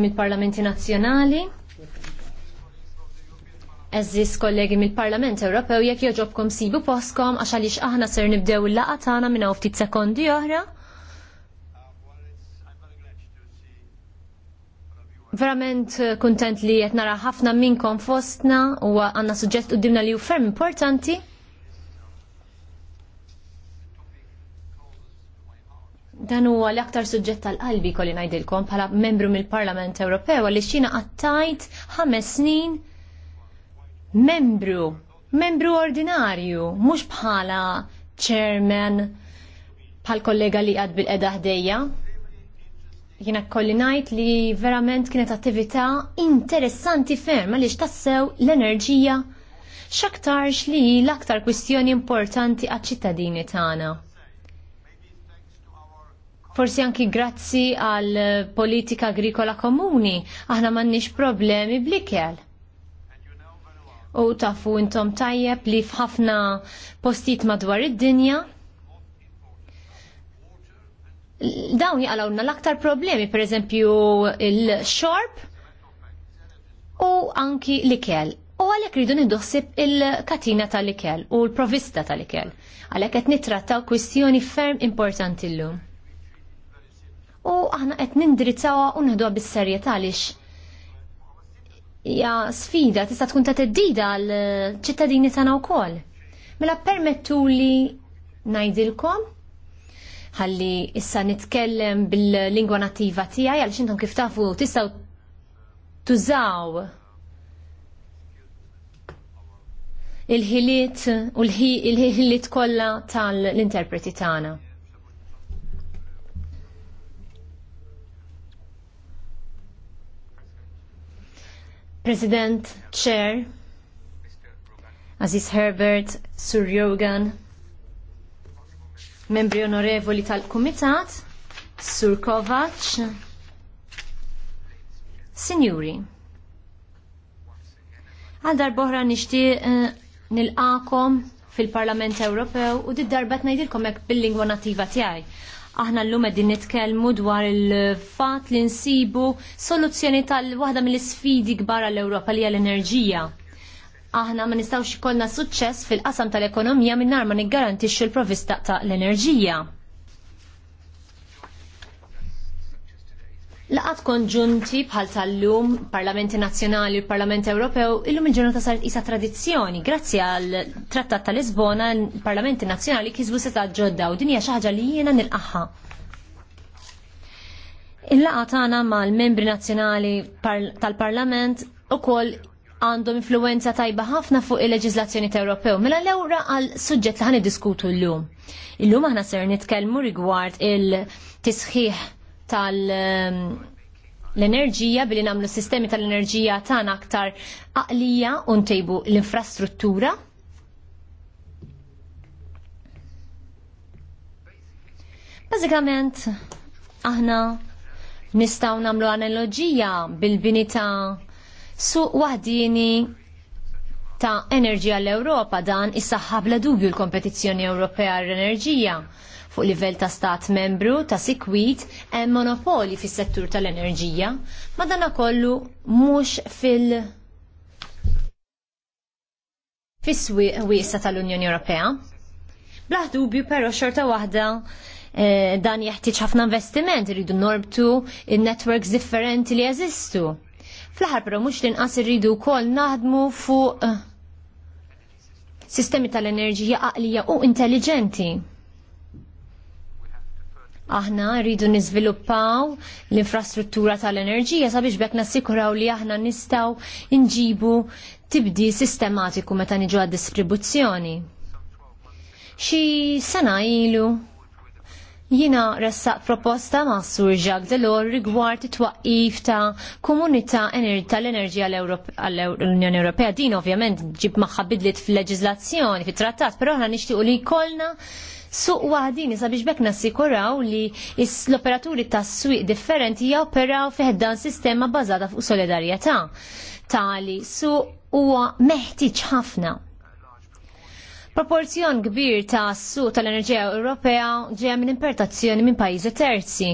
mill-Parlamenti Nazzjonali, eżis kollegi mill-Parlament Ewropew jekk joġobkom sibu poskom għax għaliex aħna ser nibdew il-laqa tagħna minn hawn ftit sekondi oħra. Verament eh, kuntent li qed nara ħafna minnkom fostna u għandna suġġett qudiemna li hu ferm importanti. Dan huwa l-aktar suġġett tal-qalbi kolli ngħidilkom bħala membru mill-Parlament Ewropew għaliex xina qattajt ħames snin membru, membru ordinarju, mhux bħala chairman bħal kollega li għad bil-qeda ħdejja. Jiena kolli ngħid li verament kienet attività interessanti ferm għaliex tassew l-enerġija x'aktarx li l-aktar kwistjoni importanti għaċ-ċittadini tagħna Forsi anki grazzi għal politika agrikola komuni, aħna m'għandniex problemi blikel. U tafu intom tajjeb li f'ħafna postijiet madwar id-dinja dawn jgħalawna l-aktar problemi, per eżempju il-xorb u anki l-ikel. U għalek rridu niddossib il-katina tal-ikel u l-provista tal-ikel. Għalek qed nitrattaw kwistjoni ferm importanti l-lum u aħna qed nindirizzawha u nħduha bis-serjetà għaliex hija sfida tista' tkun ta' teddida għal ċittadini tagħna wkoll. Mela permettu li ngħidilkom ħalli issa nitkellem bil-lingwa nattiva tiegħi għal xintom kif tafu tistgħu tużaw il-ħiliet u l-ħiliet kollha tal-interpreti tagħna. President, Chair, Aziz Herbert, Sur Jogan, membri onorevoli tal-Kumitat, Sur Kovac, Signuri, għal darbohra nishti uh, eh, nilqakom fil-Parlament Ewropew u did darba najdilkom hekk bil-lingwa nattiva tiegħi. Aħna l-lum din nitkellmu dwar il-fat li nsibu soluzzjoni tal-waħda mill-sfidi kbar għall-Ewropa li għall-enerġija. Aħna ma nistawx ikollna suċċess fil-qasam tal-ekonomija minnar ma niggarantixxu l-provista ta' l-enerġija. Laqat konġunti bħal tal-lum, Parlamenti Nazzjonali u Parlament Ewropew, illum il-ġurnata saret isa tradizzjoni. Grazzi għal Trattat tal Lisbona, Parlamenti Nazzjonali kisbu seta' ġodda u dinja xaħġa li jiena nil-qaħħa. Il-laqat għana mal-membri nazzjonali tal-Parlament u koll għandhom influenza tajba ħafna fuq il-leġizlazzjoni ta' Ewropew. Mela l-ewra għal suġġet li ħan diskutu l-lum. Illum aħna ser nitkellmu rigward il-tisħiħ tal- ehm, l-enerġija billi namlu sistemi tal-enerġija tagħna aktar aqlija u ntejbu l-infrastruttura. Bażikament aħna nistgħu nagħmlu analoġija bil-bini ta' suq waħdini ta' enerġija l-Ewropa dan issa la dubju l-kompetizzjoni Ewropea għall-enerġija fuq livell ta' stat membru ta' sikwit hemm monopoli fis-settur tal-enerġija, ma dan kollu mhux fil- fis-wiesa tal-Unjoni Ewropea. Bla dubju però xorta waħda eh, dan jeħtieġ ħafna investiment iridu norbtu in-networks differenti li jeżistu. Fl-aħħar però mhux linqas irridu wkoll naħdmu fuq eh, sistemi tal-enerġija għaqlija u intelligenti aħna rridu niżviluppaw l-infrastruttura tal-enerġija sabiex bekk nassikuraw li aħna nistaw inġibu tibdi sistematiku meta niġu għad-distribuzzjoni. Xi sena ilu jina ressaq proposta ma' Sur Jacques Delors rigward it-twaqqif ta' komunità tal-enerġija l unjoni Ewropea. Din ovvjament ġib maħħa bidlit fil-leġizlazzjoni, fit-trattat, però aħna nixtiequ li jkollna suq waħdini sabiex bekna sikuraw li l-operaturi ta' suq differenti jawperaw fiħdan sistema bazata fuq solidarjetà tali suq huwa meħtieġ ħafna. Proporzjon kbir ta' suq tal-enerġija Ewropea ġeja minn importazzjoni minn pajjiżi terzi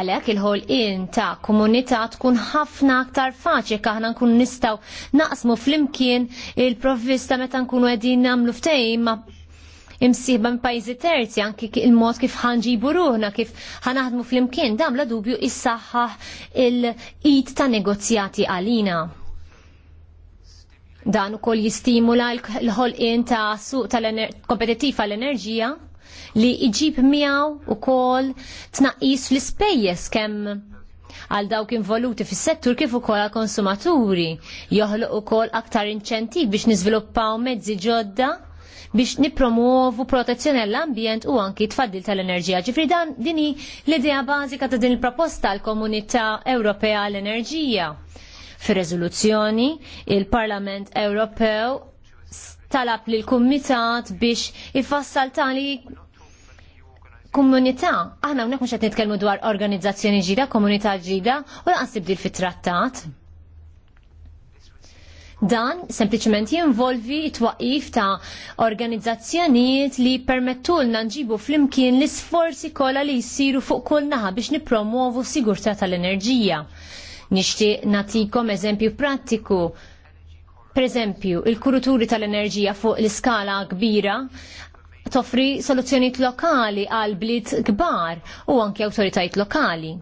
għalek il-ħol in ta' komunità tkun ħafna aktar faċi kaħna nkun nistaw naqsmu fl-imkien il-provvista meta nkunu għedin namlu ftehim ma' imsiba minn pajjiżi terzi anki il-mod kif ħanġibu ruħna kif ħanaħdmu fl-imkien dam la dubju issaħħaħ il-id ta' negozjati għalina. Dan ukoll jistimula l-ħolqien ta' suq tal-kompetittiv għall-enerġija li iġib miegħu ukoll tnaqqis fl-ispejjeż kemm għal dawk involuti fis-settur kif ukoll għal konsumaturi joħloq ukoll aktar inċentiv biex niżviluppaw mezzi ġodda biex nipromovu protezzjoni l-ambjent u anki tfaddil tal-enerġija. Ġifri dan dini l-idea bażika ta' din il-proposta l-Komunità Ewropea l-Enerġija. fir rezoluzzjoni, il-Parlament Ewropew talab li l-Kumitat biex ifassal tali komunità. Aħna hawnhekk mhux qed nitkellmu dwar organizzazzjoni ġida, komunità ġida, u lanqas tibdil fit-trattat. Dan sempliċement jinvolvi twaqif ta' organizzazzjonijiet li permettulna nġibu flimkien l-isforzi kollha li jsiru fuq kull naħa biex nipromovu sigurtà tal-enerġija. Nixtieq natikom eżempju prattiku. Per eżempju, il-kuruturi tal-enerġija fuq l-iskala kbira toffri soluzzjonijiet lokali għal blit kbar u anke awtoritajiet lokali.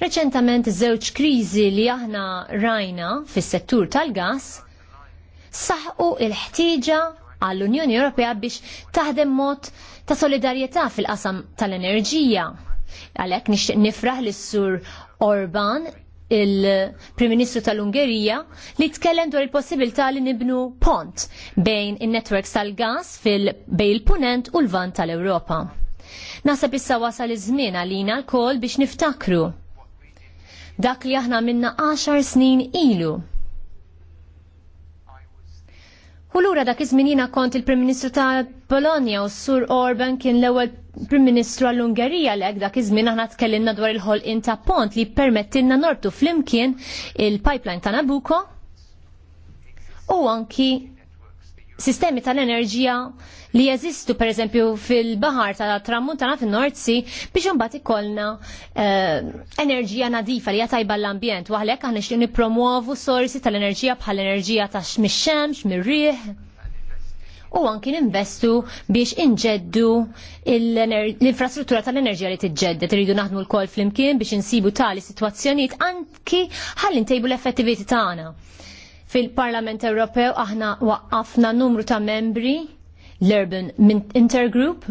Reċentament żewġ kriżi li aħna rajna fis-settur tal-gas saħqu il-ħtieġa għall-Unjoni Ewropea biex taħdem mod ta' solidarjetà fil-qasam tal-enerġija. Għalhekk nixtieq nifraħ lis-sur Orban il-Prim Ministru tal-Ungerija li tkellem dwar il-possibilità li nibnu pont bejn in-networks tal-gas bejn il-punent u l-vant tal-Ewropa. Nasab issa wasal iż-żmien għalina l-kol biex niftakru dak li aħna minna 10 snin ilu. U lura dak iż kont il-Prim Ministru ta' Polonia u Sur Orban kien l-ewwel Prim Ministru għall-Ungerija li dak iż-żmien aħna tkellimna dwar il-ħolqien ta' pont li permettilna nortu flimkien il-pipeline ta' Nabucco u anki sistemi tal-enerġija li jeżistu per eżempju fil-bahar tal-tramuntana fil nordsi Sea biex imbagħad ikollna eh, enerġija nadifa li hija tajba l-ambjent u għalhekk aħna nixtieq nippromuovu sorsi tal-enerġija bħal enerġija ta' mix-xemx, mir-riħ u anki ninvestu biex inġeddu l-infrastruttura tal-enerġija li tiġġeddet iridu naħdmu l-kol flimkien biex insibu tali situazzjonijiet anki ħalli ntejbu l-effettività tagħna. Fil-Parlament Ewropew aħna waqqafna numru ta' membri l-Urban Intergroup.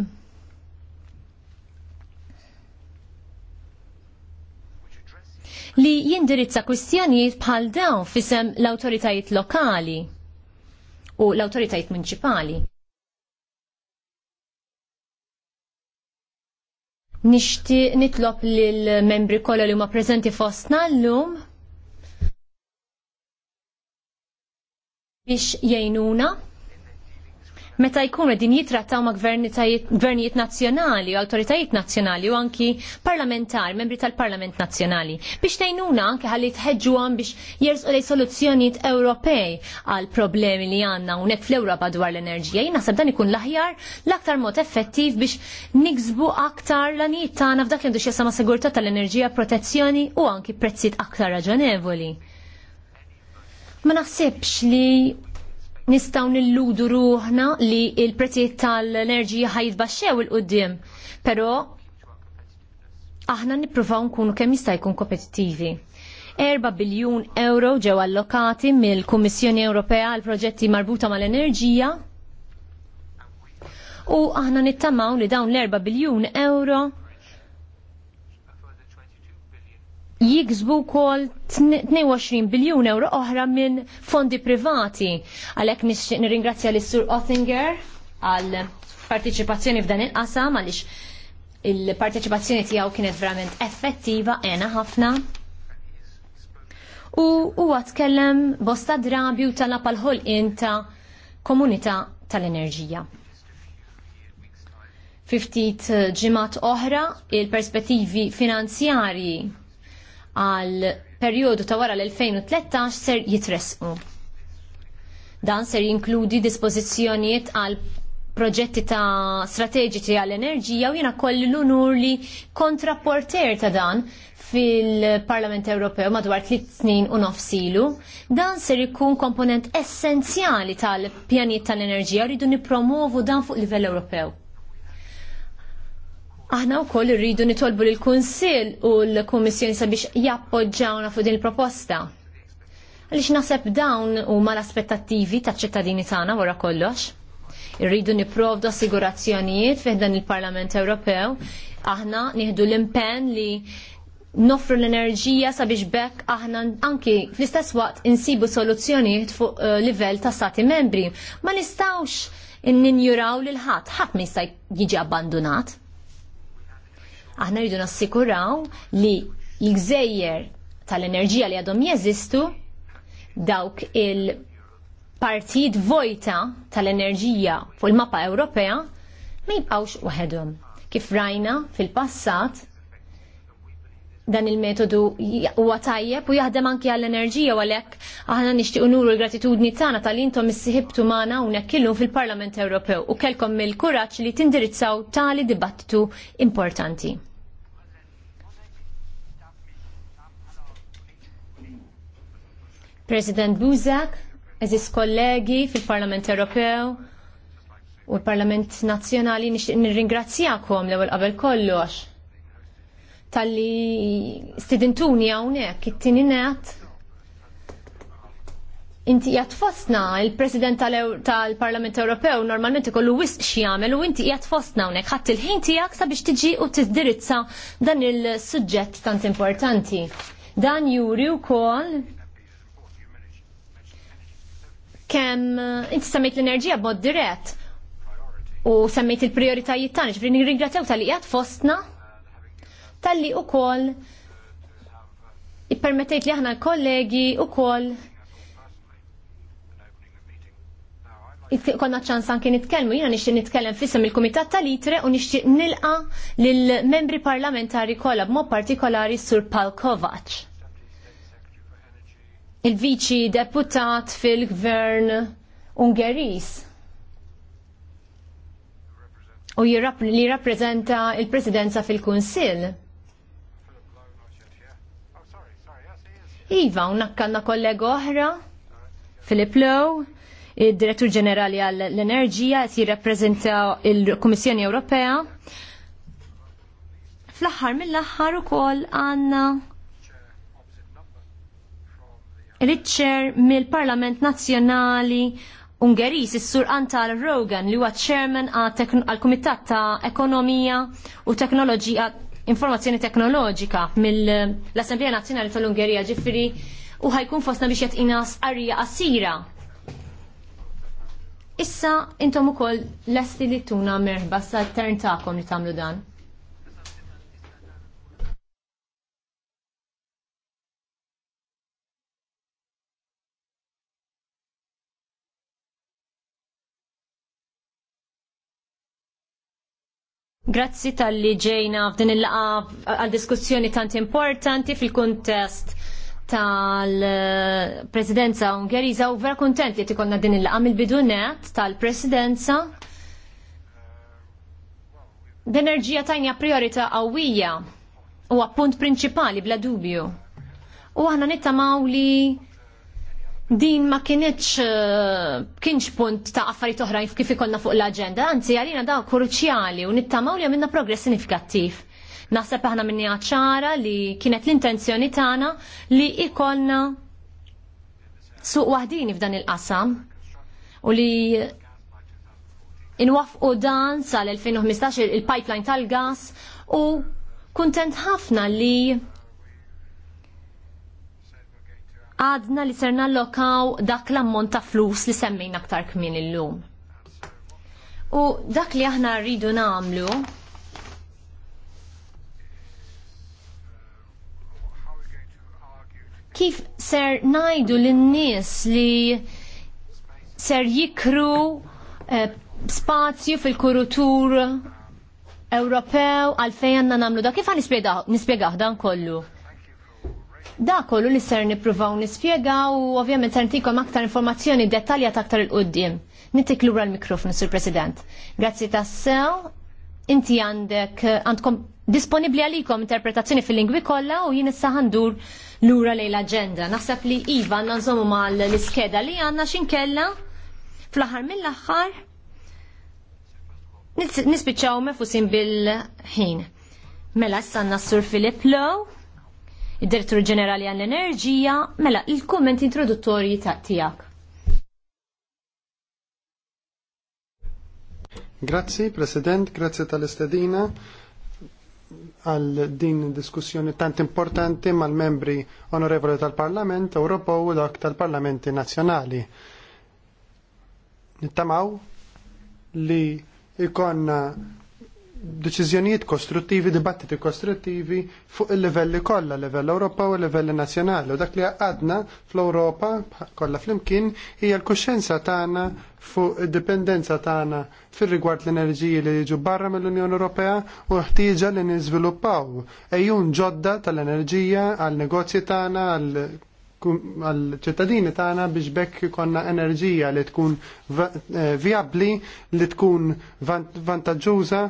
li jindirizza kwistjonijiet bħal dawn fisem l-autoritajiet lokali u l-autoritajiet municipali. Nixtieq nitlob lill membri kollha li huma preżenti fostna llum biex jgħinuna meta jkunu din jitrattaw ma' gvernijiet nazzjonali u awtoritajiet nazzjonali u anki parlamentari, membri tal-Parlament nazzjonali, biex tajnuna anke ħalli tħeġġu għan biex jersu lej soluzzjonijiet Ewropej għal problemi li għanna unek fl europa dwar l-enerġija. Jina sab dan ikun l-aħjar l-aktar mod effettiv biex niksbu aktar l-anijiet tagħna f'dak li għandu xjesama sigurtà tal-enerġija, protezzjoni u anki prezzit aktar raġonevoli. Ma naħsibx li nistaw nilludu ruħna li il-prezzijiet tal-enerġija ħajitbaxxew il-qoddim, però aħna nippruvaw nkunu kemm jista' jkun kompetittivi. 4 biljun euro ġew allokati mill-Kummissjoni Ewropea għal proġetti marbuta mal-enerġija u aħna nittamaw li dawn l-4 biljun euro jiksbu kol 22 biljun euro oħra minn fondi privati. Għalek nirringrazzja l-Sur Othinger għal partiċipazzjoni f'dan il-qasam għalix il-parteċipazzjoni tiegħu kienet verament effettiva għena ħafna. U huwa tkellem bosta drabi u talab għal ta' komunità tal-enerġija. Fiftit ġimat oħra il-perspettivi finanzjarji għal perjodu ta' wara l-2013 ser jitresqu. Dan ser jinkludi dispożizzjonijiet għal proġetti ta' strateġiċi għall enerġija u jena kolli l-unur li kontraporter ta' dan fil-Parlament Ewropew madwar tliet snin u nofsilu. Dan ser ikun komponent essenzjali tal-pjaniet tal-enerġija rridu nipromovu dan fuq livell Ewropew. Aħna wkoll irridu nitolbu lill kunsill u l-Kummissjoni sabiex jappoġġawna fuq din il-proposta. Għaliex naħseb dawn huma l-aspettattivi taċ ċittadini tagħna wara kollox. Irridu nipprovdu assigurazzjonijiet fih dan il-Parlament Ewropew. Aħna nieħdu l-impenn li noffru l-enerġija sabiex bekk aħna anki fl-istess waqt insibu soluzzjonijiet fuq uh, livell ta' stati membri. Ma nistawx ninjuraw lil ħadd ħadd ma jista' jiġi abbandunat Aħna rridu nassikuraw li l-gżejjer tal-enerġija li għadhom jeżistu dawk il-partijiet vojta tal-enerġija fuq il-mappa Ewropea ma jibqawx waħedhom. Kif rajna fil-passat dan il-metodu huwa tajjeb u jaħdem anki għall-enerġija u għalhekk aħna nixtieq nuru l-gratitudni tagħna tal-intom issieħibtu magħna hawnhekk illum fil-Parlament Ewropew u kellkom mill-kuraġġ li tindirizzaw tali dibattitu importanti. President Buzak, eżis kollegi fil-Parlament Ewropew u l-Parlament Nazzjonali nixtieq nirringrazzjakom l-ewwel qabel kollox tal-li stidintuni għawnek, it-tini net. Inti jatfosna, il-President tal-Parlament Ewropew normalment ikollu wisq jagħmel u inti jatfosna hawnhekk ħadd il-ħin tiegħek sabiex tiġi u tiddirizza dan il-suġġett tant importanti. Dan juri wkoll kemm inti semmejt l-enerġija b'mod dirett u semmejt il-prioritajiet tagħna, ġifieri nirringrazzjaw tal-qiegħed fostna tal-li u kol ippermettejt li aħna kollegi u kol konna ċans anki nitkellmu, jina nixtieq nitkellem fissem il-Kumitat tal-Itre u nixtieq nilqa lill-membri parlamentari kollha b'mod partikolari Sur Pal Kovac. Il-viċi deputat fil-Gvern Ungeris. U li rappresenta il-Presidenza fil-Kunsill. Iva, unnakkanna kollega oħra, Philip Lowe, il-Direttur Ġenerali għall-Enerġija, si jirrappreżenta il-Kummissjoni Ewropea. Fl-aħħar mill-aħħar ukoll għandna ċer mill-Parlament Nazzjonali Ungeris, is-Sur Antal Rogan li huwa chairman għal-Kumitat ta' Ekonomija u Teknoloġija informazzjoni teknoloġika mill-Assemblea Nazzjonali tal-Ungerija ġifiri u ħajkun fostna biex jatqina sqarrija qasira. Issa intom ukoll lesti li tuna merħba sa' tern ta' li tagħmlu dan. Grazzi tal-li ġejna f'din il-laqa għal diskussjoni tant importanti fil-kuntest tal-presidenza Ungeriża u vera kontent li tikonna din il laqgħa mill-bidunet tal-presidenza. L-enerġija tajna priorità qawwija u appunt prinċipali bla dubju. U aħna nittamaw li din ma kienieċ eh, kienx punt ta' affarijiet oħrajn kif ikollna fuq l-agenda, anzi għalina da' kruċjali u nittamaw li għamilna progress sinifikattiv. Naħseb aħna minni ċara li kienet l-intenzjoni tagħna li ikollna suq waħdini f'dan il-qasam u li inwafqu dan sal-2015 il-pipeline tal-gas u kuntent ħafna li għadna li ser nallokaw dak l-ammont ta' flus li semmejna aktar kmin illum. U dak li aħna rridu namlu kif ser najdu l-nies li ser jikru eh, spazju fil-kurutur Ewropew għalfejn għanna namlu da kif għan nispiegaħ dan kollu? Da kollu li ser nipruvaw nispjega u ovvjament ser nitikom aktar informazzjoni ta' aktar il-qoddim. Nitik lura l-mikrofon, Sur President. Grazzi tas-sew. inti għandek, għandkom disponibli għalikom interpretazzjoni fil-lingwi kollha u jien issa ħandur lura lejn l-aġenda. Naħseb li iva nżommu mal l-iskeda li għandna xinkella fl-aħħar mill-aħħar nispiċċaw mefusin bil-ħin. Mela issa għandna Sur Philip Lowe id-Direttur Ġenerali għall-Enerġija, mela il-komment introduttorji ta' tijak. Grazzi, President, grazzi tal-istedina għal din diskussjoni tant importanti mal-membri onorevoli tal-Parlament Ewropew u dak tal-Parlamenti Nazzjonali. Nittamaw li ikonna deċiżjonijiet kostruttivi, dibattiti kostruttivi fuq il-livelli kollha, livell Ewropa u livelli nazzjonali. U dak li għadna fl-Ewropa kollha flimkien hija l-kuxjenza tagħna fuq id-dipendenza tagħna fir-rigward l-enerġiji li jiġu barra mill-Unjoni Ewropea u ħtieġa li niżviluppaw ejjun ġodda tal-enerġija għal negozji tagħna għal għal-ċittadini tagħna biex bekk konna enerġija li tkun vjabli, eh, li tkun vantaġġuża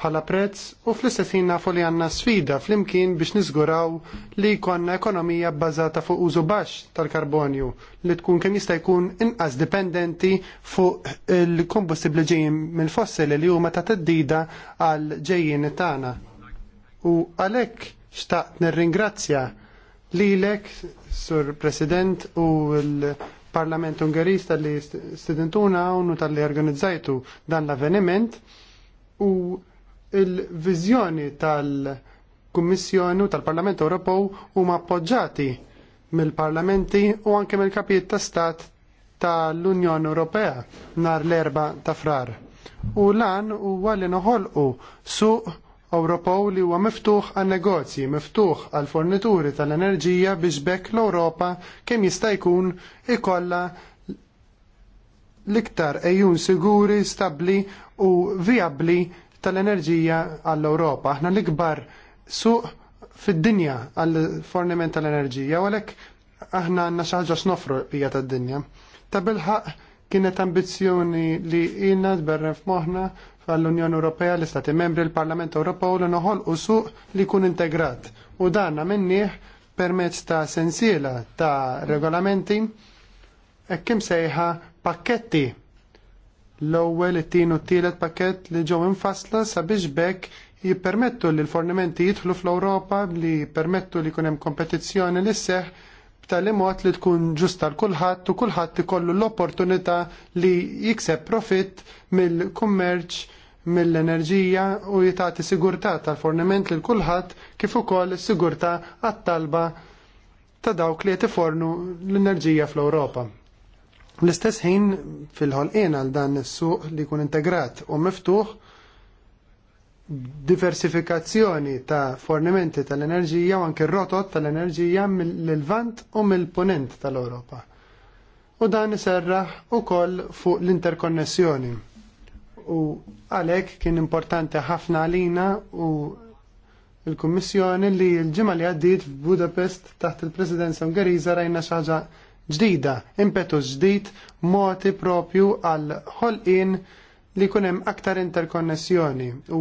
bħala prezz u fl-istess ħin nafu li għandna sfida flimkien biex niżguraw li jkollna ekonomija bbażata fuq użu baxx tal-karbonju li tkun kemm jista' jkun inqas dipendenti fuq il-kombustibbli ġejjin mill-fossili li huma ta' teddida għal ġejjin tagħna. U għalhekk xtaqt nirringrazzja lilek, Sur President u l Parlament Ungeris tal-li studentuna u tal-li organizzajtu dan l-avveniment u il-viżjoni tal-Kummissjoni u tal-Parlament Ewropew huma appoġġjati mill-parlamenti u anke mill-kapijiet ta' stat tal-Unjoni Ewropea nhar l-erba ta' frar. U lan huwa li noħolqu suq Ewropew li huwa miftuħ għan negozji, miftuħ għal fornituri tal-enerġija biex bekk l-Ewropa kemm jista' jkun ikollha l-iktar ejjun siguri, stabbli u viabli tal-enerġija għall-Ewropa. Aħna l-ikbar suq fid-dinja għall-forniment tal-enerġija, u għalhekk aħna għandna xi ħaġa x'nofru hija tad-dinja. Ta' bilħaq kienet ambizzjoni li ilna tberren f'moħħna għall-Unjoni Ewropea, l-Istati Membri, l-Parlament Ewropew li u suq li jkun integrat. U danna minnih permezz ta' sensiela ta' regolamenti e kim sejħa pakketti l-ewwel it-tieni u t-tielet pakett li ġew infassla sabiex bekk jippermettu li l-fornimenti jidħlu fl-Ewropa li jippermettu li jkun hemm kompetizzjoni li seħ b'tali mod li tkun ġusta l kulħadd u kulħadd ikollu l-opportunità li jikseb profitt mill-kummerċ mill-enerġija u jitati sigurtà tal-forniment lil kulħadd kif ukoll sigurtà għat-talba ta' dawk li qed ifornu l-enerġija fl-Ewropa l istess ħin fil-ħolqien għal dan is-suq li jkun integrat u miftuħ diversifikazzjoni ta' fornimenti tal-enerġija u anke rotot tal-enerġija mill vant u mill-Ponent tal-Ewropa. U dan iserraħ ukoll fuq l-interkonnessjoni. U għalhekk kien importanti ħafna għalina u l-Kummissjoni li l-ġimgħa li għaddiet f'Budapest taħt il-Presidenza Ungeriża rajna xaġa ġdida, impetu ġdid, moti propju għal ħolqien li kunem aktar interkonnessjoni u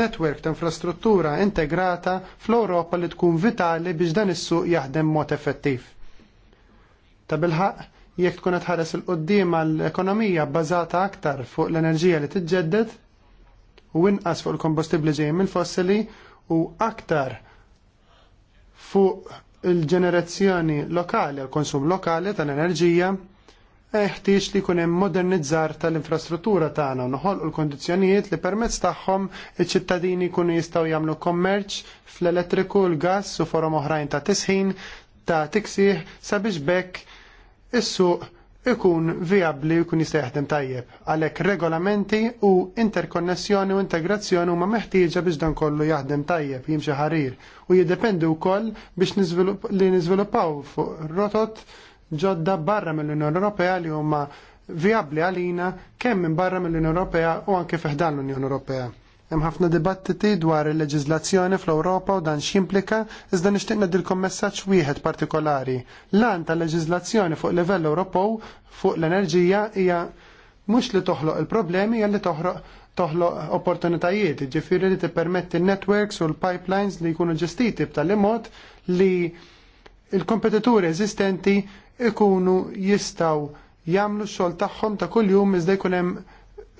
netwerk ta' infrastruttura integrata fl-Europa li tkun vitali biex dan is-suq jaħdem mod effettiv. Ta' bilħaq, jekk tkun tħares il-qoddim għall-ekonomija bbażata aktar fuq l-enerġija li tiġġedded u inqas fuq il kombustibbli ġej mill-fossili u aktar fuq il-ġenerazzjoni lokali, il konsum lokali tal-enerġija, eħtiex li jkun hemm modernizzar tal-infrastruttura tagħna u l-kondizzjonijiet li permezz tagħhom iċ-ċittadini jkunu jistgħu jagħmlu kommerċ fl-elettriku, l-gass u forom oħrajn ta' tisħin ta' tiksih sabiex bekk is-suq ikun viabli u jkun jista' jaħdem tajjeb. Għalhekk regolamenti u interkonnessjoni u integrazzjoni huma meħtieġa biex dan kollu jaħdem tajjeb, jimxi ħarir u jiddependi wkoll biex li niżviluppaw fuq rotot ġodda barra mill-Unjoni Ewropea li huma viabli għalina kemm minn barra mill-Unjoni Ewropea u anke ħdan l-Unjoni Ewropea. Hemm ħafna dibattiti dwar il-leġiżlazzjoni fl-Ewropa u dan x'implika iżda nixtieq ngħidilkom messaġġ wieħed partikolari. l L-għan tal-leġiżlazzjoni fuq livell Ewropew fuq l-enerġija hija mhux li toħloq il-problemi hija li toħroq toħloq opportunitajiet, ġifiri li tippermetti networks u l-pipelines li jkunu ġestiti b'tali mod li il-kompetituri eżistenti ikunu jistaw jamlu xol tagħhom ta' kuljum iżda jkun hemm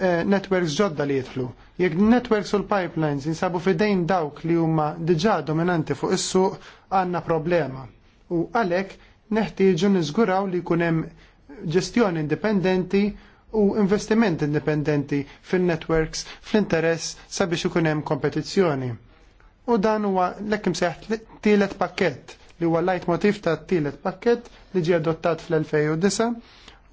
Eh, networks ġodda li jidħlu. Jekk networks u l-pipelines jinsabu fidejn dawk li huma diġà dominanti fuq is-suq għandna problema. U għalhekk neħtieġu niżguraw li jkun hemm ġestjoni indipendenti u investiment indipendenti fin-networks fl-interess sabiex ikun hemm kompetizzjoni. U dan huwa l-ekkim seħ tielet pakkett li huwa lajt motiv ta' tielet pakkett li ġie adottat fl-2009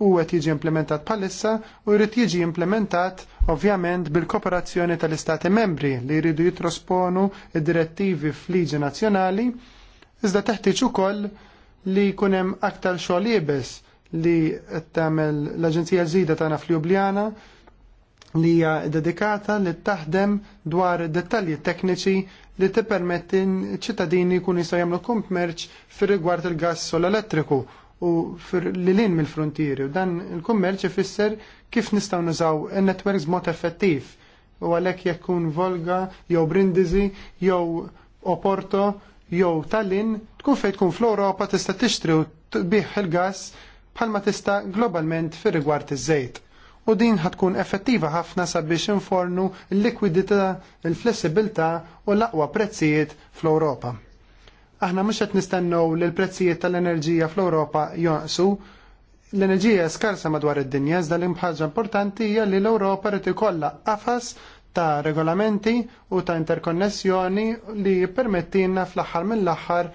u għet jiġi implementat palissa u jrid jiġi implementat ovvjament bil-kooperazzjoni tal-Istati membri li jridu jitrosponu id-direttivi f'liġi liġi nazjonali, iżda teħtieġ ukoll li kunem aktar xogħol jibes li tagħmel l-Aġenzija Żida tagħna fl-Ljubljana li hija dedikata li taħdem dwar dettalji tekniċi li tippermetti ċittadini jkunu jistgħu jagħmlu kummerċ fir rigward il-gass u l-elettriku u li lin mill-frontieri u dan il-kummerċ ifisser kif nistgħu nużaw in-netwerks mod effettiv u għalhekk jekk tkun Volga jew Brindisi jew Oporto jew Tallinn tkun fejn tkun fl-Ewropa tista' tixtri u tbih il-gass bħalma tista' globalment fir-rigward iż-żejt u din ħatkun effettiva ħafna sabiex infornu l-likwidità, il-flessibilità u l-aqwa prezzijiet fl-Ewropa aħna mhux qed nistennew li l-prezzijiet tal-enerġija fl-Ewropa jonqsu. L-enerġija skarsa madwar id-dinja iżda l ħaġa importanti hija li l-Ewropa rid ikollha qafas ta' regolamenti u ta' interkonnessjoni li jippermettilna fl-aħħar mill-aħħar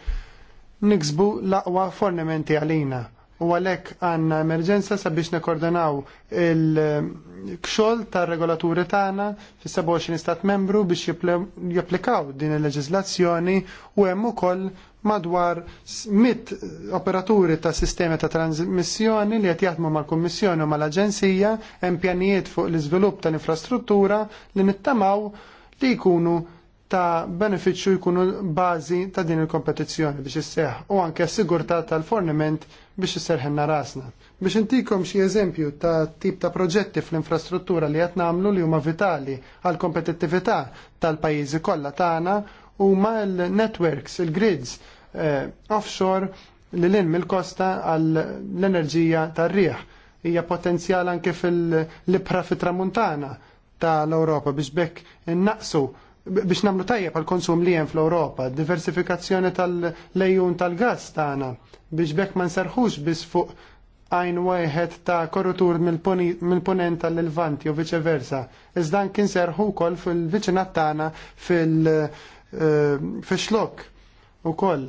niksbu l-aqwa fornimenti għalina u għalhekk għandna emerġenza sabiex nekordanaw il-kxol tar regolaturi tagħna fis-27 stat membru biex japplikaw din il leġizlazzjoni u hemm ukoll madwar mit operaturi ta' sistemi ta' transmissjoni li qed jaħdmu mal-Kummissjoni u mal-Aġenzija hemm pjanijiet fuq l-iżvilupp tal-infrastruttura li nittamaw li jkunu ta' beneficju jkunu bażi ta' din il-kompetizzjoni biex jisseħ u anke sigurtà tal-forniment biex isserħenna rasna. Biex intikom xi eżempju ta' tip ta' proġetti fl-infrastruttura li qed nagħmlu li huma vitali għal kompetittività tal-pajjiżi kollha tagħna ma' l-networks, il-grids eh, offshore li l-in mill-kosta għall-enerġija tar-riħ hija potenzjal anke fil-libra fit-tramuntana tal-Ewropa biex bekk innaqsu biex namlu tajja pal konsum li jen fl-Europa, diversifikazzjoni tal-lejun tal-gas tagħna biex bekk ma nserħux biex fuq għajn wieħed ta' korrutur mill-ponent tal-Levant jew versa, Iżda kien serħu wkoll fil-viċinat tagħna fil-xlok eh, ukoll.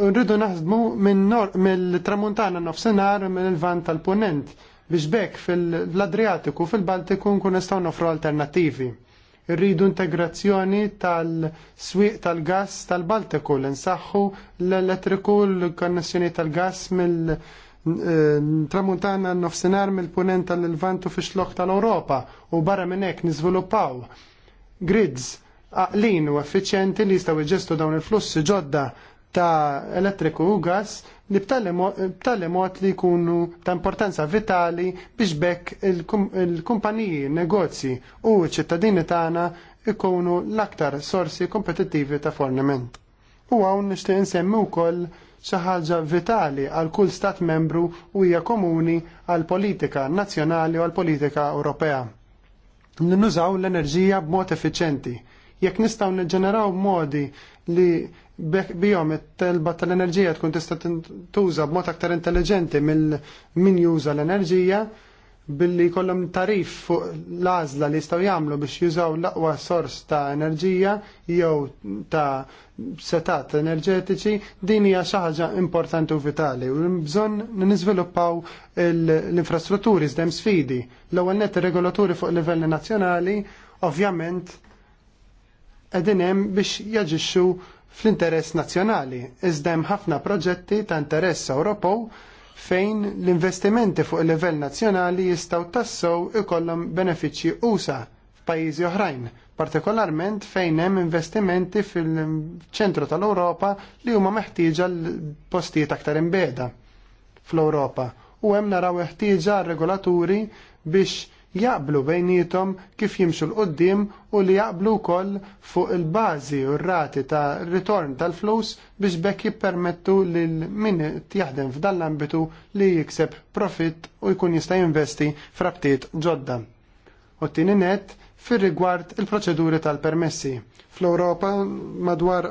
Rridu naħdmu mill-tramuntana nofsinhar mill-Levant tal-Ponent biex bekk fil-Adriatiku fil-Baltiku nkun nistgħu nofru alternattivi Rridu integrazzjoni tal-swieq tal-gas tal-Baltiku l nsaħħu l-elettriku l-konnessjoni tal-gas mill- eh, tramuntana n nofsinhar mill-punent tal-Lvantu fi xloħ tal-Europa u barra minnek niżviluppaw. grids aqlin u effiċjenti li jistaw iġestu dawn il-flussi ġodda ta' elettriku u gas li mod li jkunu ta' importanza vitali biex bekk il-kumpaniji, negozji u ċittadini tagħna ikunu l-aktar sorsi kompetittivi ta' forniment. U hawn nixtieq insemmi wkoll xi ħaġa vitali għal kull stat membru u hija komuni għal politika nazzjonali u għal politika Ewropea. Nużaw l-enerġija b'mod effiċenti. Jekk nistgħu niġġeneraw modi li bihom it-telba tal-enerġija tkun tista' tintuża b'mod aktar intelligenti mill min juża l-enerġija billi jkollhom tarif fuq l-għażla li jistgħu jagħmlu biex jużaw l-aqwa sors ta' enerġija jew ta' setat enerġetiċi din hija xi ħaġa importanti u vitali u bżonn niżviluppaw l-infrastrutturi żdem sfidi. L-ewwel net ir-regolaturi fuq livelli nazzjonali ovvjament qegħdin hemm biex jaġixxu fl-interess nazzjonali, iżda hemm ħafna proġetti ta' interess Ewropew fejn l-investimenti fuq il-livell nazzjonali jistgħu tassew ikollhom benefiċċji usa f'pajjiżi oħrajn, partikolarment fejn hemm investimenti fil-ċentru tal-Ewropa li huma meħtieġa l-postijiet aktar imbeda fl-Ewropa u hemm naraw ħtieġa regolaturi biex jaqblu bejnietom kif jimxu l-qoddim u li jaqblu wkoll fuq il-bażi u r-rati ta' ritorn tal-flus biex bekk jippermettu lil min jaħdem f'dan l-ambitu li jikseb profit u jkun jista' jinvesti frabtiet ġodda. U t net fir rigward il-proċeduri tal-permessi. Fl-Europa madwar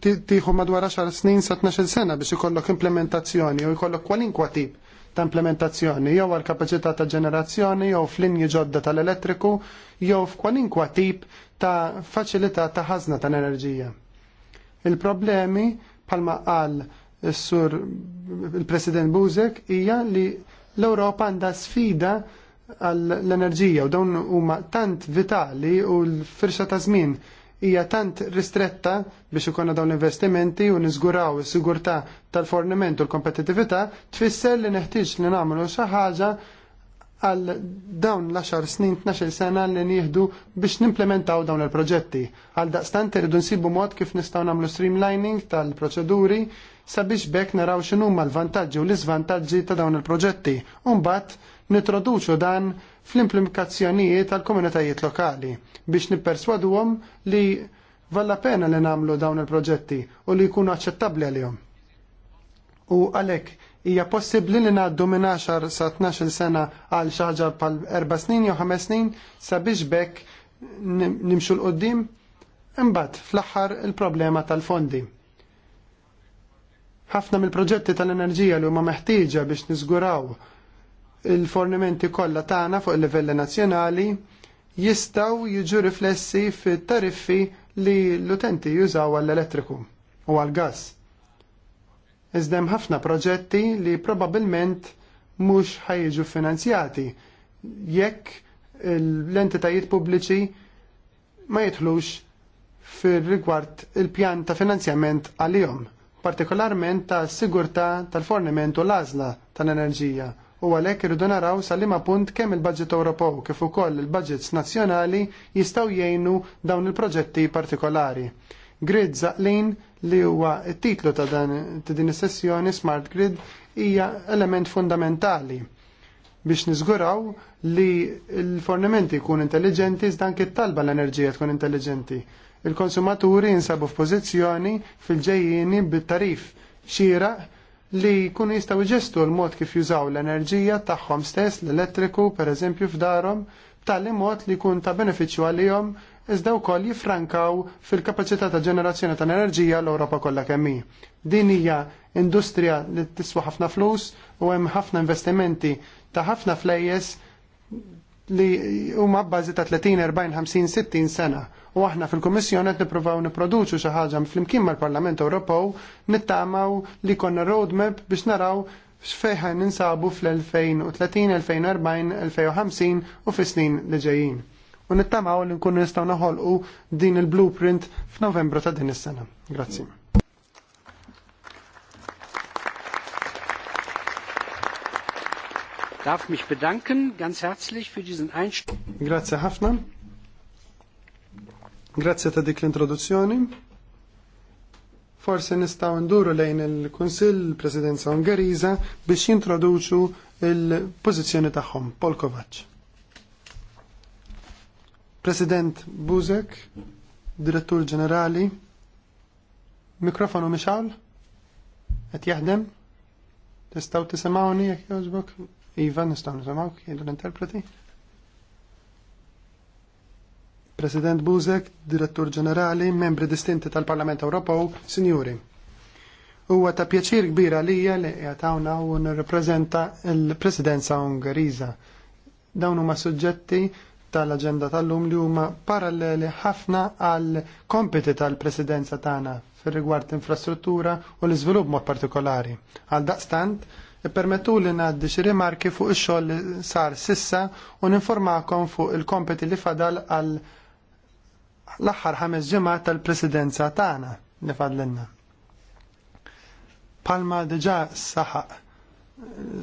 tiħu madwar 10 snin sa 12 sena biex ikollok implementazzjoni u jkollok kwalinkwa tip ta' implementazzjoni jew għal kapaċità ta' ġenerazzjoni jew f'linji ġodda tal-elettriku jew f'kwalinkwa tip ta' faċilità ta' ħażna ta' enerġija. Il-problemi bħalma qal is-sur il-President Buzek hija li l-Ewropa għandha sfida għall-enerġija u dawn huma tant vitali u l-firxa ta' żmien hija tant ristretta biex ikonna dawn investimenti u niżguraw is-sigurtà tal-forniment u l-kompetitività tfisser li neħtieġ li nagħmlu xi ħaġa għal dawn l-10 snin, 12 sena li nieħdu biex nimplementaw dawn il-proġetti. Għal daqstant irridu nsibu mod kif nistgħu nagħmlu streamlining tal-proċeduri sabiex bekk naraw x'inhuma l-vantaġġi u l-iżvantaġġi ta' dawn il-proġetti. mbagħad nitroduċu dan fl implikazzjonijiet tal-komunitajiet lokali biex nipperswaduhom li valla pena li namlu dawn il-proġetti u li jkunu aċċettabbli għalihom. U għalhekk hija possibbli li ngħaddu minn 10 sa 12 sena għal xi ħaġa bħal 4 snin jew 5 snin sabiex bekk nimxu l-qoddim imbagħad fl-aħħar il-problema tal-fondi. Ħafna mill-proġetti tal-enerġija li huma meħtieġa biex niżguraw il-fornimenti kollha tagħna fuq il-livelli nazzjonali jistgħu jiġu riflessi fit-tariffi li l-utenti jużaw għall-elettriku u għall-gass. Iżda hemm ħafna proġetti li probabbilment mhux ħajġu finanzjati jekk l-entitajiet pubbliċi ma jidħlux fir-rigward il-pjan ta' finanzjament għalihom partikolarment ta' sigurtà tal fornimentu u l-għażla tal-enerġija u għalhekk irridu naraw sa liema punt kemm il-budget Ewropew kif ukoll il-budgets nazzjonali jistgħu jgħinu dawn il-proġetti partikolari. Grid Zaqlin li huwa t-titlu ta' din is-sessjoni Smart Grid hija element fundamentali biex nizguraw li l-fornimenti jkun intelligenti kit talba l-enerġija tkun intelligenti. Il-konsumaturi jinsabu f'pożizzjoni fil-ġejjini bit-tarif xieraq li jkunu jistgħu jġestu l-mod kif jużaw l-enerġija tagħhom stess, l-elettriku pereżempju f'darhom, tal mod li jkun ta' benefiċċju għalihom iżda wkoll jifrankaw fil-kapaċità ta' ġenerazzjoni ta' enerġija l europa kollha kemm hi. Din hija industrija li tiswa ħafna flus u hemm ħafna investimenti ta' ħafna flejjes li huma bbażi ta' 30, 40, 50, 60 sena u aħna fil-Kummissjoni qed nippruvaw nipproduċu xi ħaġa flimkien mal-Parlament Ewropew nittamaw li konna roadmap biex naraw x'fejħa ninsabu fl-2030, 2040, 2050 u fis-snin li ġejjin. U nittamaw li nkunu nistgħu naħolqu din il-blueprint f'Novembru ta' din is-sena. Grazzi. darf mich bedanken ganz herzlich für diesen Einstieg. Grazie Hafner. Grazie ta' dik l-introduzzjoni. Forse nistaw nduru lejn il-Kunsill Presidenza Ungeriża biex jintroduċu il-pożizzjoni tagħhom, Pol Kovac. President Buzek, Direttur Ġenerali, mikrofonu mixawl? Qed jaħdem? Tistgħu tisimgħuni jekk jogħġbok? Iva, nistgħu nisimgħuk, jgħidu l-interpreti? President Buzek, Direttur Ġenerali, membri distinti tal-Parlament Ewropew, Sinjuri. Huwa ta' pjaċir kbira lija li qiegħed u nirrepreżenta l-Presidenza Ungeriża. Dawn huma suġġetti tal-aġenda tal-lum li huma paralleli ħafna għal kompiti tal-presidenza tagħna fir-rigward infrastruttura u l-iżvilupp mod partikolari. Għal daqstant, ippermettu li ngħaddi xi rimarki fuq ix-xogħol li sar sissa u ninformakom fuq il kompeti li fadal għal l-aħħar ħames ġimgħa tal-presidenza tagħna li fadlinna. Palma diġà saħaq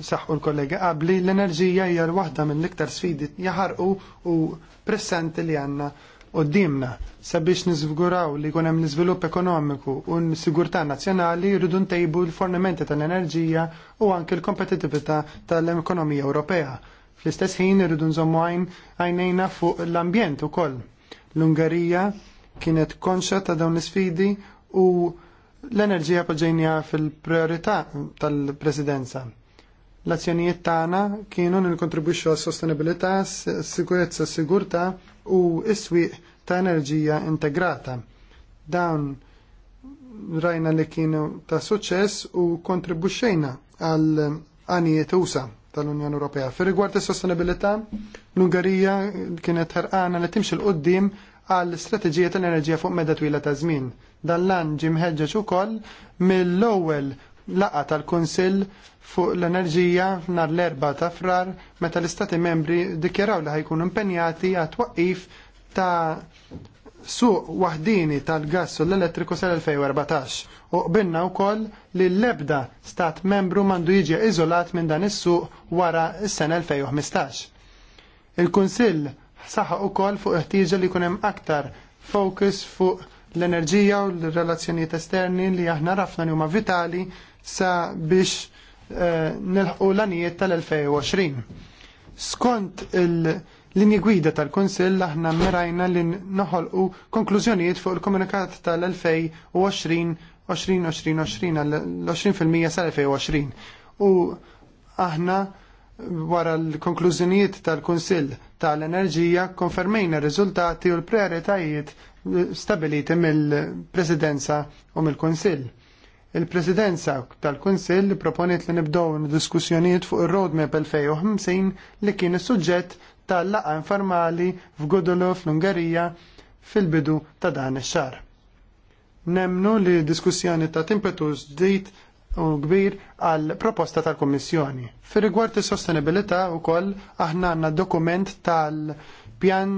saħħu l-kollega qabli l-enerġija hija waħda mill-iktar sfidi jaħarqu u pressenti li għandna qudiemna sabiex niżguraw li jkun hemm l-iżvilupp ekonomiku u n-sigurtà nazzjonali jridu ntejbu l-fornimenti tal-enerġija u anke l-kompetitività tal-ekonomija Ewropea. Fl-istess ħin irridu nżommu għajnejna fuq l-ambjent ukoll L-Ungarija kienet konxa ta' dawn l-sfidi u l-enerġija poġġejnija fil-priorità tal-presidenza. L-azzjonijiet tagħna kienu nil-kontribwixxu għas-sostenibilità, sikurezza, sigurtà u s-swieq ta' enerġija integrata. Dawn rajna li kienu ta' suċċess u kontribwixxejna għal għanijiet usa tal-Unjoni Ewropea. Fi rigward is-sostenibilità, l-Ungarija kienet ħarqana li timxi l qoddim għal strateġija tal-enerġija fuq meda twila ta' żmien. Dan lan ġie mħeġġeġ ukoll mill-ewwel laqa tal-Kunsill fuq l-enerġija nhar l-erba ta' frar meta l-Istati membri dikjaraw li ħajkunu impenjati għat twaqqif ta' suq waħdini tal-gass u l-elettriku sal-2014 u qbilna wkoll li l-ebda stat membru mandu jiġi iżolat minn dan is-suq wara s-sena 2015. Il-Kunsill saħa ukoll fuq iħtieġa li jkun hemm aktar fokus fuq l-enerġija u l-relazzjonijiet esterni li aħna rafna li huma vitali sa biex eh, nilħqu l-anijiet tal-2020. Skont il- Lini gwida tal-Kunsill aħna mmirajna li noħolqu konklużjonijiet fuq il-komunikat tal-2020 2020 għall-20% sal-2020. U aħna wara l-konklużjonijiet tal-Kunsill tal-Enerġija konfermejna r-riżultati u l-prioritajiet stabiliti mill-Presidenza u mill-Kunsill. Il-Presidenza tal-Kunsill proponiet li nibdow diskussjonijiet fuq ir roadmap 2050 li kien is-suġġett tal laqgħa informali f'Gudolo fl-Ungerija fil-bidu ta' dan ix-xar. Nemnu li diskussjoni ta' timpetus ġdid u kbir għal proposta tal-Kommissjoni. Fir rigward is-sostenibilità wkoll aħna għandna dokument tal-pjan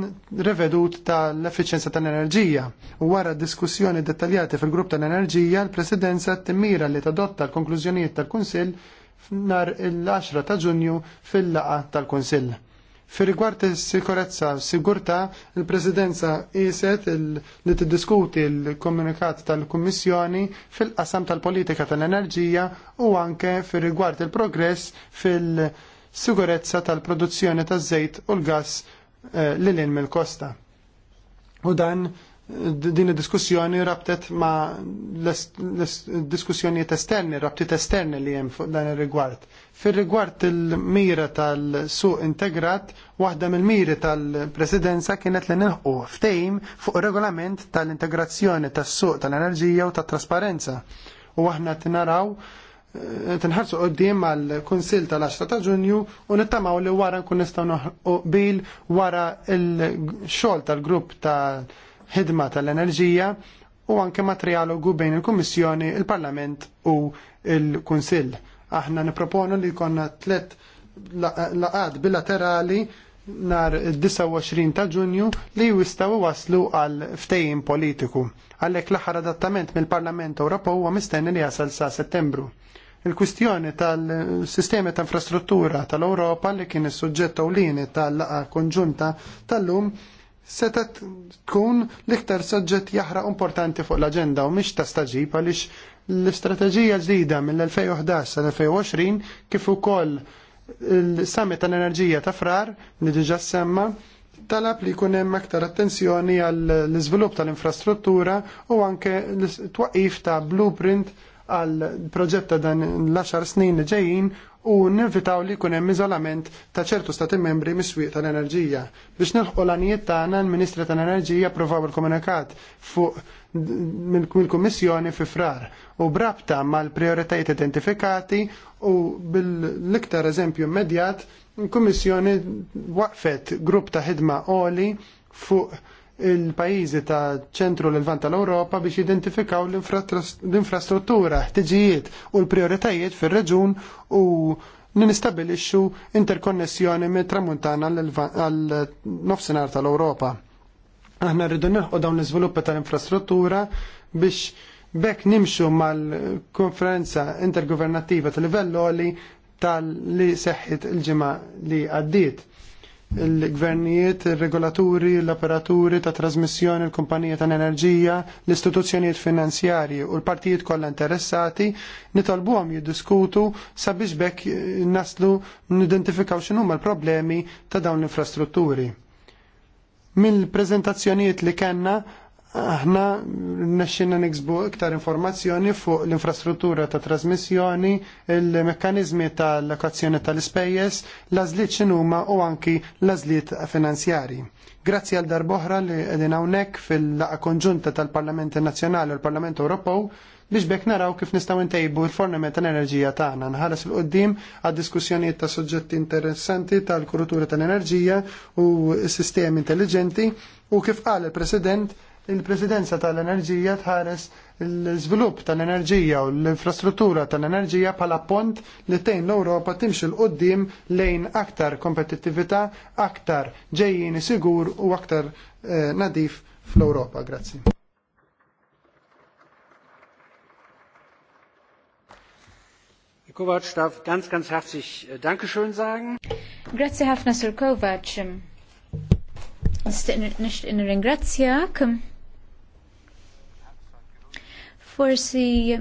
revedut tal efficienza tal-enerġija. U wara diskussjoni dettaljati fil-grupp tal-enerġija, l-Presidenza timmira li tadotta l-konklużjonijiet tal-Kunsill nar il-10 ta' Ġunju fil-laqa tal-Kunsill. Fi rigward is-sikurezza, sigurtà, il-Presidenza iset li tiddiskuti l-komunikat tal-Kummissjoni fil-qasam tal-politika tal-enerġija u anke fi rigward il-progress fil-sigurezza tal-produzzjoni taż-żejt u l-gass eh, lil mill-kosta. U dan din id-diskussjoni rabtet ma l-diskussjonijiet esterni, rabtiet esterni li hemm fuq dan ir-rigward. Fir-rigward il-mira tal-suq integrat, waħda mill-miri tal-presidenza kienet li nħu ftejm fuq regolament tal-integrazzjoni tas-suq tal-enerġija u tat-trasparenza. U aħna tinaraw tinħarsu eh, qoddim għal kunsil tal-10 ta' ġunju u nittamaw li wara nkun nistgħu bil wara il-xogħol tal-grupp tal-, -grupp tal ħidma tal-enerġija u anke ma' trialogu bejn il-Kummissjoni, il-Parlament u il-Kunsill. Aħna niproponu li konna tlet laqad bilaterali nar 29 ta' ġunju li jistaw waslu għal ftejim politiku. Għallek l-aħħar adattament mill-Parlament Ewropew huwa mistenni li jasal sa' Settembru. Il-kwistjoni tal-sistemi ta' infrastruttura tal-Ewropa li kien is-suġġett ewlieni tal-laqa konġunta tal-lum seta tkun l-iktar soġġett jaħraq importanti fuq l-agenda u mhix ta' staġib għaliex l-istrateġija ġdida mill-2011 sa 2020 kif ukoll il-summit tal-enerġija ta' frar li diġà semma talab li jkun hemm aktar attenzjoni għall iżvilupp tal-infrastruttura u anke l-twaqif ta' blueprint għal proġett ta' dan l-10 snin li ġejjin u nivitaw li kunem izolament ta' ċertu stati membri mis-swieq tal-enerġija. Biex nilħu l-anijiet tagħna l-Ministri tal-Enerġija provaw il-komunikat fuq mill-Kummissjoni fi frar u brabta mal-prioritajiet identifikati u bil-iktar eżempju immedjat, il-Kummissjoni waqfet grupp ta' ħidma oli fuq il-pajizi ta' ċentru l levant tal-Europa biex identifikaw l-infrastruttura, ħtiġijiet u l-prioritajiet fil-reġun u ninistabilixxu interkonnessjoni mit tramuntana għal nofsinhar tal-Europa. Aħna rridu nilħu dawn l-iżviluppi tal-infrastruttura biex bekk nimxu mal-konferenza intergovernativa tal-livell tal-li seħħit il-ġimgħa li għaddiet il-gvernijiet, il-regolaturi, l-operaturi ta' trasmissjoni, l-kumpanija ta' enerġija, l-istituzzjonijiet finanzjarji u l-partijiet kollha interessati nitolbuhom jiddiskutu sabiex bekk naslu nidentifikaw x'inhuma l-problemi ta' dawn l-infrastrutturi. Mill-preżentazzjonijiet li kellna aħna nexxina niksbu iktar informazzjoni fuq l-infrastruttura ta' trasmissjoni, il-mekkanizmi tal-lokazzjoni tal-ispejjeż, l-għażliet x'inhuma u anki l-għażliet finanzjarji. Grazzi għal darboħra li edin hawnhekk fil-laqa konġunta tal-Parlamenti Nazzjonali u l-Parlament Ewropew biex bekk naraw kif nistgħu ntejbu l-fornament tal-enerġija tagħna. Nħares il qoddim għad diskussjonijiet ta' suġġetti interessanti tal kurutura tal-enerġija u s-sistemi intelligenti u kif qal il-President il-Presidenza tal-Enerġija tħares il żvilupp tal-enerġija u l-infrastruttura tal-enerġija pala pont li tejn l europa timxu l qoddim lejn aktar kompetittività, aktar ġejjini sigur u aktar eh, nadif fl europa Grazzi. Kovac darf ganz, ganz herzlich äh, Dankeschön sagen. Grazie ħafna Sir Kovac. Nishtiq nirringrazzjak. Forsi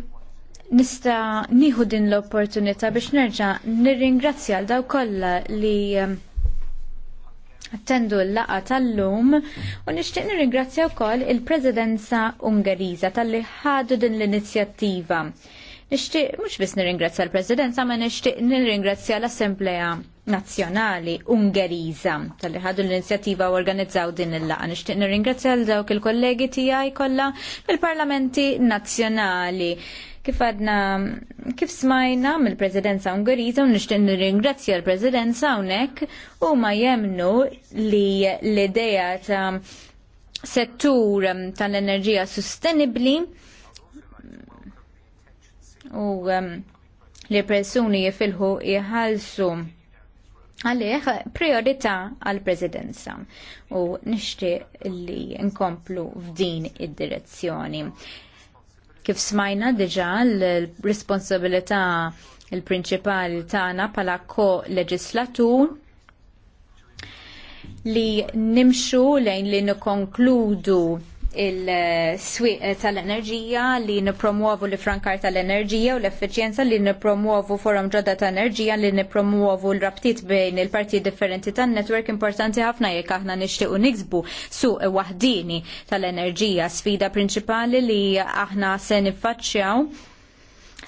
nista nieħu din l-opportunità biex nerġa' nirringrazzja għal daw kollha li um, attendu l-laqa tal-lum u nixtieq nirringrazzja wkoll il-Presidenza Ungeriża tal-li ħadu din l-inizjattiva. Nixtieq mhux biss ingrazzja l-Presidenza, ma nixtieq nirringrazzja l-Assembleja Nazzjonali Ungeriża tal-li ħadu l inizjativa u organizzaw din il-laqa. Nixtieq nirringrazzja l dawk il-kollegi tiegħi kollha mill-Parlamenti Nazzjonali. Kif għadna, kif smajna mill-Presidenza Ungeriża u nixtieq nirringrazzja l-Presidenza hawnhekk u ma jemnu li l-idea ta' settur tal-enerġija sostenibbli u li persuni jifilħu jħalsu għalih priorita għal-presidenza u nixtieq li nkomplu f'din id-direzzjoni. Kif smajna diġà l-responsabilità il-prinċipali tagħna bħala ko-leġislatur li nimxu lejn li nikkonkludu il-swiq eh, tal-enerġija li nipromuovu l frankar tal-enerġija u l-effiċjenza li nipromuovu forum ġodda ta' enerġija li nipromuovu l-rabtiet bejn il-parti differenti tan netwerk importanti ħafna jekk aħna nixtiequ niksbu suq waħdini tal-enerġija sfida prinċipali li aħna se niffaċċjaw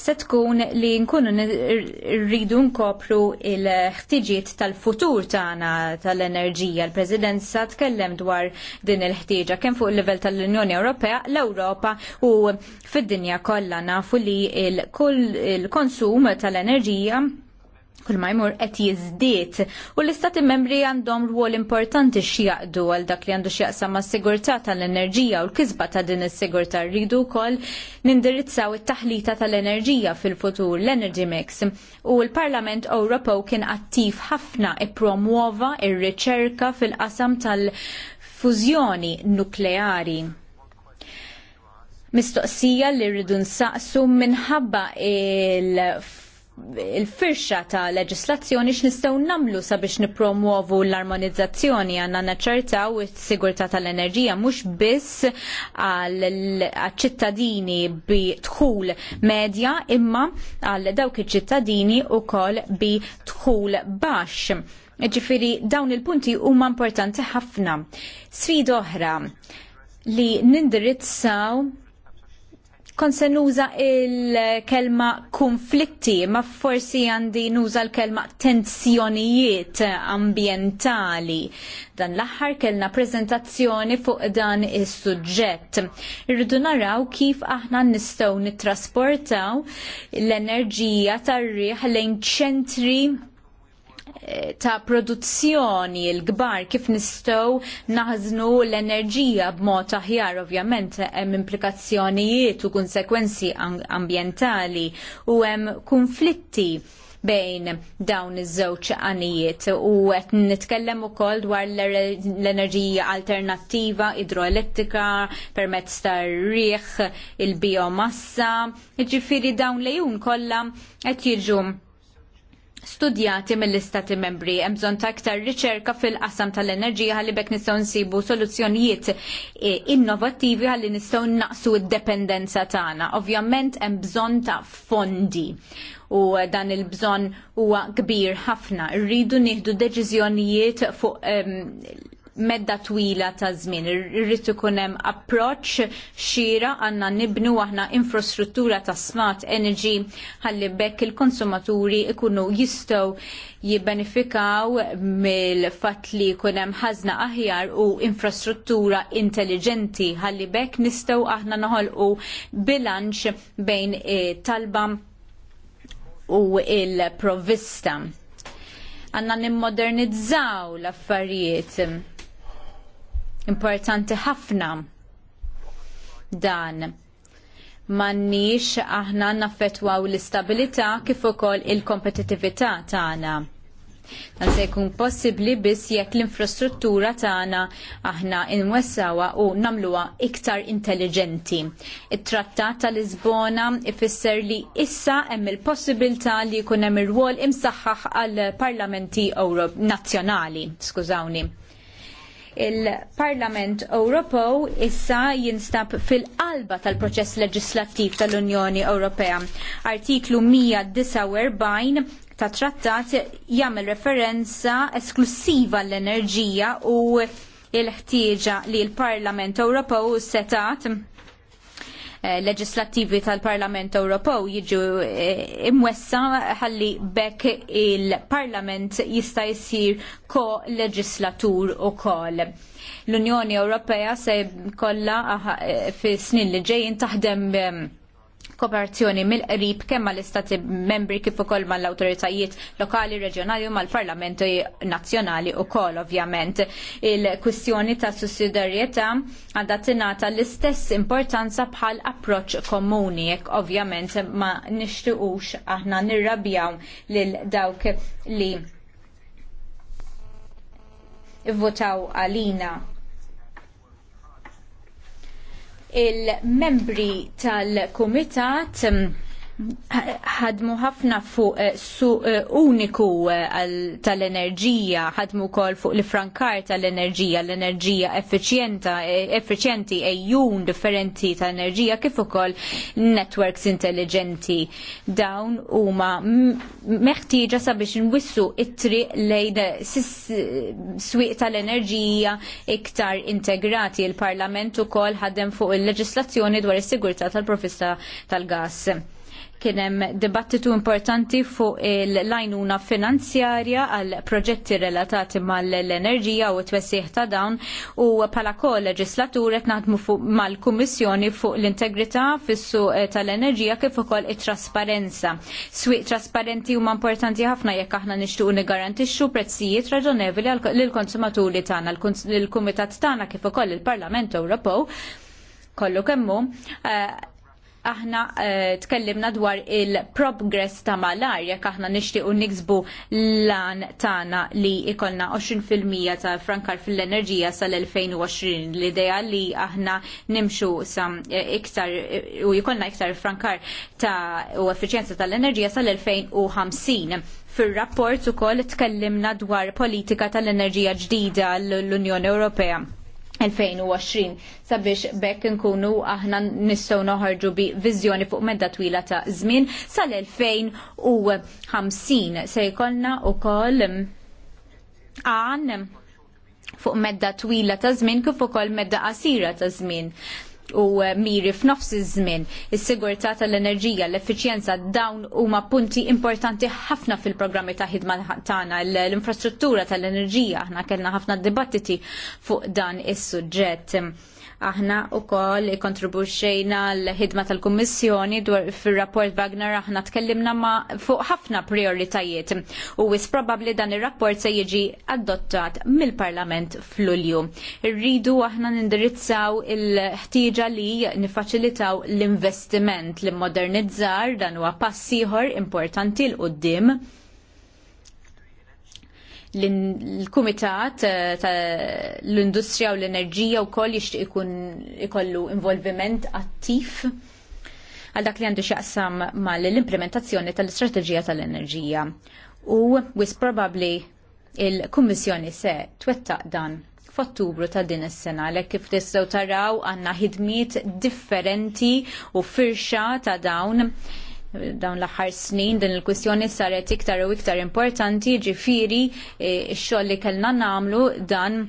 se tkun li nkunu rridu nkopru il-ħtiġiet tal-futur tagħna tal-enerġija. L-President presidenza tkellem dwar din il-ħtieġa kemm fuq il-livell tal-Unjoni Ewropea, l-Ewropa u fid-dinja kollha nafu li il-konsum tal-enerġija kull ma jmur qed jiżdied u l-istati membri għandhom rwol importanti x'jaqdu għal dak li għandu x'jaqsam mas-sigurtà tal-enerġija u l-kisba ta' din is-sigurtà rridu wkoll nindirizzaw it-taħlita tal-enerġija fil-futur l-Energy Mix u l-Parlament Ewropew kien attiv ħafna ippromuova ir-riċerka fil-qasam tal-fużjoni nukleari mistoqsija li rridu nsaqsu minħabba il il-firxa ta' leġislazzjoni x'nistgħu nagħmlu sabiex nippromuovu l-armonizzazzjoni għandna naċċertaw is-sigurtà tal-enerġija mhux biss għal ċittadini bi dħul medja imma għal dawk iċ-ċittadini wkoll bi dħul baxx. Ġifiri dawn il-punti huma importanti ħafna. Sfida oħra li nindirizzaw kon se nuża il-kelma konflitti, ma forsi għandi nuża l-kelma tensjonijiet ambientali. Dan l-aħħar kellna prezentazzjoni fuq dan is-suġġett. Irridu naraw kif aħna nistgħu nittrasportaw l-enerġija tar-riħ lejn ċentri ta' produzzjoni l-kbar kif nistgħu naħznu l-enerġija b'mod aħjar ovvjament hemm implikazzjonijiet u konsekwenzi ambjentali u hemm konflitti bejn dawn iż-żewġ għanijiet u qed nitkellem ukoll dwar l-enerġija alternattiva idroelettrika permezz tar-riħ, il-biomassa, jiġifieri dawn lejun kollha qed jiġu studjati mill-istati membri. Hemm bżonn ta' aktar riċerka fil-qasam tal-enerġija ħalli bekk nistgħu nsibu soluzzjonijiet e, innovattivi ħalli nistgħu naqsu d-dependenza tagħna. Ovvjament hemm bżonn ta' fondi u dan il-bżonn huwa kbir ħafna. Rridu nieħdu deċiżjonijiet fuq medda twila ta' żmien. Irrid ikun hemm approċċ xira għandna nibnu aħna infrastruttura ta' smart energy ħalli bekk il-konsumaturi ikunu jistgħu jibbenefikaw mill-fatt li jkun hemm ħażna aħjar u infrastruttura intelligenti ħalli bekk nistgħu aħna noħolqu bilanċ bejn e, talba u il-provvista għanna nimmodernizzaw l-affarijiet importanti ħafna dan mannix aħna naffetwaw l-istabilità kif ukoll il-kompetitività tagħna. Dan se jkun possibbli biss jekk l-infrastruttura tagħna aħna nwessawha u nagħmluha iktar intelligenti. It-Trattat ta' Lisbona ifisser li issa hemm il-possibilità li jkun hemm ir-rwol imsaħħaħ għall parlamenti Ewrop nazzjonali, skużawni il-Parlament Ewropew issa jinstab fil-qalba tal-proċess leġislattiv tal-Unjoni Ewropea. Artiklu 149 ta' trattat jagħmel referenza esklusiva l-enerġija u l-ħtieġa li l-Parlament Ewropew setat Eh, leġislattivi tal-Parlament Ewropew jiġu eh, imwessa ħalli bekk il-Parlament jista' jsir ko-leġislatur ukoll. L-Unjoni Ewropea se kollha eh, fi snin li ġejjin taħdem kooperazzjoni mill-qrib kemm mal-istati membri kif ukoll mal-awtoritajiet lokali, reġjonali u mal-parlamenti nazzjonali ukoll ovvjament. Il-kwistjoni ta' sussidjarjetà għandha tingħata l-istess importanza bħal approċċ komuni jekk ovvjament ma nixtiequx aħna nirrabjaw lil dawk li votaw għalina il-membri tal-Kumitat ħadmu ħafna fuq eh, su eh, uniku eh, tal-enerġija, ħadmu kol fuq l-frankar tal-enerġija, l-enerġija effiċjenta, effiċjenti ejjun differenti tal-enerġija kif ukoll networks intelligenti. Dawn huma meħtieġa sabiex nwissu it-triq lejn swieq tal-enerġija iktar integrati. Il-Parlament ukoll ħadem fuq il-leġislazzjoni dwar is-sigurtà tal profissa tal-gas. Kien hemm dibattitu importanti fuq il-lajnuna finanzjarja għal proġetti relatati mal-enerġija u t-twessieħ ta' dawn u pala kol leġislatur qed naħdmu mal-Kummissjoni fuq l-integrità fis-suq eh, tal-enerġija kif ukoll it-trasparenza. Swieq trasparenti huma importanti ħafna jekk aħna nixtiequ nigarantixxu prezzijiet raġonevoli lill-konsumaturi tagħna, l-Kumitat tagħna kif ukoll il-Parlament Ewropew kollu kemmu eh, aħna eh, tkellimna dwar il-progress ta' malar, jekk aħna nixtiequ niksbu lan tagħna li ikolna 20% ta' frankar fil-enerġija sal-2020. L-idea li aħna nimxu sa' eh, iktar eh, u jkollna iktar frankar ta' u effiċjenza tal-enerġija sal-2050. Fil-rapport ukoll tkellimna dwar politika tal-enerġija ġdida l-Unjoni Ewropea 2020 sabiex bekk nkunu aħna nistgħu noħorġu bi viżjoni fuq medda twila ta' żmien sal-2050 se jkollna wkoll mm, għan fuq medda twila ta' żmien kif ukoll medda qasira ta' żmien u miri f'nofs iż-żmien. Is-sigurtà tal-enerġija, l-effiċjenza dawn huma punti importanti ħafna fil-programmi ta' ħidma tagħna l-infrastruttura tal-enerġija. Aħna kellna ħafna dibattiti fuq dan is-suġġett aħna wkoll kontribuxxejna l-ħidma tal-Kummissjoni dwar fir-rapport Wagner aħna tkellimna ma' fuq ħafna prioritajiet u wis probabli dan ir-rapport se jiġi adottat mill-Parlament f'Lulju. Irridu aħna nindirizzaw il-ħtieġa li nifaċilitaw l-investiment li modernizzar dan huwa pass ieħor importanti l-qudiem l-Kumitat eh, l industrija u l-Enerġija wkoll jixtieq ikun ikollu involviment attiv għal dak li għandu xaqsam mal l-implementazzjoni tal-istrateġija tal-enerġija. U wis probably il-Kummissjoni se twettaq dan f'Ottubru ta' din is-sena għalhekk kif tistgħu taraw għandna ħidmiet differenti u firxa ta' dawn dawn l-aħħar snin din il-kwistjoni saret iktar u iktar importanti ġifiri e, x-xogħol li kellna nagħmlu dan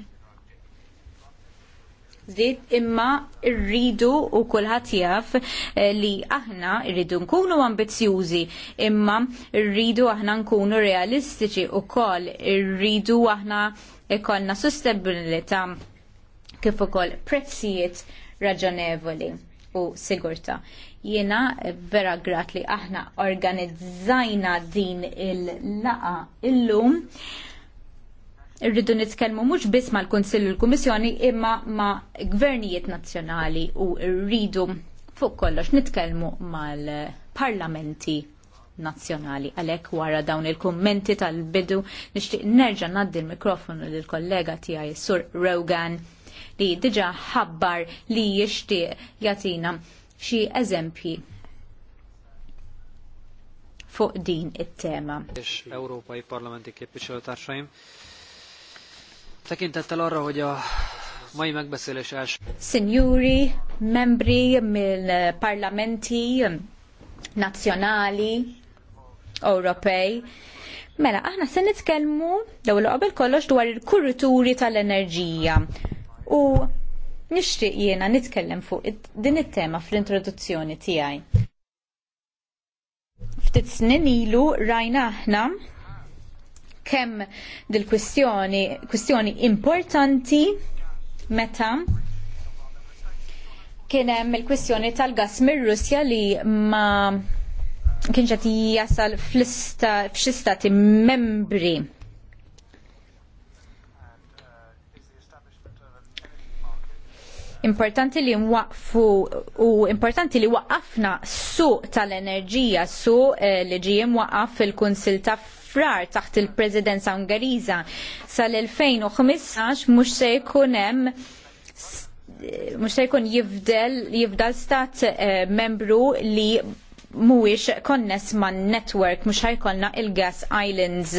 Zid imma rridu u kulħadd jaf e, li aħna rridu nkunu ambizzjużi imma rridu aħna nkunu realistiċi u koll rridu aħna ikollna sustabilità kif ukoll prezzijiet raġonevoli u sigurta. Jiena vera grat li aħna organizzajna din il-laqa illum. Irridu nitkellmu mhux biss mal-Kunsill u l-Kummissjoni imma ma' gvernijiet nazzjonali u rridu fuq kollox nitkellmu mal-parlamenti nazzjonali. Għalek wara dawn il-kommenti tal-bidu nixtieq nerġa' ngħaddi l-mikrofonu lill kollega tiegħi Sur Rogan li diġa ħabbar li jixtieq jagħtina xi eżempji fuq din it-tema. Ewropa il Parlamenti kif képviselőtársaim, tekintettel arra, hogy a mai megbeszélés għax. Signori, membri mill-parlamenti nazzjonali Ewropej, Mela, aħna se nitkellmu dawn l qabel kollox dwar il-kurituri tal-enerġija. U nixtieq jiena nitkellem fuq din it-tema fl-introduzzjoni tiegħi. Ftit snin ilu rajna aħna kemm dil-kwistjoni kwistjoni importanti meta kien hemm il-kwistjoni tal gass mir-Russja li ma kienx qed jasal fl-ista f'xi stati membri Importanti li mwaqfu u importanti li waqafna suq tal-enerġija, suq eh, li ġie mwaqaf fil-Kunsil ta' frar taħt il-Presidenza Ungeriża sal-2015 mhux se jkun hemm mux se jkun jibdel jibdel stat eh, membru li mhuwiex konness man network mhux ħajkollna il-Gas Islands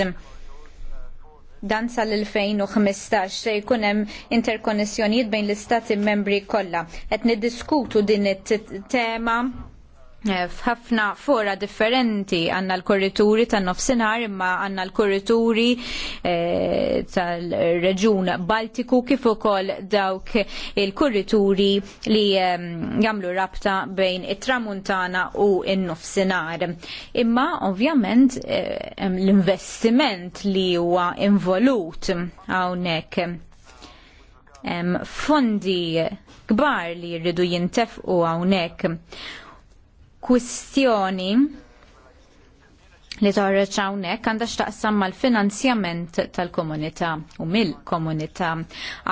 dan sal-2015 se jkun hemm interkonnessjonijiet bejn l-istati membri kollha. Qed niddiskutu din it-tema Eh, f'ħafna fora differenti għanna l-korrituri tan nofsinhar imma għanna l-korrituri eh, tal-reġun Baltiku kif ukoll dawk il-korrituri li ehm, jagħmlu rabta bejn it-tramuntana u n-nofsinhar. Imma ovvjament eh, l-investiment li huwa involut hawnhekk fondi kbar li jridu jintefqu hawnhekk kwistjoni li torreċ hawnhekk għandha x'taqsam mal-finanzjament tal-komunità u mill-komunità.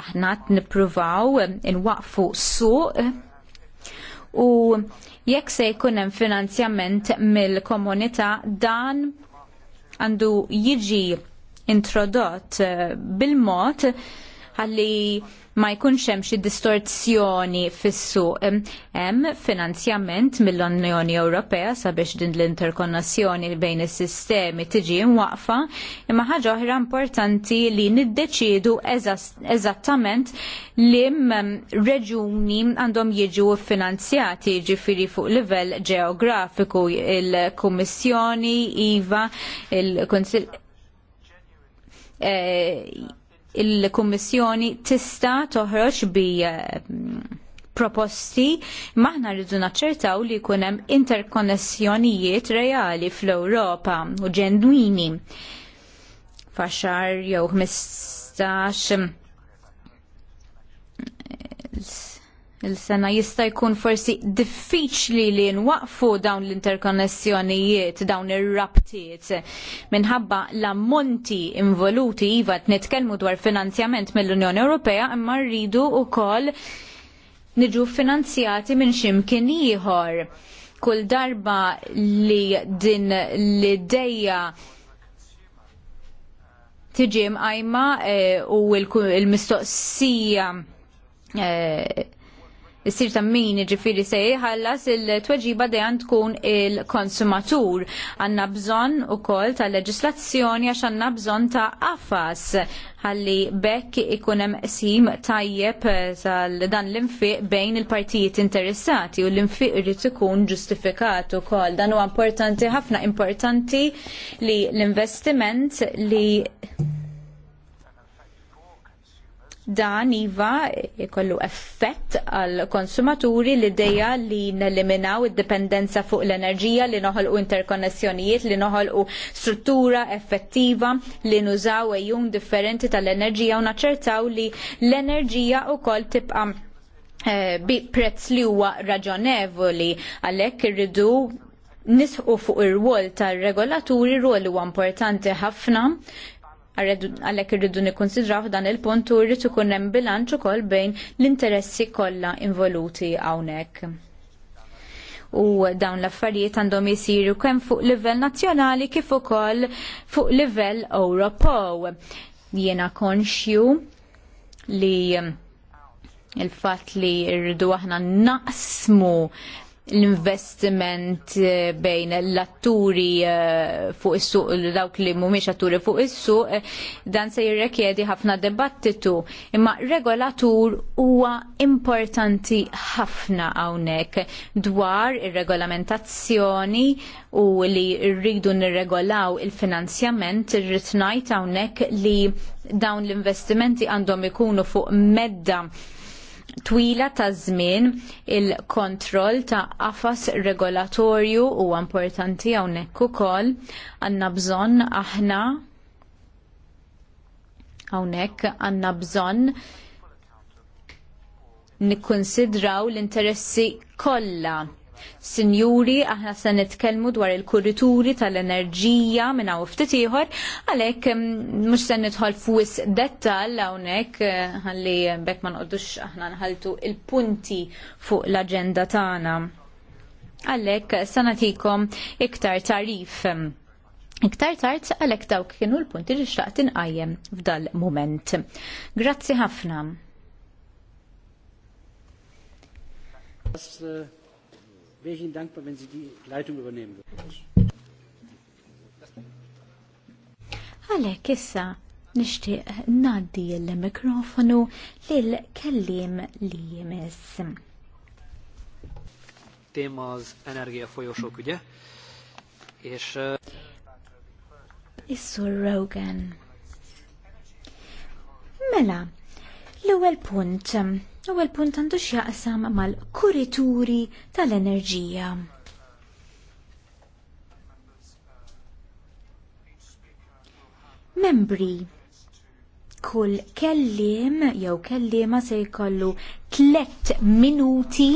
Aħna qed nippruvaw inwaqfu suq u jekk se jkun hemm finanzjament mill-komunità dan għandu jiġi introdott eh, bil-mod ħalli ma jkunx hemm xi distorzjoni fis-suq. Hemm finanzjament mill-Unjoni Ewropea sabiex din l-interkonnessjoni bejn is-sistemi tiġi mwaqfa, imma ħaġa oħra importanti li niddeċiedu eżattament lim reġuni għandhom jiġu finanzjati ġifiri fuq livell ġeografiku il-Kummissjoni, IVA, il-Konsil. E il-Kummissjoni tista' toħroġ bi eh, proposti maħna rridu naċċertaw li jkun hemm interkonnessjonijiet reali fl-Ewropa u ġenwini. Faxar jew 15 il-sena jista' jkun forsi diffiċli li nwaqfu dawn l-interkonnessjonijiet, dawn ir-rabtiet minħabba l-ammonti involuti iva nitkellmu dwar finanzjament mill-Unjoni Ewropea imma rridu wkoll niġu finanzjati minn ximkien ieħor. Kull darba li din l-idejja tiġi mqajma eh, u l-mistoqsija eh, Issir ta' min ġifiri se jħallas il-tweġiba dejjem tkun il-konsumatur. Għanna bżonn ukoll ta' leġislazzjoni għax għanna bżonn ta' affas ħalli bekk ikun hemm sim tajjeb tal dan l-infiq bejn il-partijiet interessati u l-infiq irid ikun ġustifikat ukoll. Dan huwa importanti ħafna importanti li l-investiment li dan iva jkollu effett għal konsumaturi li dejja li neliminaw id-dipendenza fuq l-enerġija li noħolqu interkonnessjonijiet li noħolqu struttura effettiva li nużaw ejjun differenti tal-enerġija u naċċertaw li l-enerġija wkoll tibqa' eh, bi prezz li huwa raġonevoli għalhekk irridu nisħu fuq ir-rwol tar-regolaturi rwol huwa importanti ħafna għalhekk irridu nikkonsidraw dan il-punt u rridu ikun hemm bilanċ ukoll bejn l-interessi kollha involuti hawnhekk. U dawn l-affarijiet għandhom jisiru kemm fuq livell nazzjonali kif ukoll fuq livell Ewropew. Jiena konxju li il-fat li rridu aħna naqsmu l-investiment eh, bejn l-atturi eh, fuq is-suq dawk li mhumiex atturi fuq is-suq eh, dan se jirrekjedi ħafna debattitu imma regolatur huwa importanti ħafna hawnhekk dwar ir-regolamentazzjoni u li rridu nirregolaw il-finanzjament irrid ngħid hawnhekk li dawn l-investimenti għandhom ikunu fuq medda twila ta' żmien il-kontroll ta' qafas regolatorju huwa importanti hawnhekk ukoll għandna bżonn aħna hawnhekk għandna bżonn nikkonsidraw l-interessi kollha Sinjuri, aħna se nitkellmu dwar il-kurrituri tal-enerġija minn hawn ftit ieħor, għalhekk mhux se nidħol fwis dettall hawnhekk eh, ħalli bekk ma nqogħdux aħna nħaltu il-punti fuq l-aġenda tagħna. Għalhekk se nagħtikom iktar tarif. Iktar tard għalhekk dawk kienu l-punti li xtaqt inqajjem f'dal mument. Grazzi ħafna. Eh, wäre ich Ihnen dankbar, wenn Sie die Leitung übernehmen würden. Għalek issa nishtiq naddi l mikrofonu lil-kellim li jemess. Téma az energiafolyosok, ugye? És... Issu Rogan. Mela, l-ewwel punt Ewwel punt għandu x'jaqsam mal-kurituri tal-enerġija. Membri, kull kellim jew kellima se jkollu tlet minuti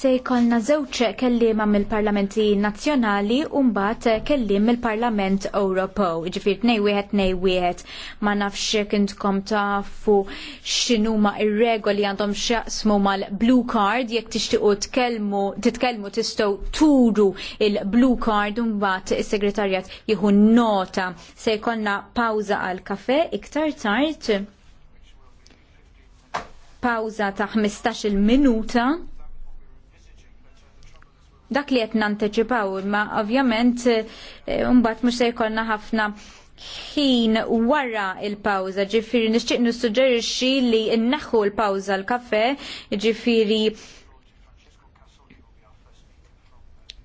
Se jkollna żewġ kelliema mill-Parlamenti Nazzjonali u mbagħad kellim mill-Parlament Ewropew. Ġifier tnej wieħed nej wieħed. Ma nafx kintkom tafu x'inhuma ir-regoli għandhom x'jaqsmu mal-blue card jekk tixtiequ tkellmu titkellmu tistgħu turu il-blue card u mbagħad is-segretarjat jieħu nota. Se jkollna pawża għal kafe iktar tard. Pawża ta' 15-il minuta dak li qed nanteċipaw, imma ovvjament eh, mbagħad mhux se jkollna ħafna ħin wara il-pawza, ġifiri nixtieq nissuġġerixxi li nneħħu l-pawza l-kafe, ġifiri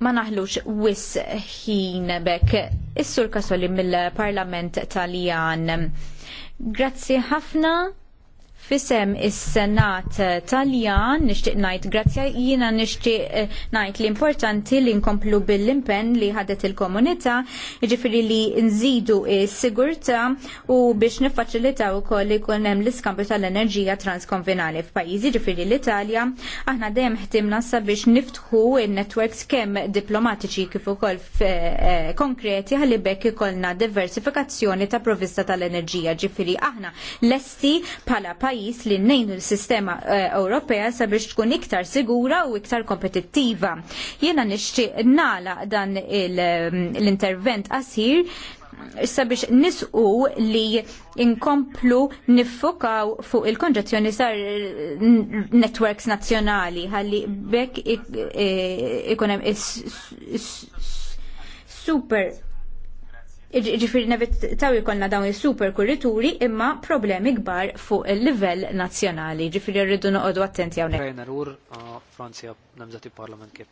ma naħlux wis ħin bekk. Is-sur Kasoli mill-Parlament Taljan. Grazzi ħafna. Fisem is-Senat Taljan nixtieq ngħid grazzja jiena nixtieq eh, ngħid li importanti li nkomplu bil-impenn li ħadet il-komunità, jiġifieri li nżidu s-sigurtà u biex niffaċilitaw ukoll li jkun hemm l-iskambju tal-enerġija transkonvenali f'pajjiżi ġifieri l-Italja, aħna dejjem ħtimna sabiex niftħu in-networks kemm diplomatiċi kif ukoll eh, konkreti ħalli bekk ikollna diversifikazzjoni ta' provvista tal-enerġija ġifieri aħna lesti bħala pajjiż pajis li nnejnu l-sistema eh, Ewropea sabiex tkun iktar sigura u iktar kompetittiva. Jiena nixtieq nala dan mm, l-intervent qasir sabiex nisqu li inkomplu niffokaw fuq il-konġezzjoni sar networks nazzjonali ħalli bekk eh, is super Ġifiri nevet taw jkollna dawn il-super kurrituri imma problemi gbar fuq il level nazjonali. Ġifiri rridu noqogħdu attenti hawnhekk. Rainer Ur, Franzija Namżati Parlament kif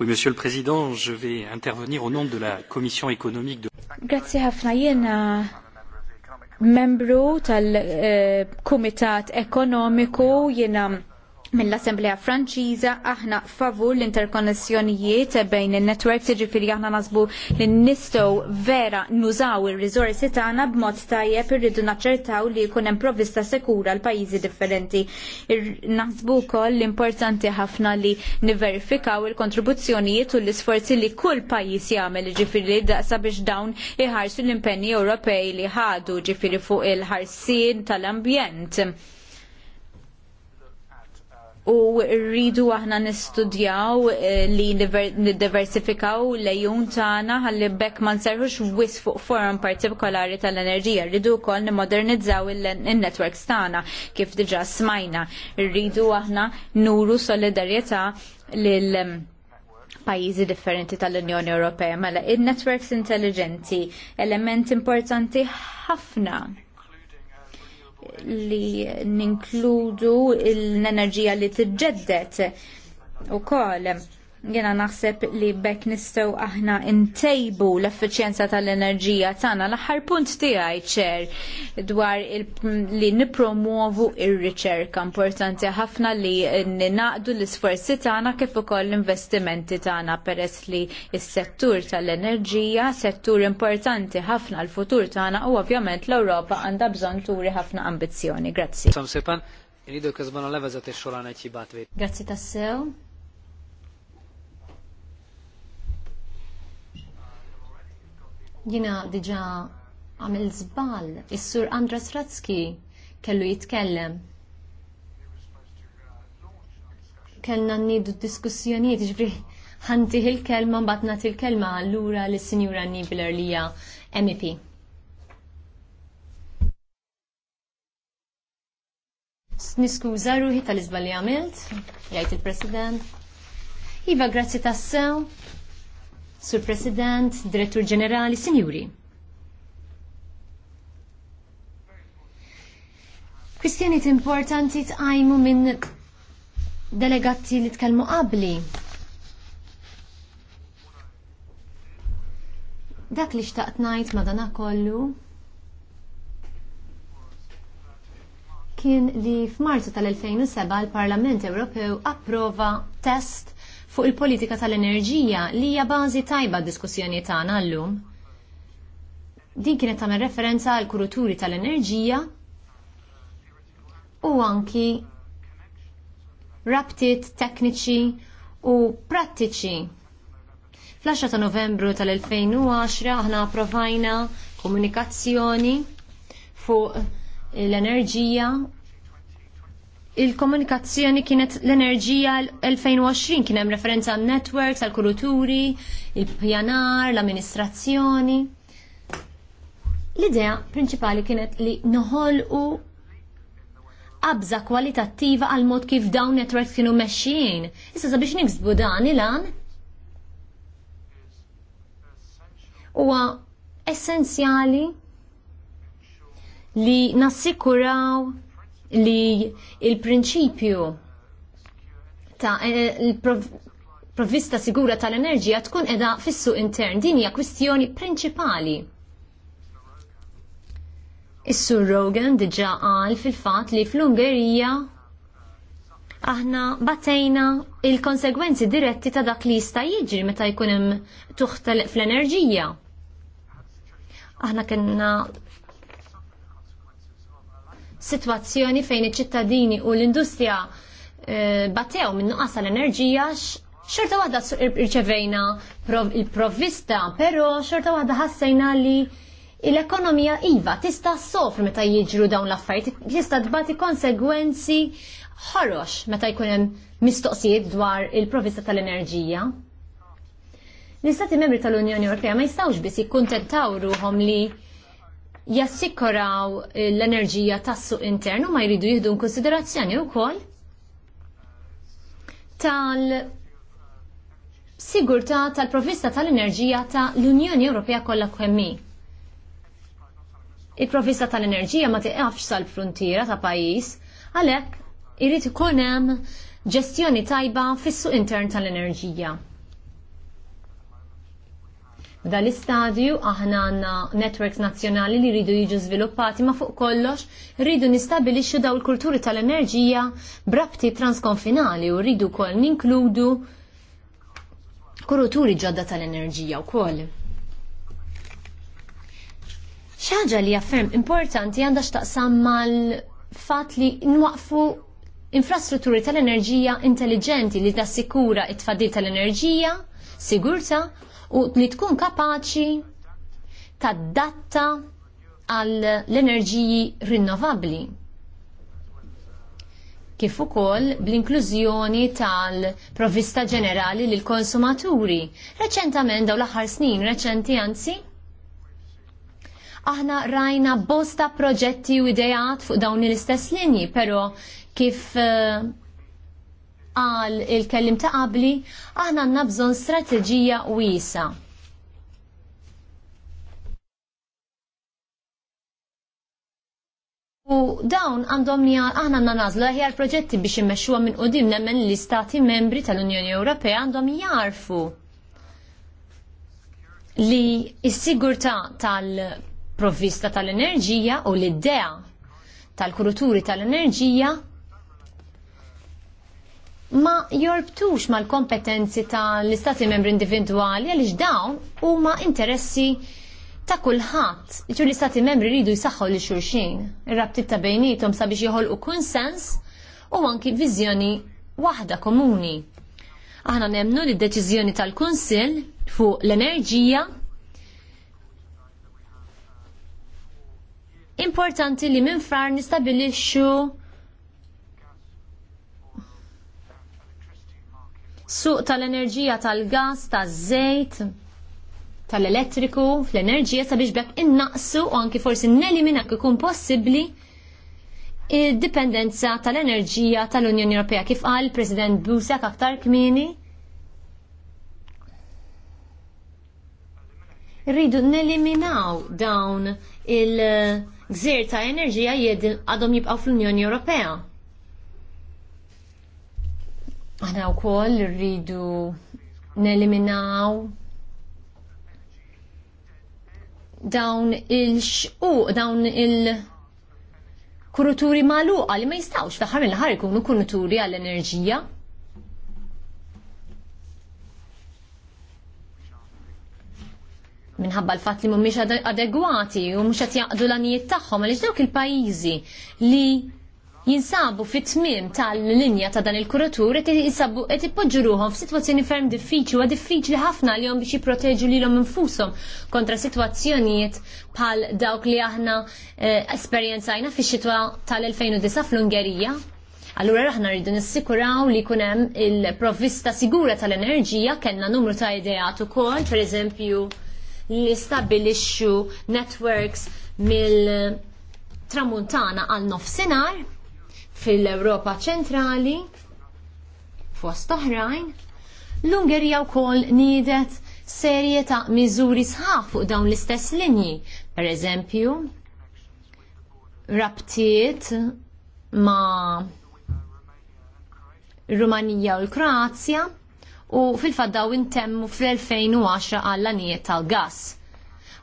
Oui, Monsieur le Président, je vais intervenir au nom de la Commission économique de... Grazie ħafna jiena membru tal-Kumitat eh, Ekonomiku jiena mill-Assemblea Franċiża aħna favur l-interkonnessjonijiet bejn in-netwerks jiġifieri aħna nasbu li nistgħu vera nużaw ir-riżorsi tagħna b'mod tajjeb irridu naċċertaw li jkun hemm provvista sekura l pajjiżi differenti. Naħsbu wkoll l-importanti ħafna li niverifikaw il-kontribuzzjonijiet u l-isforzi li kull pajjiż jagħmel jiġifieri daqsa biex dawn iħarsu l-impenni Ewropej li ħadu ġifieri fuq il-ħarsien tal-ambjent u rridu aħna nistudjaw eh, li niddiversifikaw lejun tagħna ħalli bekk ma nserħux wis fuq forum partikolari tal-enerġija. Rridu wkoll nimmodernizzaw in-networks tagħna kif diġà smajna. Rridu aħna nuru solidarjetà lil mm, pajjiżi differenti tal-Unjoni Ewropea mela in-networks intelligenti, element importanti ħafna li ninkludu l-enerġija li u ukoll Jena naħseb li bekk nistgħu aħna ntejbu l-effiċjenza tal-enerġija tagħna l-aħħar punt tiegħi ċer dwar li nipromuovu ir-riċerka importanti ħafna li ninaqdu l-isforzi tagħna kif ukoll l-investimenti tagħna peress li s-settur tal-enerġija settur importanti ħafna l-futur tagħna u ovvjament l-Ewropa għandha bżonn turi ħafna ambizzjoni. Grazzi. iridu leva za Grazzi tassew. Jina diġa għamil zbal, is-sur Andras Ratzki kellu jitkellem. Kellna nidu diskussjonijiet, ġifri ħanti il-kelma mbagħad nagħti il-kelma allura lis-Sinjura Nibler li hija MEP. Niskuża ruħi tal-iżba li għamilt, jgħid il-President. Iva, grazzi tassew. Sur President, Direttur Ġenerali, Sinjuri. Kwistjoniet importanti tqajmu minn delegati li tkellmu qabli. Dak li xtaqt ngħid madana kollu kien li f'Marzu tal-2007 l-Parlament Ewropew approva test fuq il-politika tal-enerġija li hija bażi tajba diskussjoni tagħna llum. Din kienet tagħmel referenza għal kuruturi tal-enerġija u anki rabtiet tekniċi u prattiċi fl-10 ta' novembru tal-2010 aħna approvajna komunikazzjoni fuq l-enerġija il-komunikazzjoni kienet l-enerġija l-2020 kien hemm referenza għal networks, għal kuruturi, il-pjanar, l-amministrazzjoni. L-idea prinċipali kienet li noħolqu abza kwalitattiva għal mod kif dawn networks kienu meċxin. Issa sabiex niksbu dan il-għan huwa essenzjali li nassikuraw li il-prinċipju ta' eh, provvista sigura tal-enerġija tkun edha fissu intern. Din hija kwistjoni prinċipali. Is-Sur Rogan diġà qal fil-fatt li fl-Ungerija aħna batejna il-konsegwenzi diretti ta' dak li jista' jiġri meta jkun hemm tuħtel fl-enerġija. Aħna kellna situazzjoni fejn iċ-ċittadini u l-industrija eh, batew minn nuqqas l-enerġija xorta waħda irċevejna il-provvista, pero xorta waħda ħassejna li l-ekonomija iva tista' sofri meta jiġru dawn l-affarijiet, tista' tbati konsegwenzi ħorox meta jkun hemm mistoqsijiet dwar il-provvista tal-enerġija. L-Istati Membri tal-Unjoni Ewropea ma jistgħux biss jikkuntentaw ruhom li jassikuraw l-enerġija tas-suq internu ma jridu jihdu konsiderazzjoni wkoll tal sigurtà tal-provista tal-enerġija ta' l-Unjoni Ewropea kollha kemmi. Il-provista tal-enerġija ma tiqafx sal-frontiera ta' pajjiż, għalhekk irid ikun hemm ġestjoni tajba fis-suq intern tal-enerġija. F'dan l-istadju aħna għandna networks nazzjonali li rridu jiġu żviluppati ma fuq kollox rridu nistabilixxu daw il-kulturi tal-enerġija brabti transkonfinali u rridu wkoll ninkludu kuruturi ġodda tal-enerġija wkoll. Xaġa li jaffem importanti għandha x'taqsam mal-fatt li nwaqfu infrastrutturi tal-enerġija intelligenti li tassikura t tfaddil tal-enerġija, sigurta u li tkun kapaċi tadatta għal l-enerġiji rinnovabli. Kif ukoll bl-inklużjoni tal-provvista ġenerali lil konsumaturi. Reċentament daw l-aħħar snin, reċenti anzi, aħna rajna bosta proġetti u idejat fuq dawn l-istess linji, pero kif uh, qal il-kellim ta' qabli, aħna għandna bżonn strateġija wiesa. U dawn għandhom nija aħna nanazlu ħjar proġetti biex immexxuha minn qudiem nemmen li stati membri tal-Unjoni Ewropea għandhom jarfu li s-sigurtà tal-provvista tal-enerġija u l-idea tal-kuruturi tal-enerġija ma jorbtux mal-kompetenzi ta' l-istati membri individuali għaliex dawn huma interessi ta' kulħadd. Iċu l-istati membri rridu jisaxħu li xulxin, ir-rabtit ta' bejnietom sabiex jħolqu konsens u anki viżjoni waħda komuni. Aħna nemnu li d-deċiżjoni tal-Kunsill fuq l-enerġija importanti li minn frar nistabilixxu suq tal-enerġija tal-gas, taż-żejt, tal-elettriku, fl-enerġija sabiex bekk innaqsu u anki forsi nelimina kikun possibbli id-dipendenza tal-enerġija tal-Unjoni Ewropea kif qal President Busek aktar kmieni. Rridu neliminaw dawn il-gżir ta' enerġija jedin għadhom jibqaw fl-Unjoni Ewropea. Aħna wkoll rridu neliminaw dawn il xqu dawn il- kuruturi maluqa li ma jistawx fl-ħar mill-ħar ikunu kuruturi għall-enerġija. minħabba l-fat li mumiex adegwati u mux għat jaqdu l-anijiet taħħom, għalix dawk il-pajizi li jinsabu fit tmim tal-linja ta' dan il-kuratur qed jinsabu et ipoġġu ruhom f'sitwazzjoni ferm diffiċli u diffiċli ħafna li biex jipproteġu lilhom infushom kontra sitwazzjonijiet bħal dawk li aħna eh, esperjenzajna fix-xitwa tal-2009 fl-Ungerija. Allura aħna rridu nissikuraw li jkun hemm il-provvista sigura tal-enerġija kellna numru ta' ideat ukoll, pereżempju li stabilixxu networks mill-tramuntana għal nofsinhar fil-Europa ċentrali, fost oħrajn, l-Ungerija wkoll niedet serje ta' miżuri sħaf fuq dawn l-istess linji, per eżempju, rabtiet ma' Rumanija u l-Kroazja u fil-faddaw intemmu fl-2010 għall-anijiet tal-gas.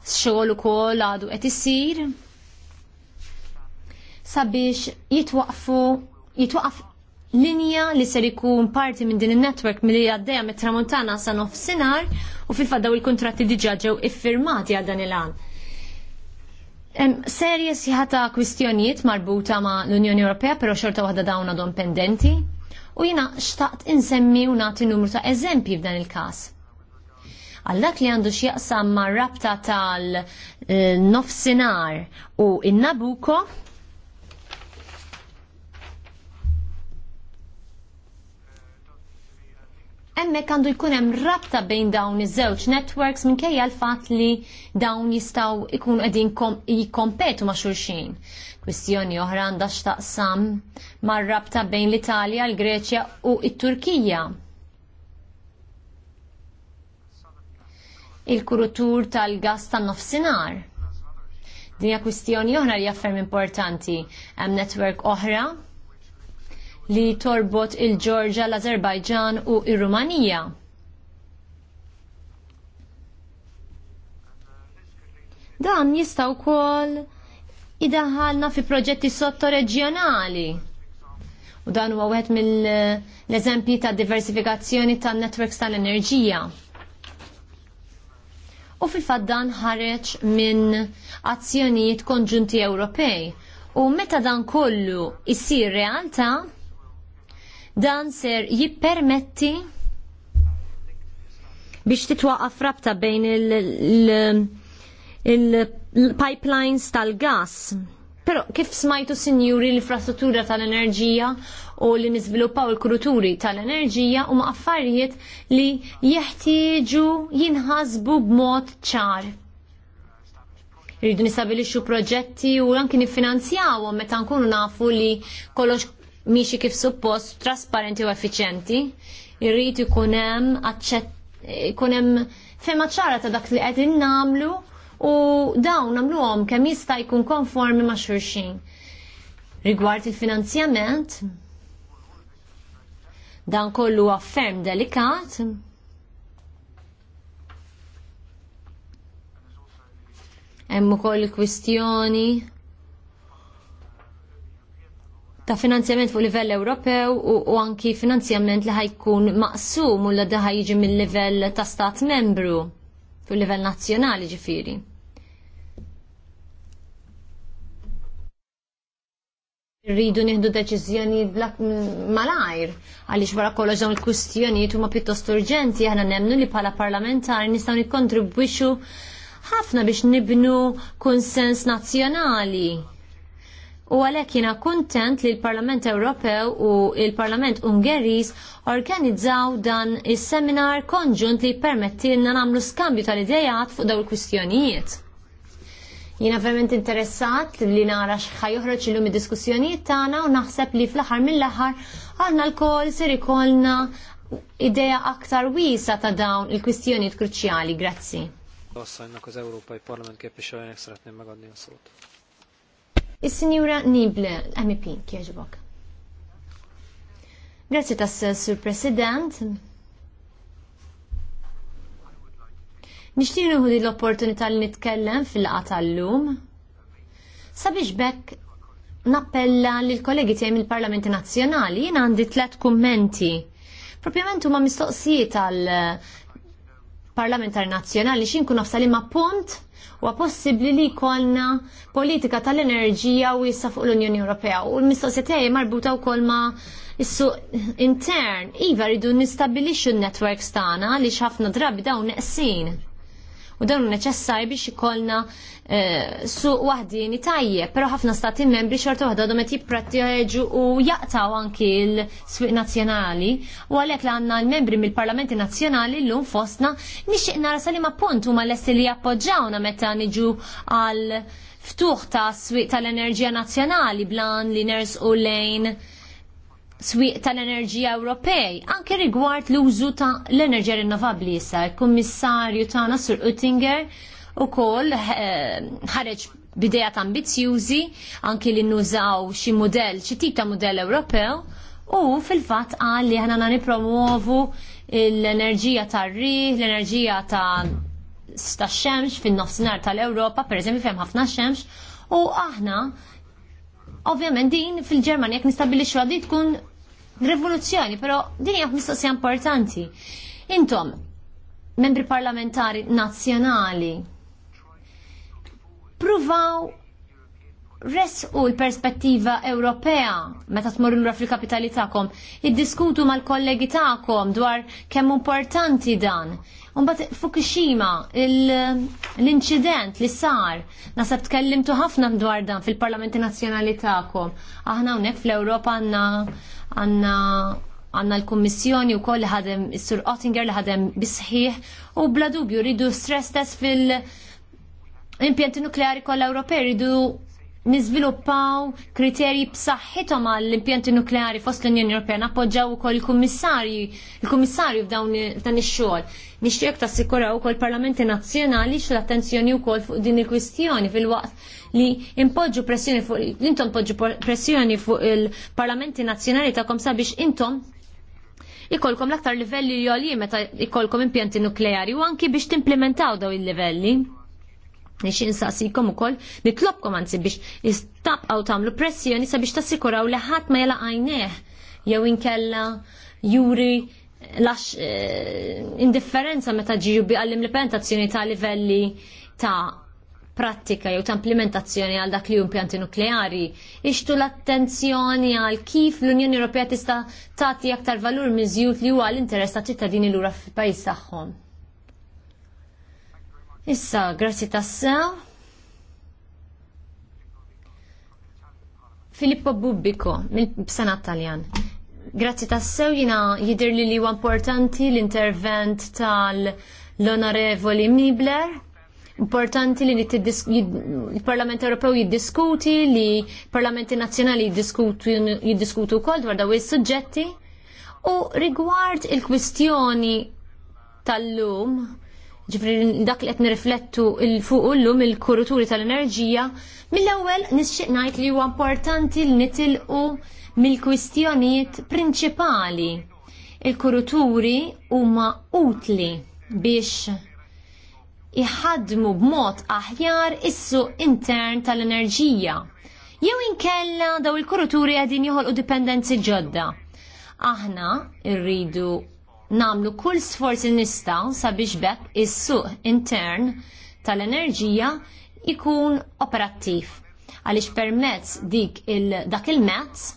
Xogħol ukoll għadu qed isir sabiex jitwaqfu jitwaqaf linja li ser ikun parti minn din il-network milli għaddeja mit tramuntana sa nofsinhar u fil-faddaw il-kontratti diġà ġew iffirmati għal dan il-għan. Serje siħata kwistjonijiet marbuta ma' l-Unjoni Ewropea, pero xorta waħda dawn għadhom pendenti, u jina xtaqt insemmi u nagħti numru ta' eżempji f'dan il-każ. Għal dak li għandu x'jaqsam ma' rabta tal-nofsinar eh, u in-Nabuko, Hemmhekk għandu jkun hemm rabta bejn dawn iż-żewġ networks minkejja l-fatt li dawn jistgħu jkunu qegħdin jikkompetu ma' xulxin. Kwistjoni oħra għandha x'taqsam mar-rabta bejn l-Italja, l-Greċja u t-Turkija. Il-kurutur tal-gas tan-nofsinhar. Dinja kwistjoni oħra li jaffer importanti. Hemm netwerk oħra li torbot il-Ġorġa, l-Azerbajġan u r rumanija Dan jistaw kol idaħalna fi proġetti sottoreġjonali. U dan huwa wieħed mill-eżempji ta' diversifikazzjoni ta' networks tal-enerġija. U fil-fatt dan ħareġ minn azzjonijiet konġunti Ewropej. U meta dan kollu issir realtà, Dan ser jippermetti biex titwaqaf rabta bejn il-pipelines tal-gas. Pero kif smajtu sinjuri l-infrastruttura tal-enerġija u li niżviluppaw il-kuruturi tal-enerġija u affarijiet li jeħtieġu jinħasbu b'mod ċar. Rridu nistabilixxu proġetti u anki niffinanzjawhom meta nkunu nafu li kollox miexi kif suppost trasparenti u effiċenti. irrit ikun għacċet, ikun fema ċara ta' dak li qed namlu u dawn nagħmluhom kemm jista' jkun konformi ma' xurxin. Rigward il-finanzjament, dan kollu afferm delikat, hemm ukoll kwistjoni ta' finanzjament fuq livell Ewropew u, u anki finanzjament li ħajkun maqsum u li daħ jiġi mill-livell ta' stat membru fuq livell nazzjonali ġifiri. Rridu nieħdu deċiżjoni malajr għaliex wara kollox dawn il-kwistjonijiet huma pjuttost urġenti aħna nemnu li bħala parlamentari nistgħu nikkontribwixxu ħafna biex nibnu konsens nazzjonali U għalhekk jiena kuntent li l-Parlament Ewropew u l-Parlament Ungeris organizzaw dan is-seminar konġunt li permettilna nagħmlu skambju tal-idejat fuq dawn il-kwistjonijiet. Jiena verment interessat li nara x'ħaj joħroġ illum id-diskussjonijiet tagħna u naħseb li fl-aħħar mill-aħħar aħna l-kol ser ikollna idea aktar wisa ta' dawn il-kwistjonijiet kruċjali. Grazzi. Wassajna kuz Ewropa Parlament kif biex xogħol ekstra tnejn ma' għandni Is-Sinjura Nible, MEP, kieġbok. Grazie tas Sur President. Nishtiq di l-opportunità li nitkellem fil-laqa tal-lum. Sabiex bekk nappella l kollegi tiegħi mill-Parlamenti Nazzjonali jien għandi tlet kummenti. Propjament huma mistoqsijiet għal parlamentari nazzjonali x'inkun nafsa li ma punt Huwa possibbli li jkollna politika tal-enerġija jissa fuq l-Unjoni Ewropea u l mistoqsijiet tiegħi marbuta wkoll ma' issu suq intern. Iva rridu nistabilixxu n-networks tagħna li ħafna drabi dawn neqsin u dan neċessar biex ikollna eh, suq waħdini tajjeb, però ħafna stati membri xorta waħda għadhom qed jipprattieġu u jaqtaw anki l-swieq nazzjonali u għalhekk li għandna l-membri mill-Parlamenti Nazzjonali llum fostna nixtieq nara salim punt huma lesti li jappoġġawna meta niġu għal ftuħ ta' swieq tal-enerġija nazzjonali blan li nersqu lejn swieq tal-enerġija Ewropej, anke rigward l-użu ta' l-enerġija rinnovabbli issa. Il-Kummissarju tagħna Sur Oettinger ukoll eh, ħareġ bidea ta' ambizjużi anke li nużaw xi mudell, xi tip ta' mudell Ewropew u fil-fatt qal li ħana nipromuovu l-enerġija tar-riħ, l-enerġija ta' ta' xemx fin-nofsinhar tal-Ewropa, pereżempju fejn ħafna xemx, u aħna Ovvjament din fil-Ġermanja jekk nistabbilixxu għaddi tkun rivoluzzjoni, però din hija mistoqsija importanti. Intom, membri parlamentari nazzjonali, pruvaw resqu l-perspettiva Ewropea meta tmorru lura fil-kapitali tagħkom, iddiskutu mal-kollegi tagħkom dwar kemm importanti dan. Unbat Fukushima, l-inċident li sar, nasab tkellimtu ħafna dwar dan fil-Parlamenti Nazzjonali tagħkom. Aħna hawnhekk fl-Ewropa għandna għandna għandna l-Kummissjoni wkoll li ħadem is-Sur Ottinger li ħadem bisħiħ u bla dubju rridu stress test fil- impjanti nukleari kollha Ewropej rridu nizviluppaw kriterji b'saħħithom għall impjanti nukleari fost l-Unjoni Ewropea nappoġġaw ukoll il-kummissarji il-kummissarju f'dawn dan ix-xogħol. Nixtieq tassikuraw ukoll parlamenti nazzjonali l-attenzjoni wkoll fuq din il-kwistjoni fil-waqt li impoġġu pressjoni fuq intom poġġu pressjoni fuq il-parlamenti nazzjonali tagħkom sabiex intom ikolkom l-aktar livelli joli meta ikolkom impjanti nukleari u anki biex timplementaw daw il-livelli nixin u ukoll nitlobkom għanzi biex istabqaw tagħmlu pressjoni sabiex tassikuraw li ħadd ma jela għajneħ jew inkella juri lax eh, indifferenza meta ġiju bi għall-implementazzjoni ta' livelli ta' prattika jew ta' implementazzjoni għal dak li impjanti nukleari, ixtu l-attenzjoni għal kif l-Unjoni Ewropea tista' tagħti aktar valur miżjud li huwa l-interess ta' ċittadini lura f'pajjiż tagħhom. Issa, grazzi tassa. Filippo Bubbico, mill-Senat Taljan. Grazzi tassew jina jidir li li importanti l-intervent tal-Onorevoli Mibler. Importanti li il-Parlament Ewropew jiddiskuti, li parlamenti nazzjonali jiddiskutu wkoll dwar daw is-suġġetti. U rigward il-kwistjoni tal-lum, Ġifri dak li qed nirriflettu il fuq illum il-kuruturi tal-enerġija, mill-ewwel nixxieq ngħid li huwa importanti li nitilqu mill-kwistjonijiet prinċipali. Il-kuruturi huma utli biex iħadmu b'mod aħjar issu intern tal-enerġija. Jew inkella daw il-kuruturi għadin joħolqu dipendenzi ġodda. Aħna rridu namlu kull sforzi nista' sabiex bekk is-suq intern tal-enerġija ikun operattiv. Għaliex permezz dik il dak il-mezz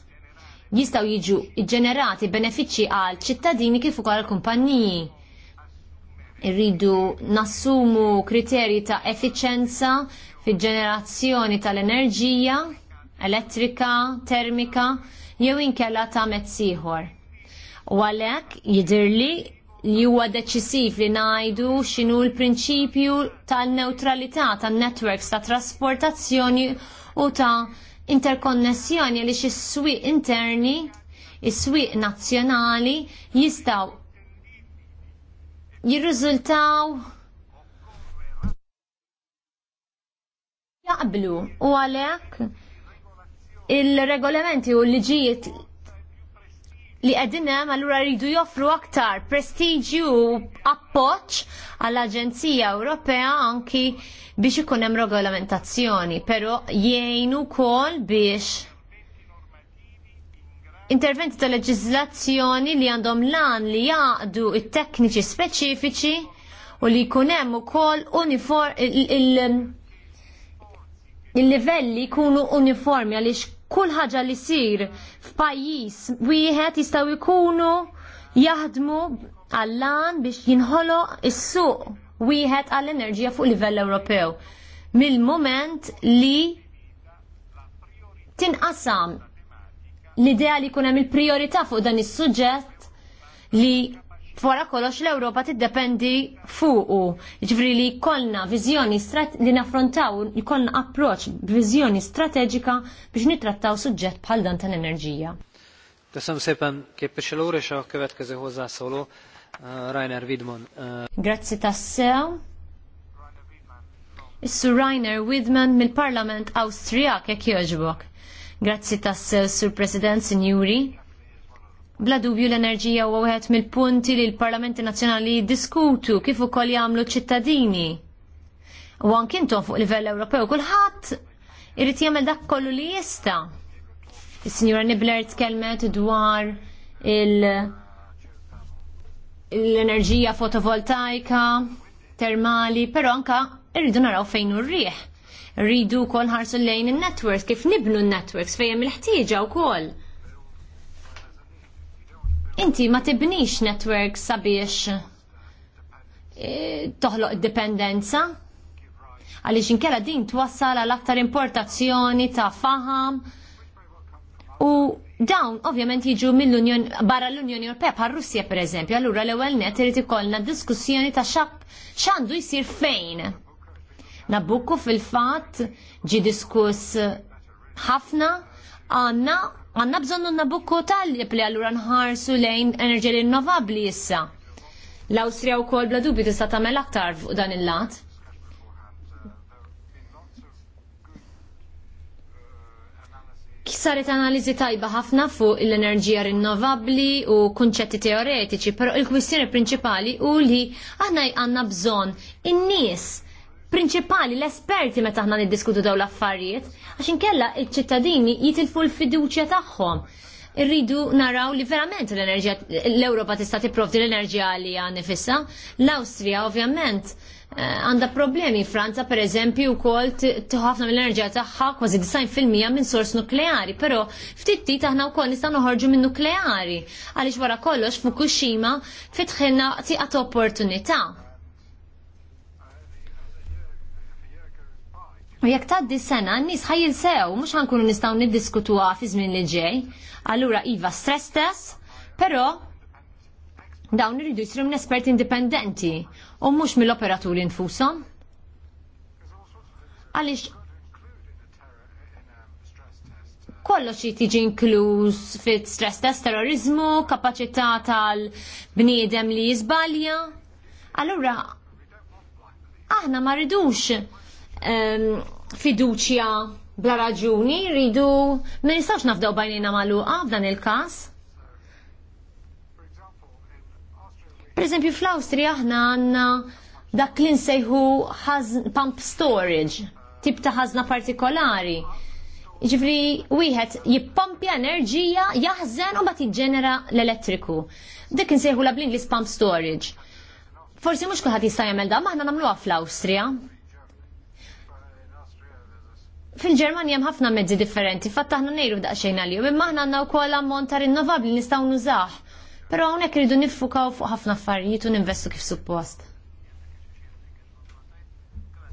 jistaw jiġu ġenerati benefiċċji għal ċittadini kif ukoll kumpaniji. Irridu nassumu kriterji ta' effiċenza fil-ġenerazzjoni tal-enerġija elettrika, termika, jew inkella ta' mezz ieħor U għalhekk jidirli li huwa deċisiv li ngħidu x'inhu l-prinċipju tal-neutralità tan-networks ta' trasportazzjoni u ta' interkonnessjoni li is swieq interni, is-swieq nazzjonali jistgħu jirriżultaw jaqblu u għalhekk il-regolamenti u l-liġijiet li għedinem għallura rridu joffru aktar prestiġju u appoċ għall-Aġenzija Ewropea anki biex ikun hemm regolamentazzjoni, però jgħinu kol biex interventi ta' leġiżlazzjoni li għandhom lan li jaqdu it-tekniċi speċifiċi u li jkun hemm ukoll uniform il-livelli jkunu uniformi għaliex kull ħaġa li sir f'pajjiż wieħed jistgħu jkunu jaħdmu għall-lan biex jinħolo is-suq wieħed għall-enerġija fuq livell Ewropew. Mill-moment li tinqasam l-idea li kunem il-priorità fuq dan is-suġġett li fora kollox l-Ewropa tiddependi fuqu. Ġifri li kollna viżjoni li naffrontaw, jkollna approċ vizjoni strateġika biex nitrattaw suġġett bħal dan tal-enerġija. Köszönöm szépen l úr, és a kazi hozzászóló solo eh, Rainer Widman. Eh, Grazzi tassew. Issu Rainer Widman mill-Parlament Awstrijak jekk jogħġbok. Grazzi tassew, Sur President, Sinjuri. Bla dubju l-enerġija u wieħed mill-punti li l-Parlamenti Nazzjonali jiddiskutu kif ukoll jagħmlu ċittadini. U anke fuq livell Ewropew kulħadd irid jagħmel dak kollu li jista. Is-Sinjura Nibler tkellmet dwar l-enerġija fotovoltaika, termali, però anka irridu naraw fejn hu rrieħ. Rridu wkoll ħarsu lejn il networks kif nibnu n-networks fejn hemm il-ħtieġa wkoll inti ma tibnix network sabiex eh, toħloq dipendenza għaliex inkella din twassal għal aktar importazzjoni ta' faham u dawn ovvjament jiġu mill-Unjon barra l-Unjoni Ewropea bħal Russja eżempju, allura l-ewwel net irid ikollna diskussjoni ta' xab x'għandu jsir fejn. Nabukku fil-fatt ġi diskuss ħafna għandna għanna bżonnu nabukku tal-lib li għallura nħarsu lejn enerġi rinnovabli issa. L-Austria u kol bla dubi tista' tagħmel aktar fuq dan il-lat. Saret analiżi tajba ħafna fuq l-enerġija rinnovabbli u kunċetti teoretiċi, però il-kwistjoni prinċipali u li aħna għandna bżonn in-nies prinċipali l-esperti meta ħna niddiskutu daw l-affarijiet, għax inkella il ċittadini jitilfu l-fiduċja tagħhom. Irridu naraw li verament l-enerġija l-Ewropa tista' tipprovdi l-enerġija li nifissa. L-Awstrija ovvjament eh, għandha problemi. Franza per eżempju wkoll ħafna mill-enerġija tagħha kważi 90% minn sors nukleari, però ftit taħna aħna wkoll nistgħu noħorġu minn nukleari. Għaliex wara kollox Fukushima fitħilna tiqat opportunità U jekk tgħaddi sena, n-nies ħajjil sew, mhux ħankunu nistgħu niddiskutuha fi żmien li ġej. Allura iva stress test, però dawn iridu jsiru n-espert indipendenti u mhux mill-operaturi Għalix, Għaliex kollox tiġi inkluż fit stress test terrorizmu, kapaċità tal-bniedem li jizbalja. Allura aħna ma rridux fiduċja bla raġuni, rridu ma nistax nafdew bajnina magħluqa f'dan il-każ. Per eżempju fl-Awstrija aħna għanna dak li nsejħu pump storage, tip ta' ħazna partikolari. Ġifri, wieħed jippompja enerġija, jaħżen u bat jiġġenera l-elettriku. Dik insejħu la bl-Inglis pump storage. Forsi mhux kulħadd jista' jagħmel dan, aħna nagħmluha fl-Awstrija fil-Ġermanja hemm ħafna mezzi differenti, fatt aħna ngħidu daqsxejn għalihom, imma aħna għandna wkoll ammont ta' rinnovabbli nistgħu nużah. Però hawnhekk iridu niffukaw fuq ħafna affarijiet u ninvestu kif suppost.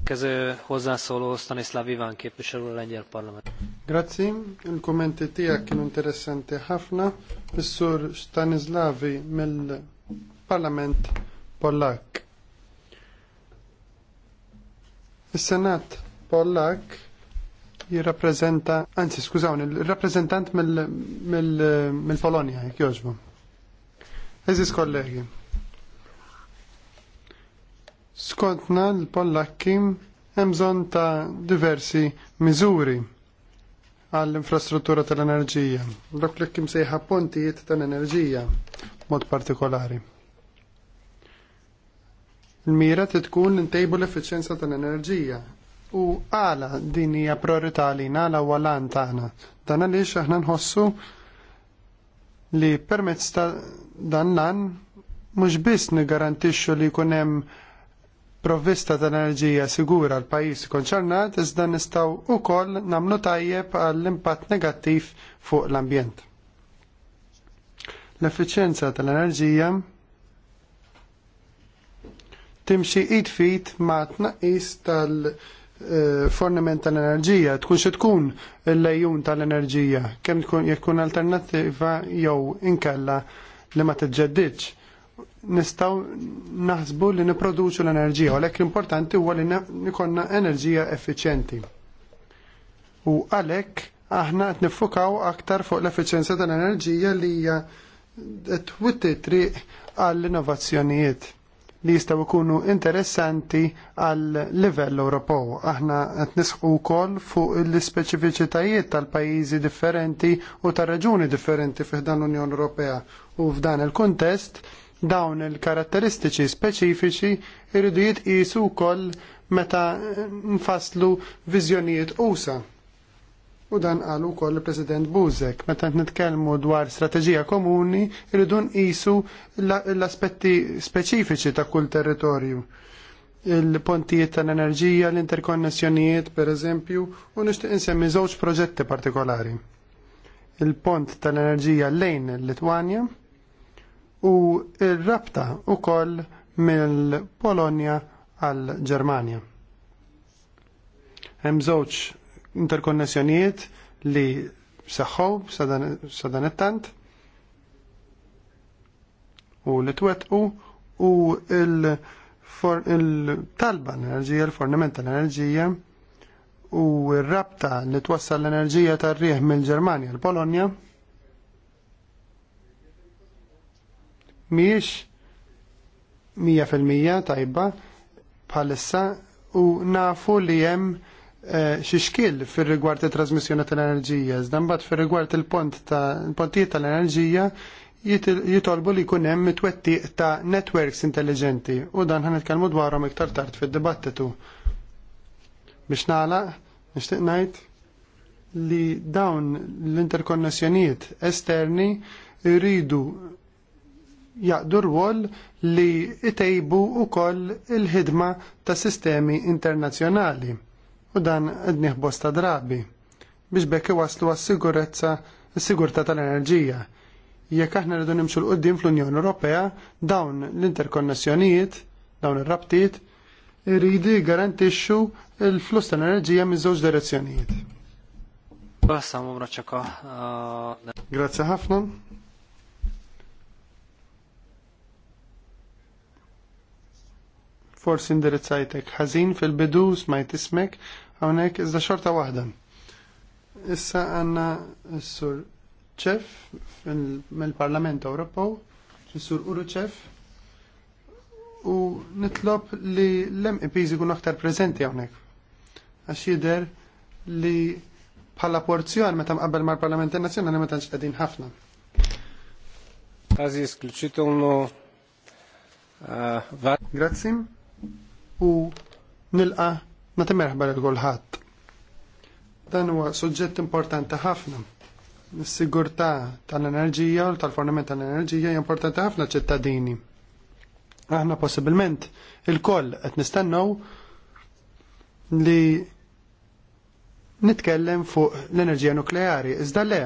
Keze solo Stanislav Ivan képviselő l Lengyel Parlament. Grazzi, il-kommenti tiegħek kienu interessanti ħafna. Is-sur Stanislavi mill-Parlament Pollak. Is-Senat Pollak jirrappreżenta, anzi skużawni, il-rappreżentant mill polonia jek joġbu. Eżis kollegi. Skontna l-Pollakki hemm bżonn ta' diversi miżuri għall-infrastruttura tal-enerġija, Dok li kim sejħa pontijiet tal-enerġija mod partikolari. Il-mira tkun ntejbu l efficienza tal-enerġija, U għala din hija priorità li nala u għalan tagħna. Dan għaliex aħna nħossu li permezz ta' dan lan mhux biss nigarantixxu li jkun hemm provvista ta' enerġija sigura l pajjiż konċernat iżda nistgħu wkoll nagħmlu tajjeb għall impatt negattiv fuq l-ambjent. L-effiċjenza tal-enerġija timxi id fit ma' tnaqis tal- Eh, fornament tal-enerġija, tkun xe tkun il-lejjun tal-enerġija, kemm tkun jekun alternativa jew inkella li ma tiġġeddiġ. Nistaw naħsbu li niproduċu l-enerġija, u l-ek importanti huwa li nikonna enerġija effiċjenti. U għalek aħna qed nifukaw aktar fuq l-effiċjenza tal-enerġija li hija twittit triq għall-innovazzjonijiet li jistgħu jkunu interessanti għal livell Ewropew. Aħna qed nisħu wkoll fuq l-ispeċifiċitajiet tal-pajjiżi differenti u tar-raġuni differenti fih dan l-Unjoni Ewropea u f'dan il-kuntest dawn il-karatteristiċi speċifiċi jridu jitqisu wkoll meta nfasslu viżjonijiet usa U dan għalu kol il-President Buzek, meta nitkellmu dwar strateġija komuni, irridu nqisu l-aspetti speċifiċi ta' kull territorju. Il-pontijiet tal-enerġija, l-interkonnessjonijiet, per eżempju, u nixtieq insemmi żewġ proġetti partikolari. Il-pont tal-enerġija lejn l-Litwanja u il-rabta ukoll mill-Polonja għal-Ġermanja. Hemm żewġ interkonnessjonijiet li seħħu sadan it-tant u li twettqu u il-talba l-enerġija, il fornimenta tal-enerġija u r-rabta li twassal l-enerġija tar-rieħ mill-Ġermanja l-Polonja miex 100% tajba bħalissa u nafu li hemm Eh, xi fil fir-rigward it-trasmissjoni tal-enerġija, iżda mbagħad fir-rigward il-pont ta' pontijiet tal-enerġija jitolbu li jkun hemm twettiq ta' networks intelligenti u dan ħan nitkellmu dwarhom iktar tard fid-dibattitu. Biex nagħlaq, nixtieq ngħid li dawn l-interkonnessjonijiet esterni jridu jaqdu rwol li itejbu wkoll il-ħidma ta' sistemi internazzjonali u dan id bosta drabi biex bekk iwaslu għas-sigurezza s-sigurta tal-enerġija. Jekk aħna rridu nimxu l-qoddim fl-Unjoni Ewropea, dawn l-interkonnessjonijiet, dawn ir-rabtiet, iridi garantixxu l-flus tal-enerġija minn żewġ direzzjonijiet. Basta, mumra ċeka. Uh, Grazie ħafna. Forsi indirizzajtek ħażin fil-bidu smajt ismek, hawnhekk iżda xorta waħda. Issa għandna s-sur ċef mill-Parlament Ewropew, s-sur Uru ċef, u nitlob li l-MEPs ikun aktar preżenti hawnhekk. Għax jidher li bħala porzjon meta mqabbel mal-Parlament Nazzjonali meta nċedin ħafna. Għazi eskluċitu eh, Grazzi u nilqa' Ma merħba lil kulħadd. Dan huwa suġġett importanti ħafna. Is-sigurtà tal-enerġija u tal-fornament tal-enerġija hija importanti ħafna ċittadini. Aħna possibilment il-koll qed nistennew li nitkellem fuq l-enerġija nukleari, iżda le.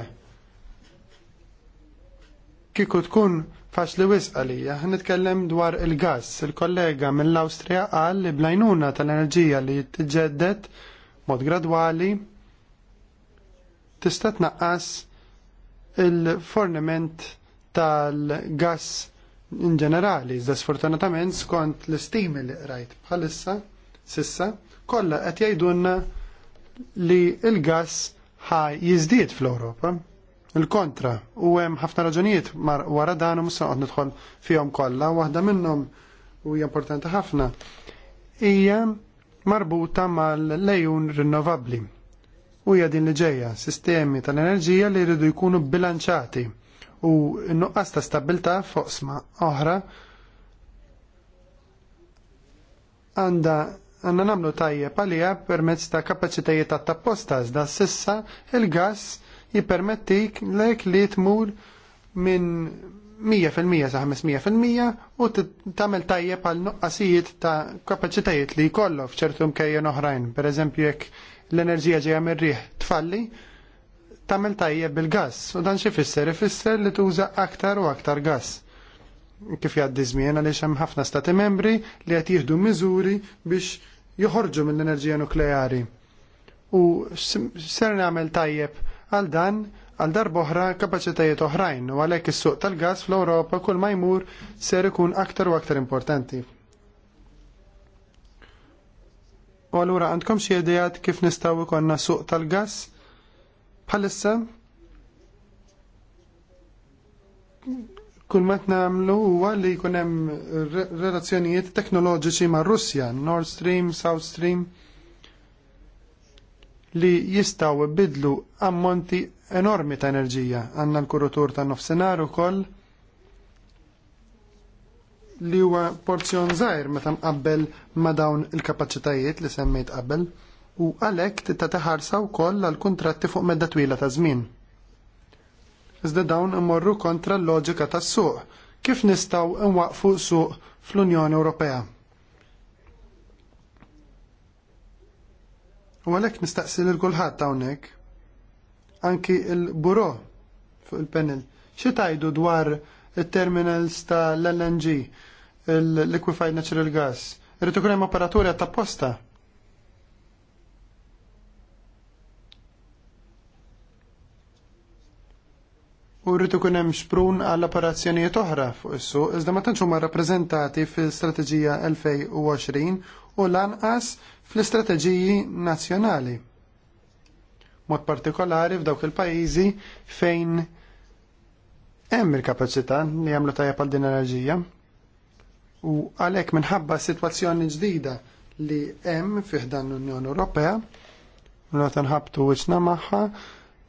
Kieku tkun Fax li wisq għalija, nitkellem dwar il-gas. Il-kollega mill-Austria qal li blajnuna tal-enerġija li tġeddet mod gradwali tista' tnaqqas il-forniment tal-gas in ġenerali. Iżda sfortunatament skont l-istimi li rajt bħalissa, sissa, kollha qed jgħidulna li il-gas ħaj jizdiet fl-Ewropa il-kontra u hemm ħafna raġunijiet wara dan u mhux nidħol fihom kollha waħda minnhom u hija importanti ħafna hija marbuta mal-lejun rinnovabbli. U hija din li ġejja sistemi tal-enerġija li jridu jkunu bilanċati u n-nuqqas ta' stabilta foqsma oħra għanda għanna namlu tajjeb għaliha permezz ta' kapacitajiet ta' tapposta iżda sissa il-gas jipermettik lek li tmur minn 100% sa 500% u tagħmel tajjeb għal nuqqasijiet ta' kapaċitajiet li jkollok f'ċertu mkejjen oħrajn. Pereżempju jekk l-enerġija ġejja mir-riħ tfalli, tagħmel tajjeb bil-gass u dan xi fisser ifisser li tuża aktar u aktar gass kif jgħaddi żmien għaliex hemm ħafna stati membri li qed jieħdu miżuri biex joħorġu mill-enerġija nukleari. U ser nagħmel tajjeb għal dan għal darboħra kapacitajiet oħrajn u għalhekk is-suq tal-gas fl-Ewropa kull ma jmur ser ikun aktar u aktar importanti. U allura għandkom xi idejat kif nistgħu ikonna suq tal-gas bħalissa kull ma namlu huwa li jkun hemm relazzjonijiet teknoloġiċi ma' Russja, Nord Stream, South Stream li jistaw bidlu ammonti enormi ta' enerġija. Għanna l-kurutur ta' nofsenar ukoll li huwa porzjon żgħir meta mqabbel ma' dawn il-kapaċitajiet li semmejt qabel u għalhekk tista' u wkoll għal kuntratti fuq medda twila ta' żmien. Iżda dawn imorru kontra l-loġika tas-suq kif nistgħu imwaqfu suq fl-Unjoni Ewropea. U għalhekk nistaqsi lil kulħadd hawnhekk anki il-buro fuq il-panel. Xi tajdu dwar il-terminals ta' l-LNG, il-liquefied natural gas? rritu ikun hemm operaturi ta' posta. U rrid ikun hemm xprun għall operazzjonijiet oħra fuq issu, iżda ma tanċu ma rappreżentati fil-Strateġija 2020 e e u lanqas fl-istrateġiji nazzjonali. Mod partikolari f'dawk il-pajjiżi fejn hemm il-kapaċità li jagħmlu tajjeb għal din enerġija. U għalhekk minħabba sitwazzjoni ġdida li hemm fih dan l-Unjoni Ewropea, meta nħabtu wiċċna magħha,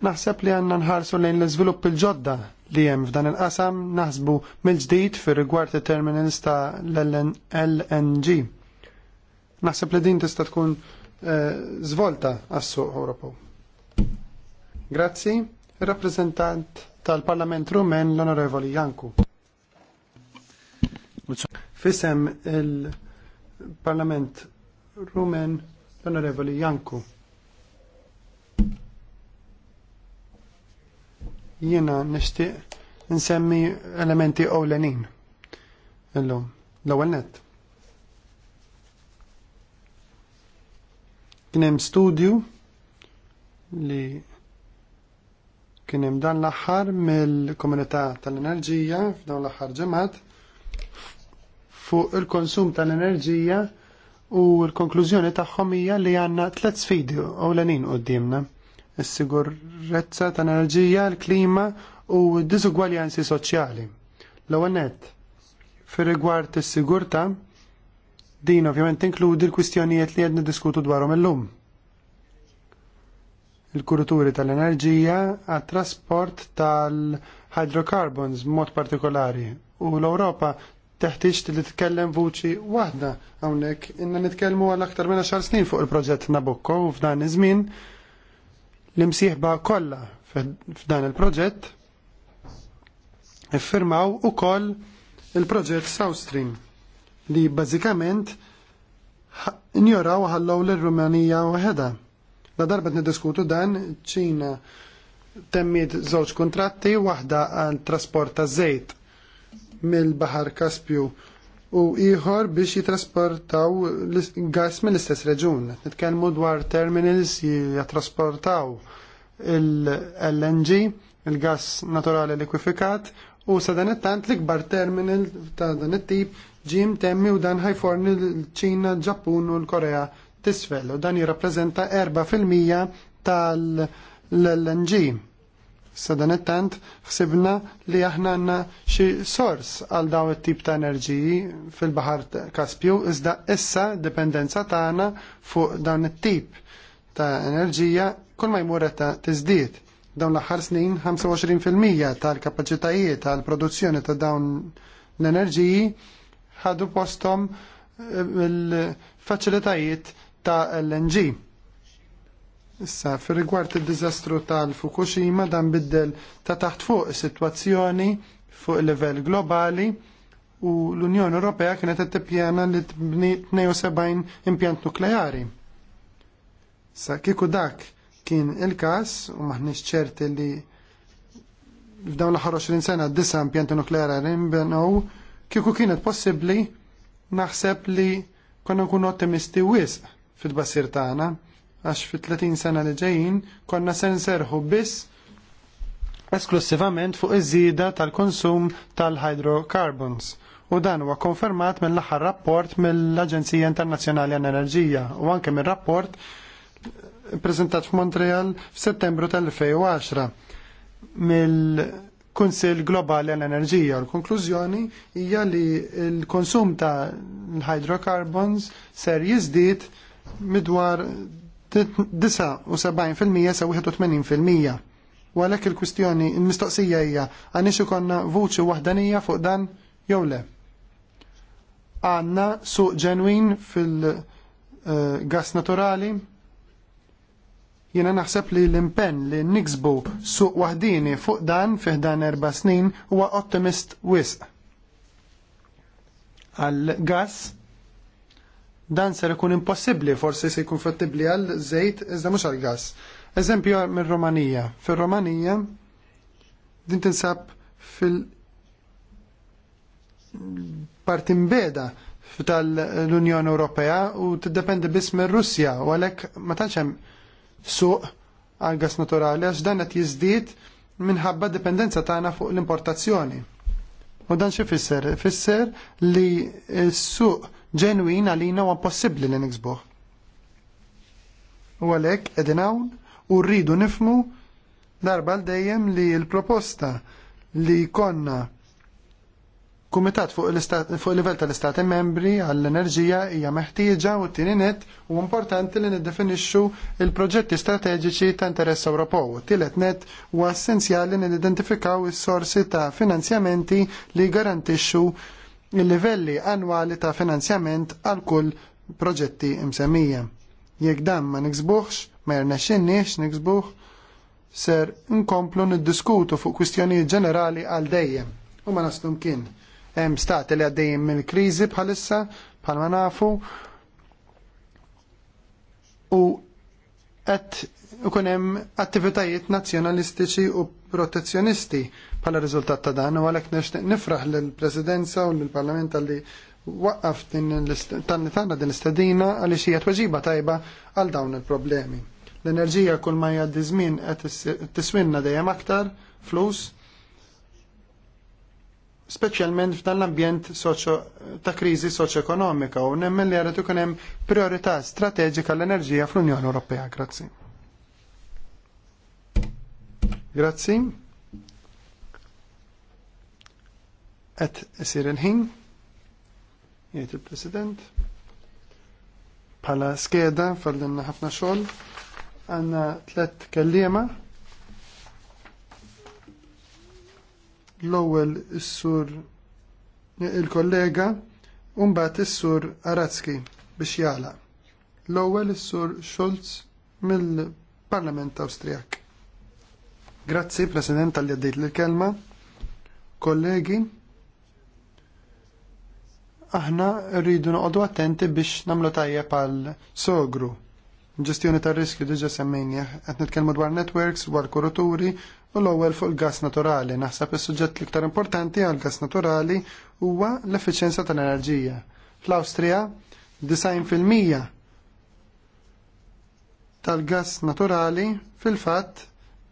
naħseb li għandna nħarsu lejn l-iżvilupp il-ġodda li hemm f'dan il-qasam naħsbu mill-ġdid fir rigward it-terminals ta' l-LNG. Naħseb li din tista' tkun eh, zvolta għas-suq Ewropew. Grazzi, rappresentant tal-Parlament Rumen l-Onorevoli Janku. Fisem il-Parlament Rumen l-Onorevoli Janku. Jiena nixtieq nsemmi elementi ewlenin. Illum, l-ewwel nett. Kien hemm studju li kien hemm dan l-aħħar mill-Komunità tal-Enerġija f'dawn l-aħħar ġemat fuq il-konsum tal-enerġija u l-konklużjoni tagħhom hija li għandna tliet sfidi ewlenin qudiemna. Is-sigurezza tal-enerġija, l-klima u d-diżugwaljanzi soċjali. L-ewwel nett, fir-rigward is-sigurtà Din ovvjament tinkludi l-kwistjonijiet li qed diskutu dwarhom illum. Il-kuruturi tal-enerġija għat trasport tal-hydrocarbons mod partikolari u l-Ewropa teħtieġ li titkellem vuċi waħda hawnhekk inna nitkellmu għal aktar minn xar snin fuq il-proġett Nabucco u f'dan iż-żmien l-imsieħba kollha f'dan il-proġett iffirmaw ukoll il-proġett South Stream li bażikament njoraw ħallaw l-Rumanija waħedha. La darba niddiskutu dan, ċina temmiet żewġ kontratti, waħda għal trasporta zejt żejt mill-Bahar Kaspju u ieħor biex jitrasportaw gas mill-istess reġun. Nitkellmu dwar terminals jitrasportaw il-LNG, il-gas naturali likwifikat U sa dan it-tant l-ikbar terminal ta' dan it-tip ġim temmi u dan ħajforni l-ċina, l-Ġappun u l-Korea tisfel u dan jirrappreżenta 4% tal-LNG. Sa dan it-tant ħsibna li aħna għandna xi sors għal dawn it-tip ta' enerġiji fil-Baħar Kaspju iżda issa dipendenza tagħna fuq dan it-tip ta' enerġija kull ma jmur qed tiżdied Dawn l-aħħar snin 25% tal-kapaċitajiet tal-produzzjoni ta' dawn l-enerġiji ħadu postom eh, il-faċilitajiet ta' LNG. Issa, fir rigward il-dizastru tal-Fukushima dan biddel ta' taħt fuq is-sitwazzjoni fuq il-livell globali u l-Unjoni Ewropea kienet qed tippjana li tbni 72 impjant nukleari. Sa kieku dak kien il-każ u maħniex ċerti li f'dawn l-aħħar 20 sena disa impjanti nukleari rinbenow kieku kienet possibbli naħseb li konna nkunu ottimisti wisq fil-basir tagħna għax fit-30 sena li ġejjin konna se nserħu biss esklusivament fuq iż-żieda tal-konsum tal-hydrocarbons. U dan huwa konfermat mill-aħħar rapport mill-Aġenzija Internazzjonali għall Enerġija u anke mir-rapport prezentat f'Montreal f'Settembru tal-2010 mill-Kunsill Globali għall-Enerġija. L-konklużjoni hija li l-konsum ta' hydrocarbons ser jiżdied midwar 79% sa 81%. U għalhekk il-kwistjoni, il-mistoqsija hija għaniex ikonna vuċi waħdanija fuq dan jew le. Għanna suq ġenwin fil- eh, gas naturali Jiena naħseb li l-impenn li niksbu suq waħdini fuq dan fih dan erba snin huwa ottimist wisq. Għal gas dan ser ikun impossibbli forsi se jkun fattibli għal żejt iżda mhux għal gas. Eżempju minn Romanija. Fir-Romanija din tinsab fil parti mbeda tal-Unjoni Ewropea u tiddependi biss mir Russja u għalhekk ma tantx hemm suq għal gas naturali għax dan qed jiżdied minħabba dipendenza tagħna fuq l-importazzjoni. U dan xi fisser? Fisser li s-suq ġenwin għalina huwa possibbli li niksbuh. U għalhekk qegħdin hawn u rridu nifmu darba l dejjem li l-proposta li konna Kumitat fuq il-livell tal-Istati membri għall-enerġija hija meħtieġa u t-tieni net u importanti li niddefinixxu il-proġetti strateġiċi ta' interess Ewropew. Tielet net huwa essenzjali li nidentifikaw is-sorsi ta' finanzjamenti li jgarantixxu il-livelli annwali ta' finanzjament għal kull proġetti msemmija. Jekk dan ma niksbuħx, ma jirnexxinniex niksbuħ, ser nkomplu niddiskutu fuq kwistjonijiet ġenerali għal dejjem u ma naslu kien Hemm stati li għaddejjem mill-kriżi bħalissa bħalma nafu u qed ikun hemm attivitajiet nazzjonalistiċi u protezzjonisti bħala riżultat ta' dan u għalhekk nixtieq nifraħ lill-Presidenza u lill-Parlament li waqqaf tanni tanna din l-istadina għaliex hija tweġiba tajba għal dawn il-problemi. L-enerġija kull ma jgħaddi żmien qed tiswinna dejjem aktar flus speċjalment f'dan l-ambjent ta' kriżi ekonomika u nemmen li għarret ikun hemm priorità strateġika l-enerġija fl-Unjoni Ewropea. Grazzi. Grazzi. Et isir il-ħin. Jiet il-President. Bħala skeda fardinna ħafna xogħol għandna tliet kelliema. l-ewwel is-sur il-kollega u mbagħad is-sur Arazki biex jagħlaq. L-ewwel is-sur Schulz mill-Parlament Awstrijak. Grazzi President tal għaddejt l-kelma. Kollegi, aħna rridu noqogħdu attenti biex nagħmlu tajja pal sogru. Ġestjoni tar-riskju diġa semmejni, qed nitkellmu dwar networks, dwar kuraturi, u l-ewwel fuq il-gas naturali. Naħseb is-suġġett l-iktar importanti għal gas naturali huwa l-effiċjenza tal-enerġija. Fl-Awstrija, 90% tal-gas naturali fil-fatt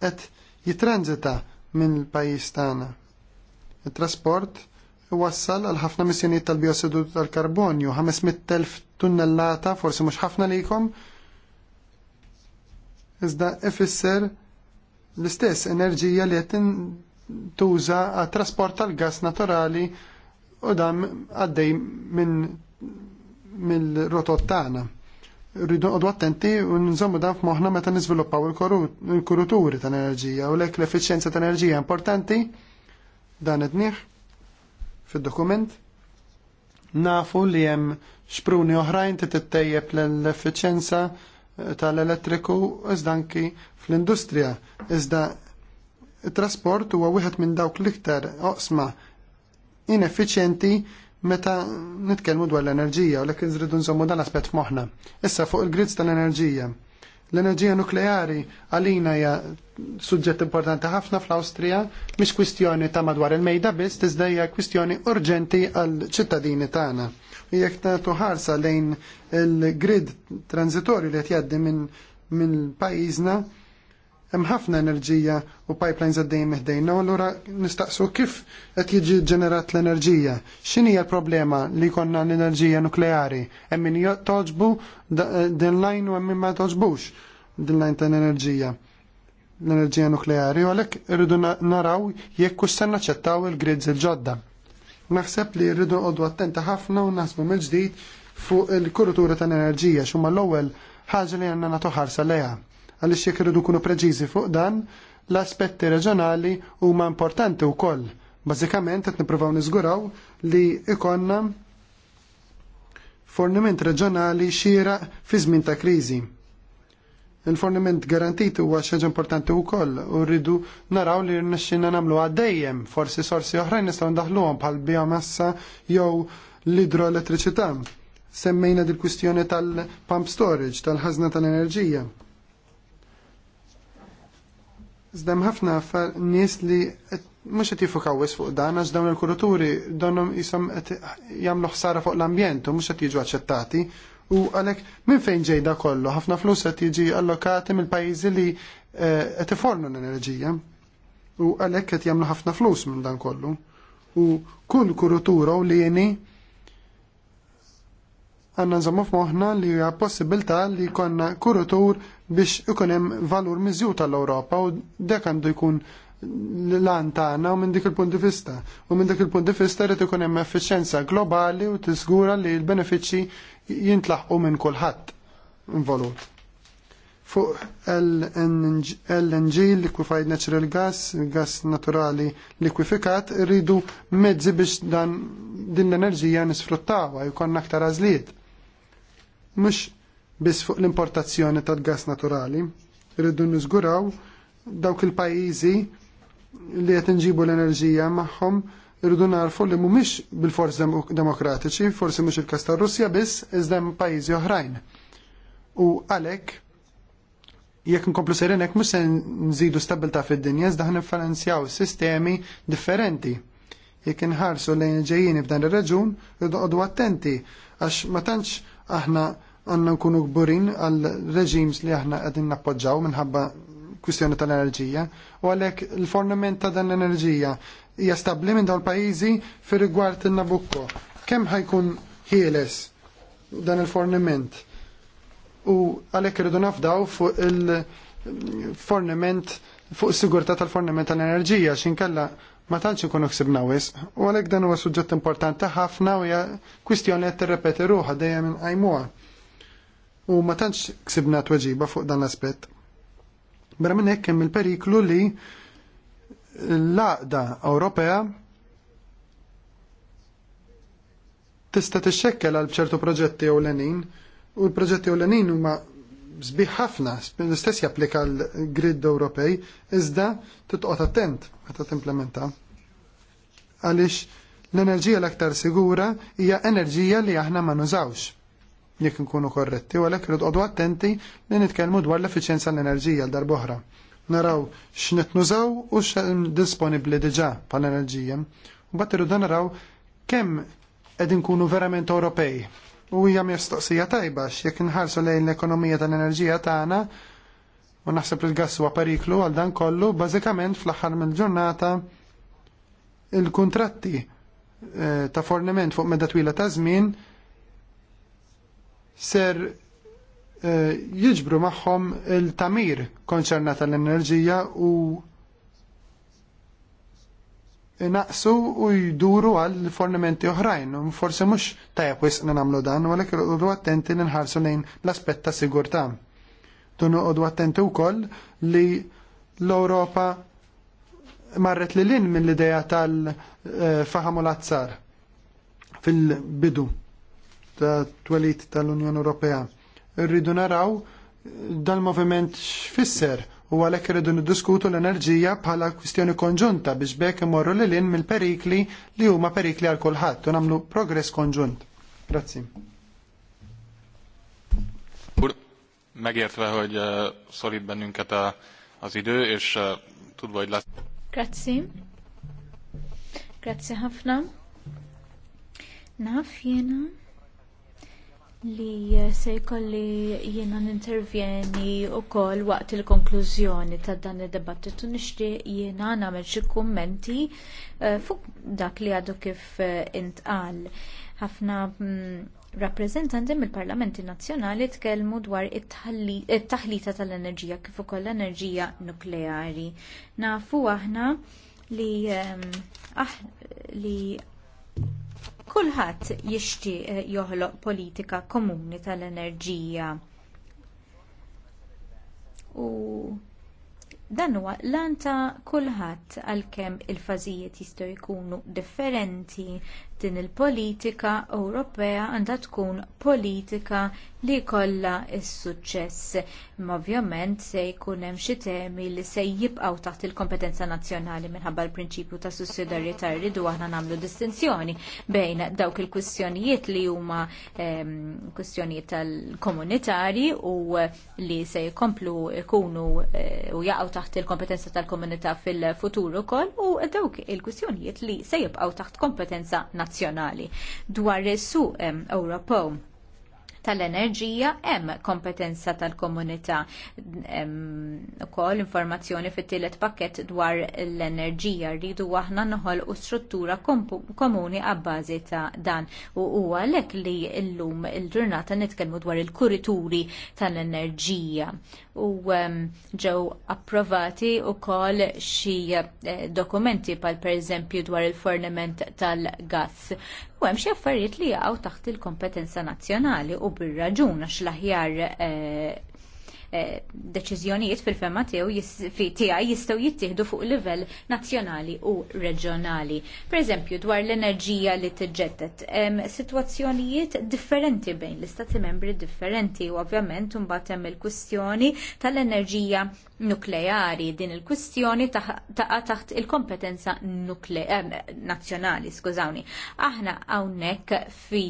qed jitranzita minn pajjiż tagħna. It-trasport wassal għal ħafna missjonijiet tal-biossidu tal-karbonju, 500.000 tunnellata, forsi mhux ħafna likom, iżda ifisser l-istess enerġija li għetin tuża għat trasport tal-gas naturali u dam għaddej minn mill-rotot tagħna. Rridu għadu attenti u nżommu dan f'moħħna meta niżviluppaw il-kuruturi ta' enerġija u lek l-effiċjenza ta' enerġija importanti dan id-nieħ fid-dokument. Nafu li hemm xpruni oħrajn tittejjeb l-effiċjenza tal-elettriku iżda anki fl-industrija. Iżda trasport huwa wieħed minn dawk l-iktar oqsma ineffiċjenti meta nitkellmu dwar l-enerġija u l-ek nżridu nżommu dan aspett f'moħħna. Issa fuq il-grids tal-enerġija L-enerġija nukleari għalina hija suġġett importanti ħafna fl-Awstrija, mhix kwistjoni ta' madwar il-mejda biss, iżda hija kwistjoni urġenti għal ċittadini tagħna. Jekk tagħtu ħarsa lejn il-grid transitorju li qed jgħaddi minn pajjiżna hemm ħafna enerġija u pipelines għaddejjin meħdejna u allura nistaqsu kif qed jiġi ġenerat l-enerġija. X'inhi l-problema li jkollna l-enerġija nukleari? Hemm min toġbu din lajn u hemm min ma toġbux din lajn ta' enerġija l-enerġija nukleari u għalek rridu naraw jekk se naċċettaw il-grids il-ġodda. Naħseb li rridu qodu attenta ħafna u naħsbu mill-ġdid fuq il-kurutura tal-enerġija xumma l-ewwel ħaġa li għandna nagħtu ħarsa għaliex jekk irridu kunu preċiżi fuq dan, l-aspetti reġjonali huma importanti wkoll. Bażikament qed nippruvaw niżguraw li ikonna forniment reġjonali xira fi żmien ta' kriżi. Il-forniment garantit huwa xi importanti wkoll u rridu naraw li rnexxinna nagħmlu għaddejjem forsi sorsi oħrajn nistgħu ndaħluhom bħal biomassa jew l-idroelettriċità. Semmejna dil-kwistjoni tal-pump storage, tal-ħażna tal-enerġija. tal ħażna tal enerġija tal tal enerġija Zdem ħafna nies li mhux qed kawis fuq dan għax dawn il-kuraturi donhom isom għet jamlu ħsara fuq l-ambjent u mhux qed jiġu aċċettati u għalhekk minn fejn ġejda kollu ħafna flus qed jiġi allokati mill-pajjiżi li eh, qed ifornu l-enerġija u għalhekk qed jagħmlu ħafna flus minn dan kollu. U kull kuratura u li jeni għanna nżommu f'moħna li hija possibilità li jkollna kurutur biex ikun hemm valur miżjut tal-Ewropa u dek għandu jkun l-lan tagħna u minn dik il-punt di vista. U minn dik il-punt di vista rid ikun hemm effiċjenza globali u tiżgura li l-benefiċċji jintlaħqu minn kulħadd involut. Fuq LNG, liquefied natural gas, gas naturali likwifikat, rridu mezzi biex dan din l-enerġija nisfruttawa, jkun aktar għażliet mhux biss fuq l-importazzjoni tad gas naturali. Irridu niżguraw dawk il-pajjiżi li qed inġibu l-enerġija magħhom rridu narfu li mhumiex bil-forz demokratiċi, forsi mhux il kas tar-Russja biss iżda hemm pajjiżi oħrajn. U għalhekk jekk nkomplu serin hekk mhux se nżidu stabilità fid-dinja iżda ħnifinanzjaw sistemi differenti. Jekk inħarsu lejn ġejjin f'dan ir-reġun, qogħdu attenti għax ma tantx aħna għanna nkunu gburin għal reġims li aħna għedin nappoġġaw minħabba kwistjoni tal-enerġija u għalek il-fornament ta' dan l-enerġija hija minn dawn il-pajjiżi fir rigward il-Nabucco. Kemm ħajkun ħieles dan il-fornament? U għalek irridu nafdaw fuq il-fornament fuq is-sigurtà tal-fornament tal-enerġija xinkella ma tantx ikunu ħsibna wis, u għalhekk dan huwa suġġett importanti ħafna u hija kwistjoni qed tirrepeti ruħha dejjem inqajmuha u ma tantx ksibna tweġiba fuq dan l-aspett. Bra minn hekk hemm il-periklu li l-laqda Ewropea tista' tixxekkel għal bċertu proġetti ewlenin u l-proġetti ewlenin huma sbiħ ħafna, l-istess japplika l-grid Ewropej, iżda titqod attent meta timplementa. Għaliex l-enerġija l-aktar sigura hija enerġija li aħna ma nużawx jekk nkunu korretti, u għalhekk irid qogħdu attenti li nitkellmu dwar l-effiċjenza l-enerġija għal darb'oħra. Naraw x'net nużaw u x'disponibbli diġà bħal enerġija. U bat irridu naraw kemm qed inkunu verament Ewropej. U hija mistoqsija tajba x'jekk inħarsu lejn l-ekonomija tal-enerġija tagħna u naħseb li l-gass huwa periklu għal dan kollu, bażikament fl-aħħar mill-ġurnata il-kuntratti eh, ta' forniment fuq medda twila ta' żmien ser eh, jiġbru magħhom il-tamir konċerna tal-enerġija u naqsu u jduru għal fornimenti oħrajn. Forse mux tajab wisqna namlu dan, u għalek u attenti li nħarsu lejn l-aspett ta' sigurtà. Tunu u attenti u koll li l-Europa marret li lin mill-ideja tal-faham eh, u l-azzar fil-bidu ta' twelit tal-Unjoni Ewropea. Rridu naraw eh, dal-moviment x'fisser u għalhekk irridu niddiskutu l-enerġija bħala kwistjoni konġunta biex bekk imorru l in mill-perikli li huma perikli għal kulħadd u nagħmlu progress konġunt. Grazzi. Megértve, hogy uh, szorít bennünket a, az idő, és uh, tudva, hogy lesz. Grazie. Grazie ħafna. Na, jena li se jkolli jiena nintervjeni wkoll waqt il-konklużjoni ta' dan id-dibattitu nixtieq jiena nagħmel xi kummenti eh, fuq dak li għadu kif eh, intqal. Ħafna mm, rappreżentanti mill-Parlamenti Nazzjonali tkellmu dwar it-taħlita tal-enerġija kif ukoll l-enerġija nukleari. Nafu aħna li, ehm, li Kulħadd jixtieq eh, joħloq politika komuni tal-enerġija. U dan huwa l kulħadd għalkemm il-fażijiet jistgħu jkunu differenti din il-politika Ewropea għandha tkun politika li jkollha s-suċċess. Imma ovvjament se jkun hemm xi temi li se jibqgħu taħt il-kompetenza nazzjonali minħabba l-prinċipju ta' sussidjarjetà rridu aħna nagħmlu distinzjoni bejn dawk il-kwistjonijiet li huma ehm, kwistjonijiet tal-komunitarji u li se jkomplu jkunu e, u jaqgħu taħt il-kompetenza tal-komunità fil-futur ukoll u dawk il-kwistjonijiet li se jibqgħu taħt kompetenza nazzjonali nazzjonali. Dwar is-suq Ewropew tal-enerġija hemm kompetenza tal-komunità ukoll informazzjoni fit-tielet pakkett dwar l-enerġija rridu aħna u struttura komuni bażi ta' dan u huwa għalhekk li llum il-ġurnata nitkellmu dwar il-kurituri tal-enerġija u um, ġew approvati wkoll xi eh, dokumenti pal pereżempju dwar il-forniment tal-gass. U hemm xi affarijiet li jaqgħu taħt il-kompetenza nazzjonali u bir-raġun għax l-aħjar eh, Eh, deċiżjonijiet fil-fema tiegħu tiegħi jistgħu jittieħdu fuq livell nazzjonali u reġjonali. Pereżempju dwar l-enerġija li tiġġetet situazzjonijiet sitwazzjonijiet differenti bejn l-istati membri differenti u ovvjament imbagħad hemm il-kwistjoni tal-enerġija nukleari din il-kwistjoni taqa' taħt il-kompetenza nazzjonali, skużawni. Aħna hawnhekk fi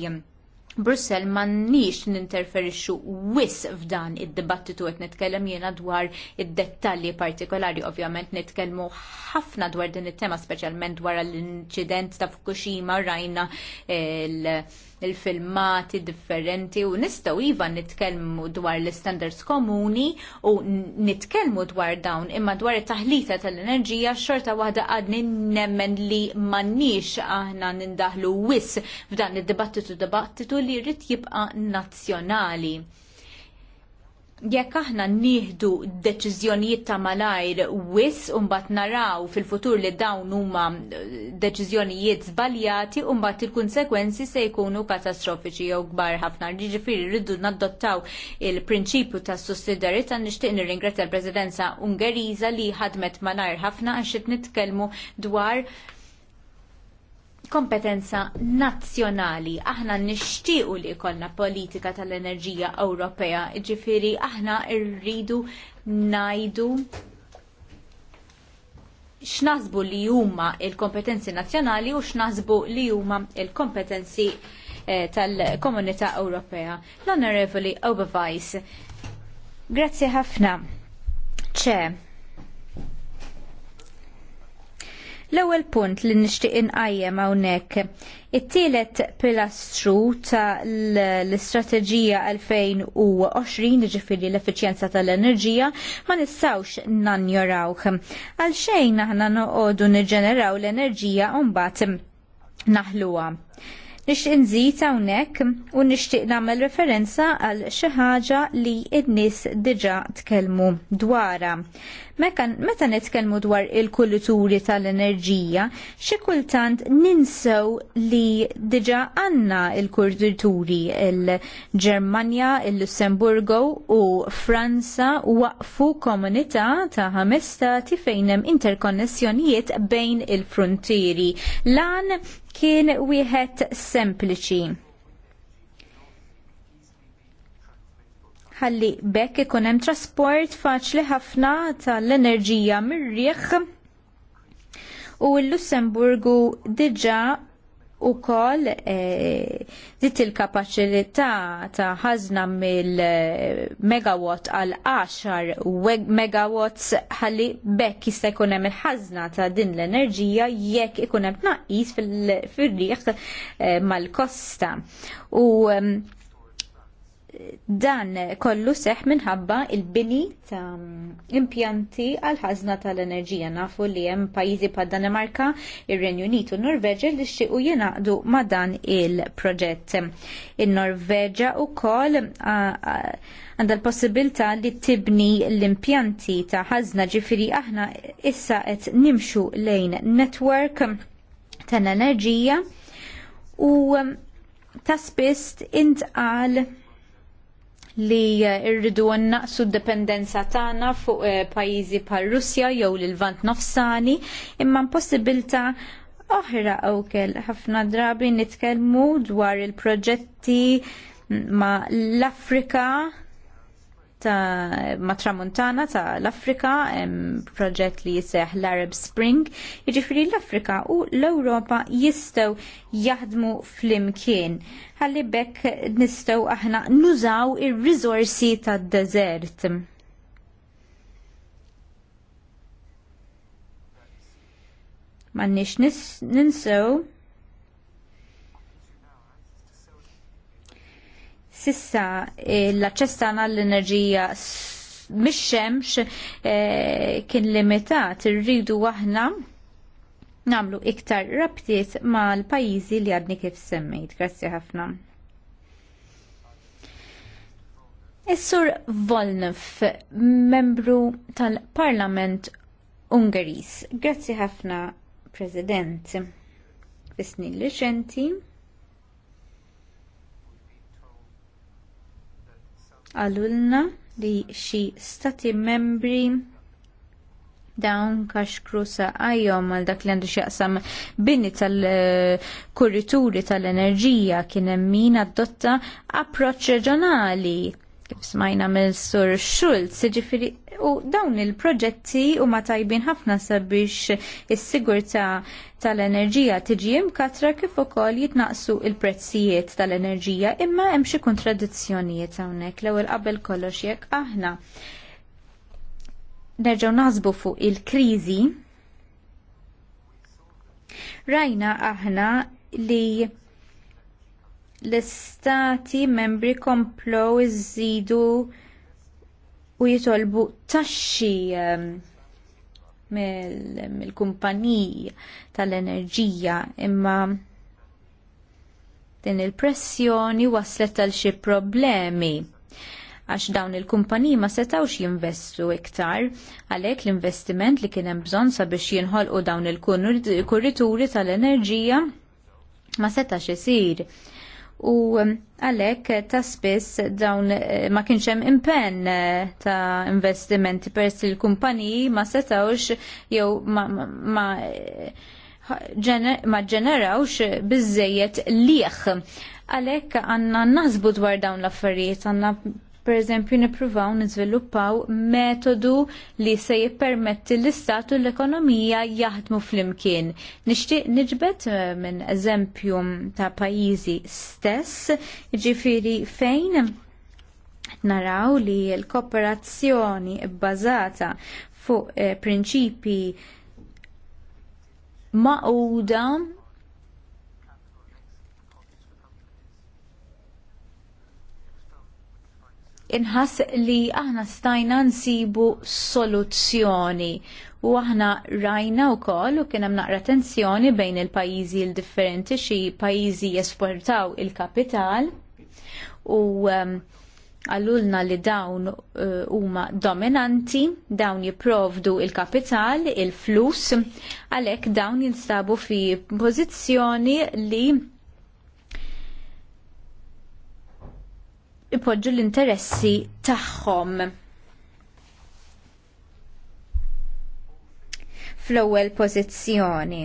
Brussel m'għandniex ninterferixxu wis f'dan id-dibattitu qed nitkellem jiena dwar id-dettalji partikolari ovvjament nitkellmu ħafna dwar din it-tema speċjalment dwar l-inċident ta' Fukushima rajna l- il-filmati differenti u nistgħu iva nitkellmu dwar l-standards komuni u nitkellmu dwar dawn imma dwar it-taħlita tal-enerġija xorta waħda għadni nemmen li m'għandniex aħna nindaħlu wis f'dan id-dibattitu dibattitu li jrid jibqa' nazzjonali jekk aħna nieħdu deċiżjonijiet ta' malajr wis mbagħad naraw fil-futur li dawn huma eh, deċiżjonijiet żbaljati u mbagħad il-kunsekwenzi se jkunu katastrofiċi jew kbar ħafna. Ġifieri rridu nadottaw il-prinċipju ta' sussidjarità nixtieq nirringrazzja l-Presidenza Ungeriża li ħadmet malajr ħafna għax nitkellmu dwar kompetenza nazzjonali. Aħna nixtiequ li jkollna politika tal-enerġija Ewropea, ġifiri aħna rridu najdu x'naħsbu li huma l kompetenzi nazzjonali u x'naħsbu li huma l kompetenzi eh, tal-Komunità Ewropea. L-Onorevoli Obavajs, grazzi ħafna. ċe, L-ewwel punt li nixtieq inqajjem hawnhekk. It-tielet pilastru ta' l-istrateġija 2020 ġifiri l-effiċjenza tal-enerġija ma nistawx nanjorawh. Għal xejn aħna noqogħdu niġġeneraw l-enerġija u mbagħad naħluha. Nix inżid hawnhekk u nixtieq nagħmel referenza għal xi ħaġa li n-nies diġa' tkellmu dwara. Meta nitkellmu dwar il-kulturi tal-enerġija, xi kultant ninsew li diġa' għandna il-kulturi il-Ġermanja, il-Lussemburgo u Franza waqfu komunità ta' ħames stati fejn hemm interkonnessjonijiet bejn il-frontieri. Lan kien wieħed sempliċi. Ħalli bekk ikun hemm trasport faċli ħafna tal-enerġija mir riħ u l-Lussemburgu diġà u kol eh, dit il-kapacità ta' ħazna mill-megawatt eh, għal 10 megawatt ħalli bekk jista' jkun hemm il-ħazna ta' din l-enerġija jekk ikun hemm tnaqqis fil-riħ eh, mal-kosta. U ehm, dan kollu seħ minħabba il-bini ta' impjanti għal ħażna tal-enerġija nafu li hemm pajjiżi pa' Danimarka, ir-Renju Unitu, Norveġa li xtiequ jingħaqdu ma' dan il-proġett. In-Norveġa wkoll għandha l-possibilità li tibni l-impjanti ta' ħażna ġifiri aħna issa qed nimxu lejn network tal-enerġija u ta' spiss intqal li eh, rridu naqsu d-dependenza tagħna fuq eh, pajjiżi bħal Russja jew l-Vant nofsani, imma possibilta oħra okel ħafna drabi nitkellmu dwar il-proġetti ma l-Afrika ta' mat-tramuntana ta' l-Afrika, proġett li jiseħ l-Arab Spring, jiġifieri l-Afrika u l-Ewropa jistgħu jaħdmu flimkien. Għalli bekk nistgħu aħna nużaw ir ta' tad-deżert. Ma nix ninsew sissa eh, l-aċċess tagħna l-enerġija mix-xemx eh, kien limitat irridu aħna nagħmlu iktar rabtiet mal-pajjiżi li għadni kif semmejt. Grazzi ħafna. Is-sur membru tal-Parlament Ungaris. Grazzi ħafna, President. Bisni li ċenti għalulna li xi stati membri dawn kaxkru saqajhom għal dak li għandu x'jaqsam bini tal-kurrituri tal-enerġija kien hemm min adotta approċċ reġjonali kif smajna mill sur Schulz, ġifiri u dawn il-proġetti huma tajbin ħafna sabiex is-sigurtà tal-enerġija tiġi imkatra kif ukoll jitnaqsu il-prezzijiet tal-enerġija imma hemm xi kontradizzjonijiet hawnhekk l-ewwel qabel kollox jekk aħna nerġgħu naħsbu fuq il-kriżi rajna aħna li l-istati membri komplow iżidu u jitolbu taxxi ehm, mill-kumpaniji tal-enerġija imma din il-pressjoni waslet għal xi problemi għax dawn il-kumpaniji ma setawx jinvestu iktar għalhekk l-investiment li kien hemm bżonn sabiex jinħolqu dawn il-kurrituri tal-enerġija ma setax isir u um, għalhekk ta' spiss dawn eh, ma kienx hemm impenn eh, ta' investimenti pers li l-kumpaniji ma setawx jew ma, ma ma eh, ġenerawx bizzejiet liħ. Għalek għanna nazbu dwar dawn l-affarijiet, għanna pereżempju nippruvaw niżviluppaw metodu li se jippermetti l-istat u l-ekonomija jaħdmu flimkien. Nixtieq niġbed eh, minn eżempju ta' pajjiżi stess, ġifiri fejn naraw li l-kooperazzjoni bbażata fuq eh, prinċipi maquda inħass li aħna stajna nsibu soluzzjoni u aħna rajna u koll u kienem naqra tensjoni bejn il-pajizi l-differenti xi pajizi jesportaw il-kapital u um, għallulna li dawn uh, huma uh, dominanti, dawn jiprovdu il-kapital, il-flus, għalek dawn jinstabu fi pozizjoni li ipoġġu l-interessi tagħhom. Fl-ewwel pożizzjoni.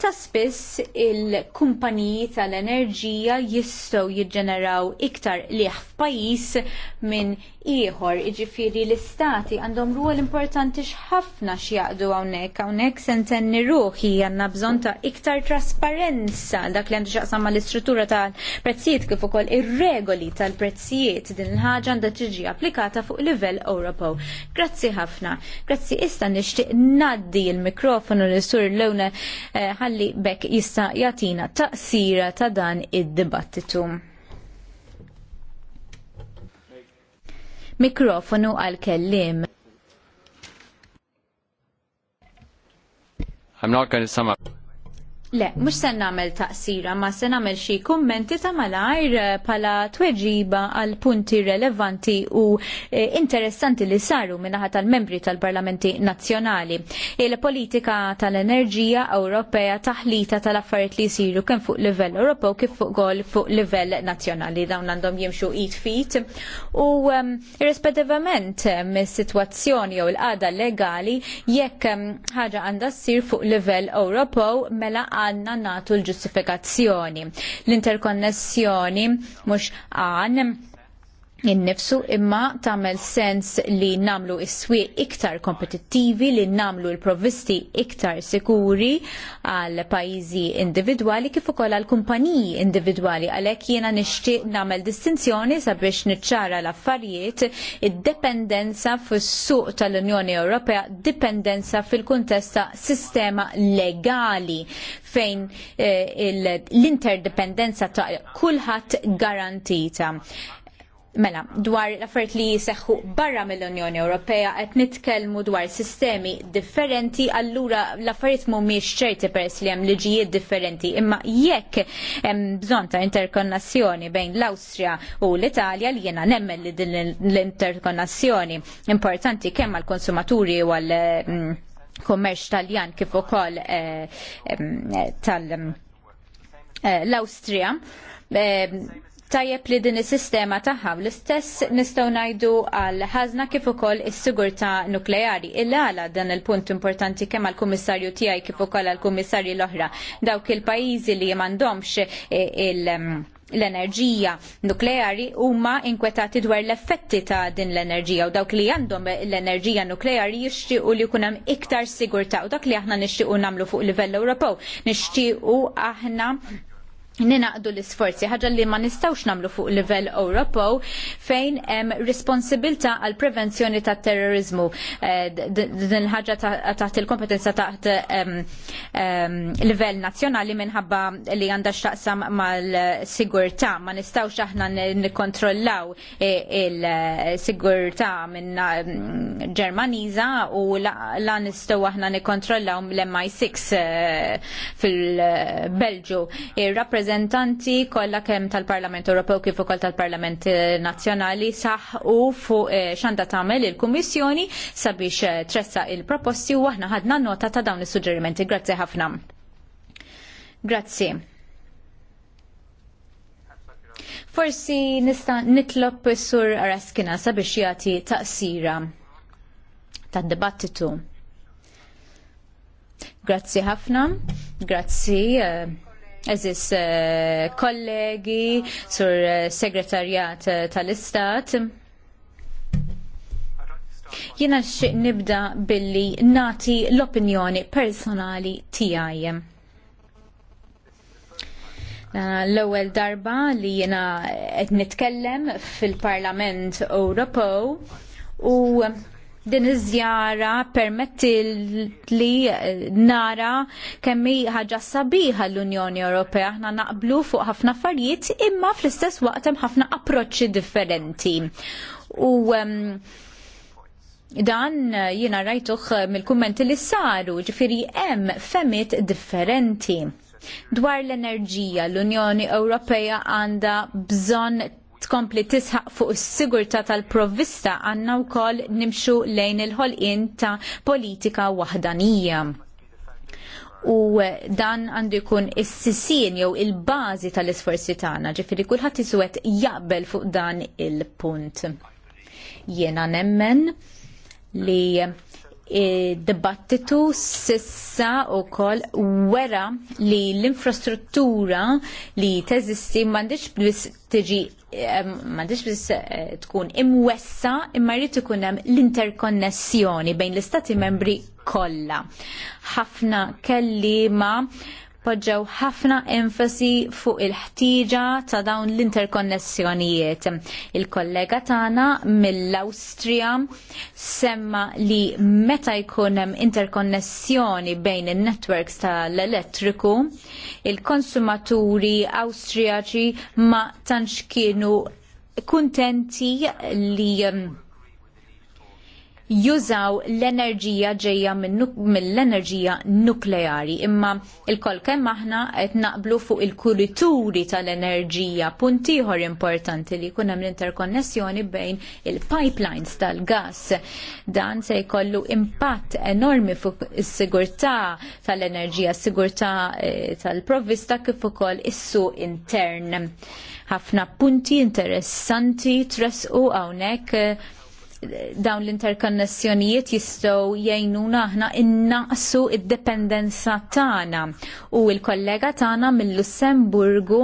Ta' spiss il-kumpaniji tal-enerġija jistgħu jiġġeneraw iktar liħ f'pajjiż minn ieħor, jiġifieri l-istati għandhom rwol importanti x'ħafna x'jaqdu hawnhekk, hawnhekk se ntenni ruħi għandna bżonn ta' iktar trasparenza dak li għandu x'jaqsam mal-istruttura tal-prezzijiet kif ukoll ir-regoli tal-prezzijiet din il-ħaġa għandha tiġi applikata fuq livell Ewropew. Grazzi ħafna. Grazzi issa nixtieq ngħaddi l-mikrofonu l-sur Lewna eh, ħalli bekk jista' jagħtina taqsira ta' dan id-dibattitu. Mikrofonu għal kellim. I'm not going to sum up. Le, mux se namel taqsira, ma se namel xi kummenti ta' malajr eh, pala tweġiba għal punti relevanti u eh, interessanti li saru minnaħa tal-membri tal-parlamenti nazzjonali. Il-politika tal-enerġija Ewropea taħlita tal-affarijiet li jsiru kemm fuq livell Ewropew kif fuq gol fuq livell nazzjonali dawn għandhom jimxu it fit u ehm, rispettivament irrespettivament eh, mis-sitwazzjoni jew l-qada legali jekk ehm, ħaġa għandha ssir fuq livell Ewropew mela għanna nagħtu l-ġustifikazzjoni. L-interkonnessjoni mhux għan innifsu imma tagħmel sens li namlu is-swieq iktar kompetittivi li namlu l-provvisti iktar sikuri għal pajjiżi individwali kif ukoll għal kumpaniji individwali għalhekk jiena nixtieq nagħmel distinzjoni sabiex niċċara l-affarijiet id-dependenza fis-suq tal-Unjoni Ewropea dipendenza fil-kuntest ta' sistema legali fejn eh, l-interdependenza ta' kulħadd garantita. Mela, dwar l-affert li jiseħħu barra mill-Unjoni Ewropea qed nitkellmu dwar sistemi differenti, allura l-affarijiet mhumiex ċerti peress li hemm liġijiet differenti, imma jekk hemm bżonn ta' interkonnessjoni bejn l-Awstrija u l-Italja li jiena nemmen li din l interkonnessjoni importanti kemm għall-konsumaturi u għall mm, kummerċ Taljan kif ukoll eh, tal-Awstrija. Eh, eh, tajjeb li din is-sistema tagħha l-istess nistgħu ngħidu għal ħażna kif ukoll is-sigurtà nukleari. Il-għala dan il-punt importanti kemm għall-kummissarju tiegħi kif ukoll għall-kummissarji l-oħra dawk il-pajjiżi li m'għandhomx eh, il- mm, l-enerġija nukleari huma inkwetati dwar l-effetti ta' din l-enerġija u dawk li għandhom l-enerġija nukleari jixtiequ li jkun hemm iktar sigurtà u dak li aħna nixtiequ nagħmlu fuq livell Ewropew. Nixtiequ aħna ninaqdu l-isforzi, ħaġa li ma nistawx namlu fuq livell Ewropew fejn hemm responsibilta għal prevenzjoni ta' terrorizmu. Eh, din ħaġa taħt il-kompetenza taħt livell nazzjonali minħabba li għandha x'taqsam mal-sigurtà. Ma nistawx aħna nikkontrollaw e, il-sigurtà minn Ġermaniża u la nistgħu aħna nikkontrollaw l-MI6 eh, fil-Belġu rappresentanti kollha kemm tal-Parlament Ewropew kif ukoll tal-Parlament eh, Nazzjonali saħħu fuq eh, xanda tagħmel il-Kummissjoni sabiex eh, tressaq il-proposti u aħna ħadna nota ta' dawn is-suġġerimenti. Grazzi ħafna. Grazzi. Forsi nista nitlob sur Araskina sabiex jagħti taqsira tad-dibattitu. Grazzi ħafna, grazzi uh, eżis eh, kollegi, sur eh, segretarjat eh, tal-Istat. Jena xieq nibda billi nati l-opinjoni personali tijaj. L-ewwel darba li jena qed nitkellem fil-Parlament Ewropew u din iż-żjara permetti li nara kemm hi ħaġa sabiħa l-Unjoni Ewropea aħna naqblu fuq ħafna affarijiet imma fl-istess waqt hemm ħafna approċċi differenti. U um, dan jiena rajtuh mill-kummenti li saru, ġifieri hemm femit differenti. Dwar l-enerġija, l-Unjoni Ewropea għandha bżonn tkompli tisħaq fuq is-sigurtà tal-provvista għandna wkoll nimxu lejn il-ħolqien ta' politika waħdanija. U dan għandu jkun is-sisien jew il-bażi tal-isforzi tagħna, ġifieri kulħadd iswed jaqbel fuq dan il-punt. Jiena nemmen li dibattitu sissa u kol wera li l-infrastruttura li teżisti mandiċ bis tiġi m'għandix biss eh, tkun imwessa imma jrid ikun hemm l-interkonnessjoni bejn l-istati membri kollha. Ħafna kellima poġġew ħafna enfasi fuq il-ħtiġa ta' dawn l-interkonnessjonijiet. Il-kollega tagħna mill-Awstrija semma li meta jkun hemm interkonnessjoni bejn in-networks tal-elettriku, il-konsumaturi Awstrijaċi ma tantx kienu kuntenti li um, jużaw l-enerġija ġejja mill-enerġija nukleari. Imma il-kol kemm aħna qed naqblu fuq il-kurituri tal-enerġija punt ieħor importanti li jkun hemm l-interkonnessjoni bejn il-pipelines tal-gas. Dan se jkollu impatt enormi fuq is-sigurtà tal-enerġija, s-sigurtà eh, tal-provvista kif ukoll is-suq intern. Ħafna punti interessanti tresqu hawnhekk eh, dawn l-interkonnessjonijiet jistgħu jgħinuna aħna innaqsu id-dependenza tagħna u l-kollega tagħna mill-Lussemburgu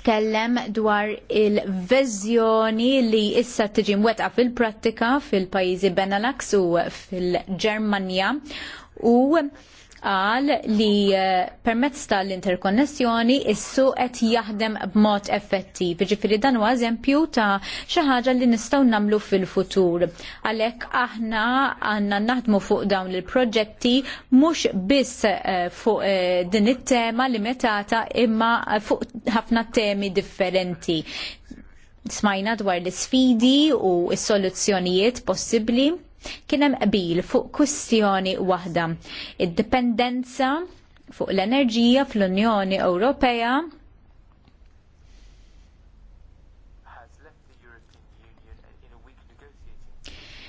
tkellem dwar il-vizjoni li issa tiġi mwettqa fil-prattika fil-pajjiżi Benelux u fil-Ġermanja u qal li eh, permezz tal-interkonnessjoni issu qed jaħdem b'mod effettiv. Ġifieri dan huwa eżempju ta' xi ħaġa li nistgħu nagħmlu fil-futur. Għalhekk aħna għandna naħdmu fuq dawn il-proġetti mhux biss eh, fuq eh, din it-tema limitata imma fuq ħafna temi differenti. Smajna dwar l isfidi u s-soluzzjonijiet possibbli Kien hemm qbil fuq kwistjoni waħda, id-dipendenza fuq l-enerġija fl-Unjoni Ewropea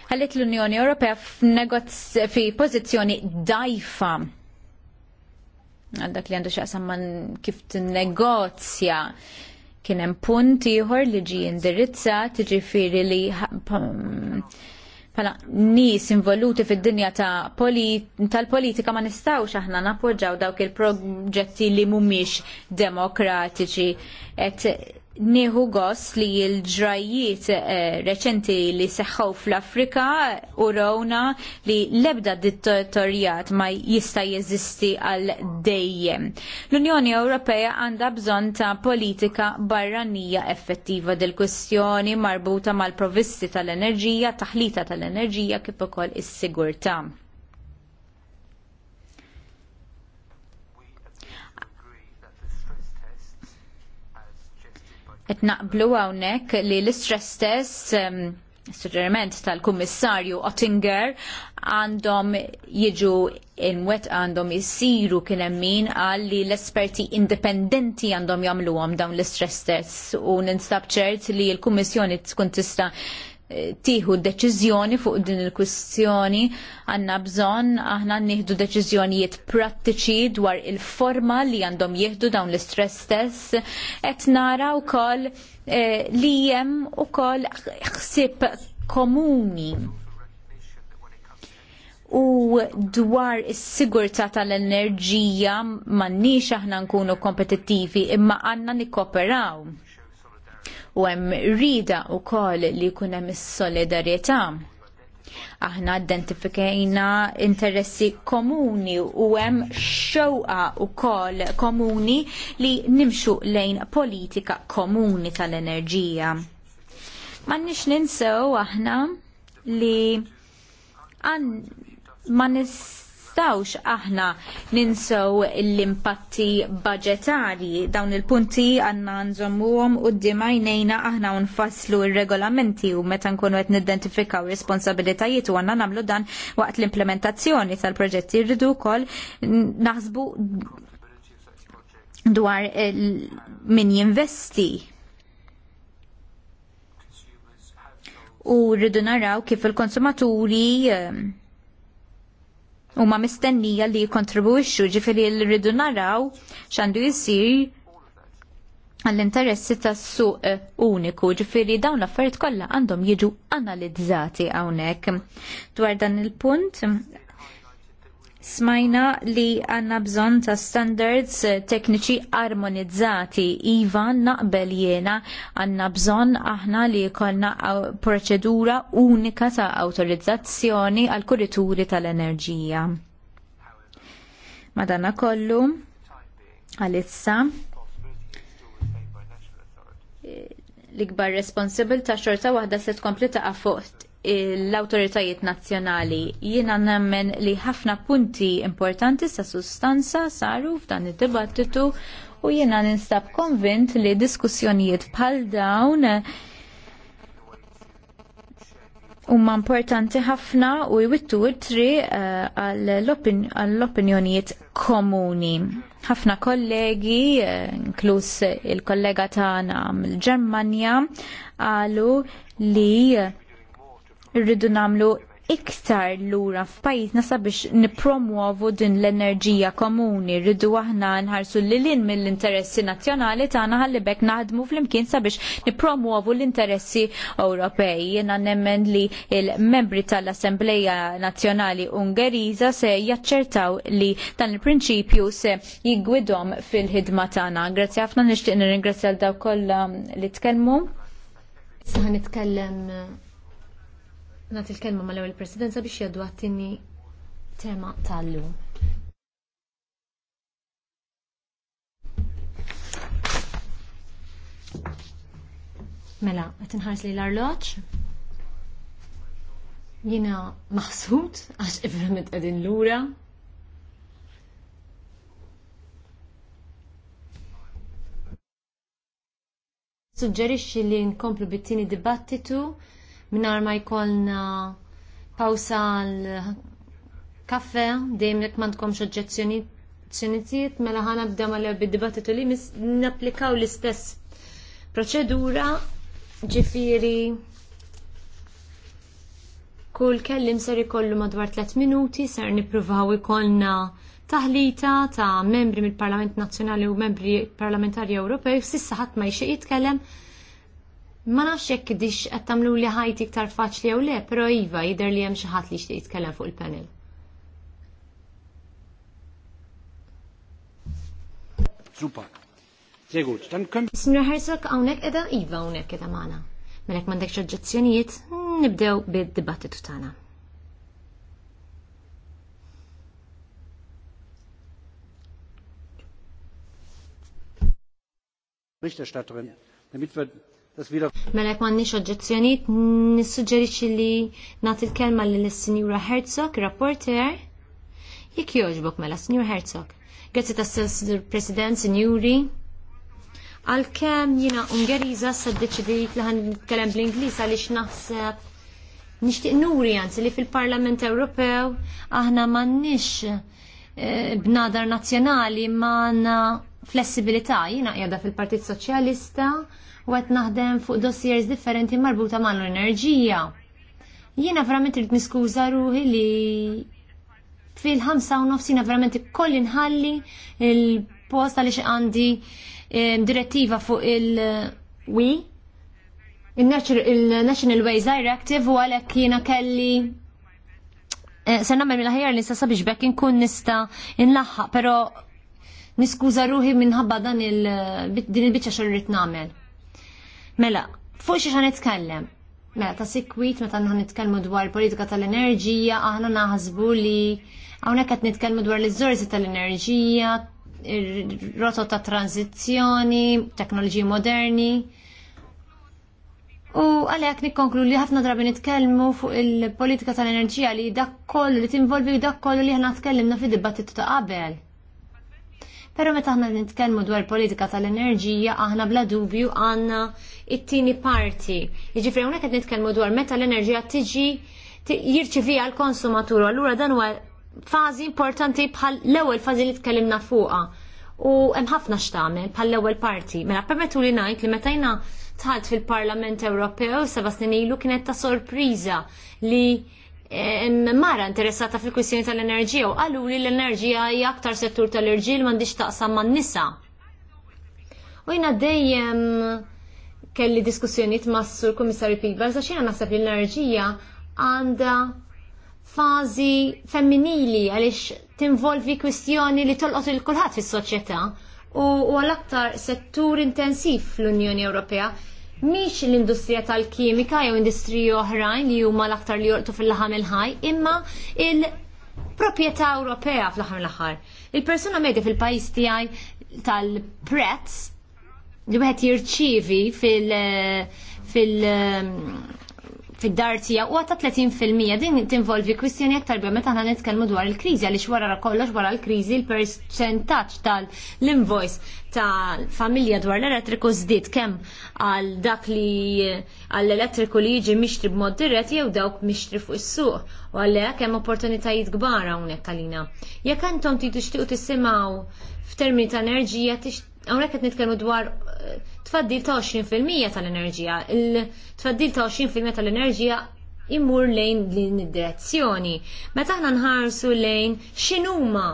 ħallet l-Unjoni Ewropea fi pożizzjoni dajfa għandak li għandu xaqsam man kif t-negozja kien hemm punt li ġi indirizzat, ġifiri li pala nis involuti fid-dinja ta' tal-politika ma nistawx aħna napoġġaw dawk il-proġetti li mumiex demokratiċi et nieħu goss li l-ġrajiet eh, reċenti li seħħaw fl-Afrika u rawna li l-ebda ma jista' jeżisti għal dejjem. L-Unjoni Ewropea għandha bżonn ta' politika barranija effettiva del kwistjoni marbuta mal-provisti tal-enerġija, taħlita tal-enerġija kif ukoll is-sigurtà. etnaqblu naqblu hawnhekk li l-istress test ehm, suġġeriment tal-Kummissarju Ottinger għandhom jiġu inwet għandhom jissiru kien hemm min qal li l-esperti indipendenti għandhom jagħmluhom dawn l-istress tests u ninstab ċert li l-Kummissjoni tkun tista' tieħu deċiżjoni fuq din il-kwistjoni għandna bżonn aħna nieħdu deċiżjonijiet prattiċi dwar il-forma li għandhom jieħdu dawn l-istress test qed nara wkoll eh, li hemm ukoll ħsieb komuni u dwar is-sigurtà tal-enerġija m'għandniex aħna nkunu kompetittivi imma għandna nikkoperaw u hemm rida wkoll li jkun hemm is-solidarjetà. Aħna identifikajna interessi komuni u hemm xewqa wkoll komuni li nimxu lejn politika komuni tal-enerġija. M'għandniex ninsew aħna li għan ma nis nistawx aħna ninsew l-impatti budgetari. Dawn il-punti għanna nżommuhom u d-dimajnejna aħna unfasslu il-regolamenti u meta nkunu qed nidentifikaw responsabilitajiet u għanna namlu dan waqt l-implementazzjoni tal-proġetti rridu kol naħsbu dwar min jinvesti u rridu naraw kif il-konsumaturi ehm, ma mistennija li jikontribwixxu ġifieri li rridu naraw x'għandu jsir għall-interessi tas-suq uniku, ġifieri dawn l-affarijiet kollha għandhom jiġu analizzati hawnhekk. Dwar dan il-punt smajna li għanna bżon ta' standards eh, tekniċi armonizzati. Iva naqbel jena għanna bżon aħna li jkollna eh, proċedura unika ta' autorizzazzjoni għal kurituri tal-enerġija. Madana kollu, għalissa, eh, l-ikbar responsibil ta' xorta waħda se tkompli ta' fuq l-autoritajiet nazzjonali. Jiena nemmen li ħafna punti importanti sa' sustanza saru f'dan id-dibattitu u jiena ninstab konvint li diskussjonijiet bħal dawn huma importanti ħafna u jwittu it-tri eh, għall-opinjonijiet komuni. ħafna kollegi, eh, inkluż il-kollega tagħna mill-Ġermanja, qalu li rridu namlu iktar lura f'pajjiżna sabiex nipromuovu din l-enerġija komuni, rridu aħna nħarsu lilin mill-interessi nazzjonali tagħna ħallibek naħdmu flimkien sabiex nipromuovu l-interessi Ewropej. Jiena nemmen li l-membri tal-Assembleja Nazzjonali Ungeriża se jaċċertaw li dan il-prinċipju se jiggwidhom fil-ħidma tagħna. Grazzi ħafna nixtieq nirringrazzja l dawk kollha li tkellmu. Saħ nitkellem nagħti l-kelma mal-ewwel presidenza biex jgħaddu għat-tieni tema tal-lum. Mela, qed inħares li l-arloġġ. Jiena maħsud għax ifhmet qegħdin lura. Suġġerixxi li nkomplu bit-tieni dibattitu mingħajr ma jkollna pawsa għal kaffe dejjem jekk m'għandkomx oġġezzjonijiet mela ħana nabda mal-dibattitu li napplikaw l-istess proċedura ġifiri kull kellim ser ikollu madwar 3 minuti ser nippruvaw ikollna taħlita ta' membri mill-Parlament Nazzjonali u membri parlamentari Ewropej sissa ħadd ma jxieq jitkellem Ma nafx jekk dix qed tagħmlu li ħajti iktar faċli jew le, però iva jidher li hemm xi ħadd li jixtieq jitkellem fuq il-panel. Super. Segut, dan kemm. Signor Herzog hawnhekk qiegħda iva hawnhekk qiegħda magħna. Melek m'għandekx oġġezzjonijiet, nibdew bid-dibattitu tagħna. Berichterstatterin, damit wir Melek m'għandniex oġġezzjonijiet, nissuġġerixxi li nagħti l-kelma lil sinjura Herzog, rapporter. Jekk jogħġbok mela, Sinjur Herzog. Grazzi tas-Sur President, Sinjuri. Għalkemm jiena Ungeriża sa ddeċidejt li ħanitkellem bl-Ingliż għaliex naħseb nixtieq nuri anzi li fil-Parlament Ewropew aħna m'għandniex eh, bnadar nazzjonali ma' flessibilità jiena qiegħda fil-Partit Soċjalista u għet naħdem fuq dossiers differenti marbuta ma' l-enerġija. Jiena verament rrit niskuża ruħi li fil-ħamsa u nofsina verament kolli nħalli il-post għalix għandi ehm, direttiva fuq il-WI, il-National Ways Directive u għalek jiena kelli eh, se namel mill-ħajar li sa bekk inkun nista inlaħħaq, pero niskuża ruħi minħabba dan il-bicċa xorrit namel. Mela, fuq xi ħan nitkellem. Mela, ta' sikwit meta nħu nitkellmu dwar politika tal-enerġija, aħna naħsbu li hawnhekk qed nitkellmu dwar l iżorsi tal-enerġija, rotot ta' tranzizzjoni, teknoloġiji moderni. U għalek nikkonklu li ħafna drabi nitkellmu fuq il-politika tal-enerġija li dak kollu li tinvolvi dak kollu li ħna tkellimna fi dibattitu ta' qabel. Pero meta aħna nitkellmu dwar politika tal-enerġija, aħna bla dubju għandna it-tieni parti. Jiġifieri hawnhekk qed nitkellmu dwar meta l-enerġija tiġi jirċivija l-konsumatur. Allura dan huwa fażi importanti bħal l-ewwel fażi li tkellimna fuqha. U hemm ħafna x'tagħmel bħal l-ewwel parti. Mela permettu li ngħid li meta jna tħalt fil-Parlament Ewropew seba' snin ilu kienet ta' sorpriża li mara interessata fil-kwistjoni tal-enerġija u qalu li l-enerġija hija aktar settur tal-irġiel m'għandix taqsam man-nisa. U jiena dejjem kelli diskussjonijiet ma' sur Kummissarju Pilbar sa xina naħseb li l-enerġija għandha fażi femminili għaliex tinvolvi kwistjoni li tolqot il kulħadd fis-soċjetà u għal aktar settur intensiv fl-Unjoni Ewropea miex l-industrija tal-kimika jew industriji oħrajn li huma l-aktar li jortu fil-laħam il-ħaj, imma il-proprjetà Ewropea fl-laħam l-aħħar. Il-persuna medja fil-pajjiż tiegħi tal-prezz li wieħed jirċievi fil- fil- fid-dar tiegħu u ta' 30% din tinvolvi kwistjoni aktar bi meta aħna nitkellmu dwar il-kriżi għaliex wara kollox wara l-kriżi l-perċentaġġ tal-invoice tal-familja dwar l-elettriku żdied kemm għal dak li għall-elettriku li jiġi mixtri b'mod dirett jew dawk mixtri fuq is-suq u għalhekk hemm opportunitajiet kbar hawnhekk għalina. Jekk intom tixtiequ tisimgħu f'termini ta' enerġija hawnhekk qed nitkellmu dwar tfaddil ta' 20% tal-enerġija. Il-tfaddil ta' 20% tal-enerġija immur lejn din id-direzzjoni. Meta aħna nħarsu lejn x'inhuma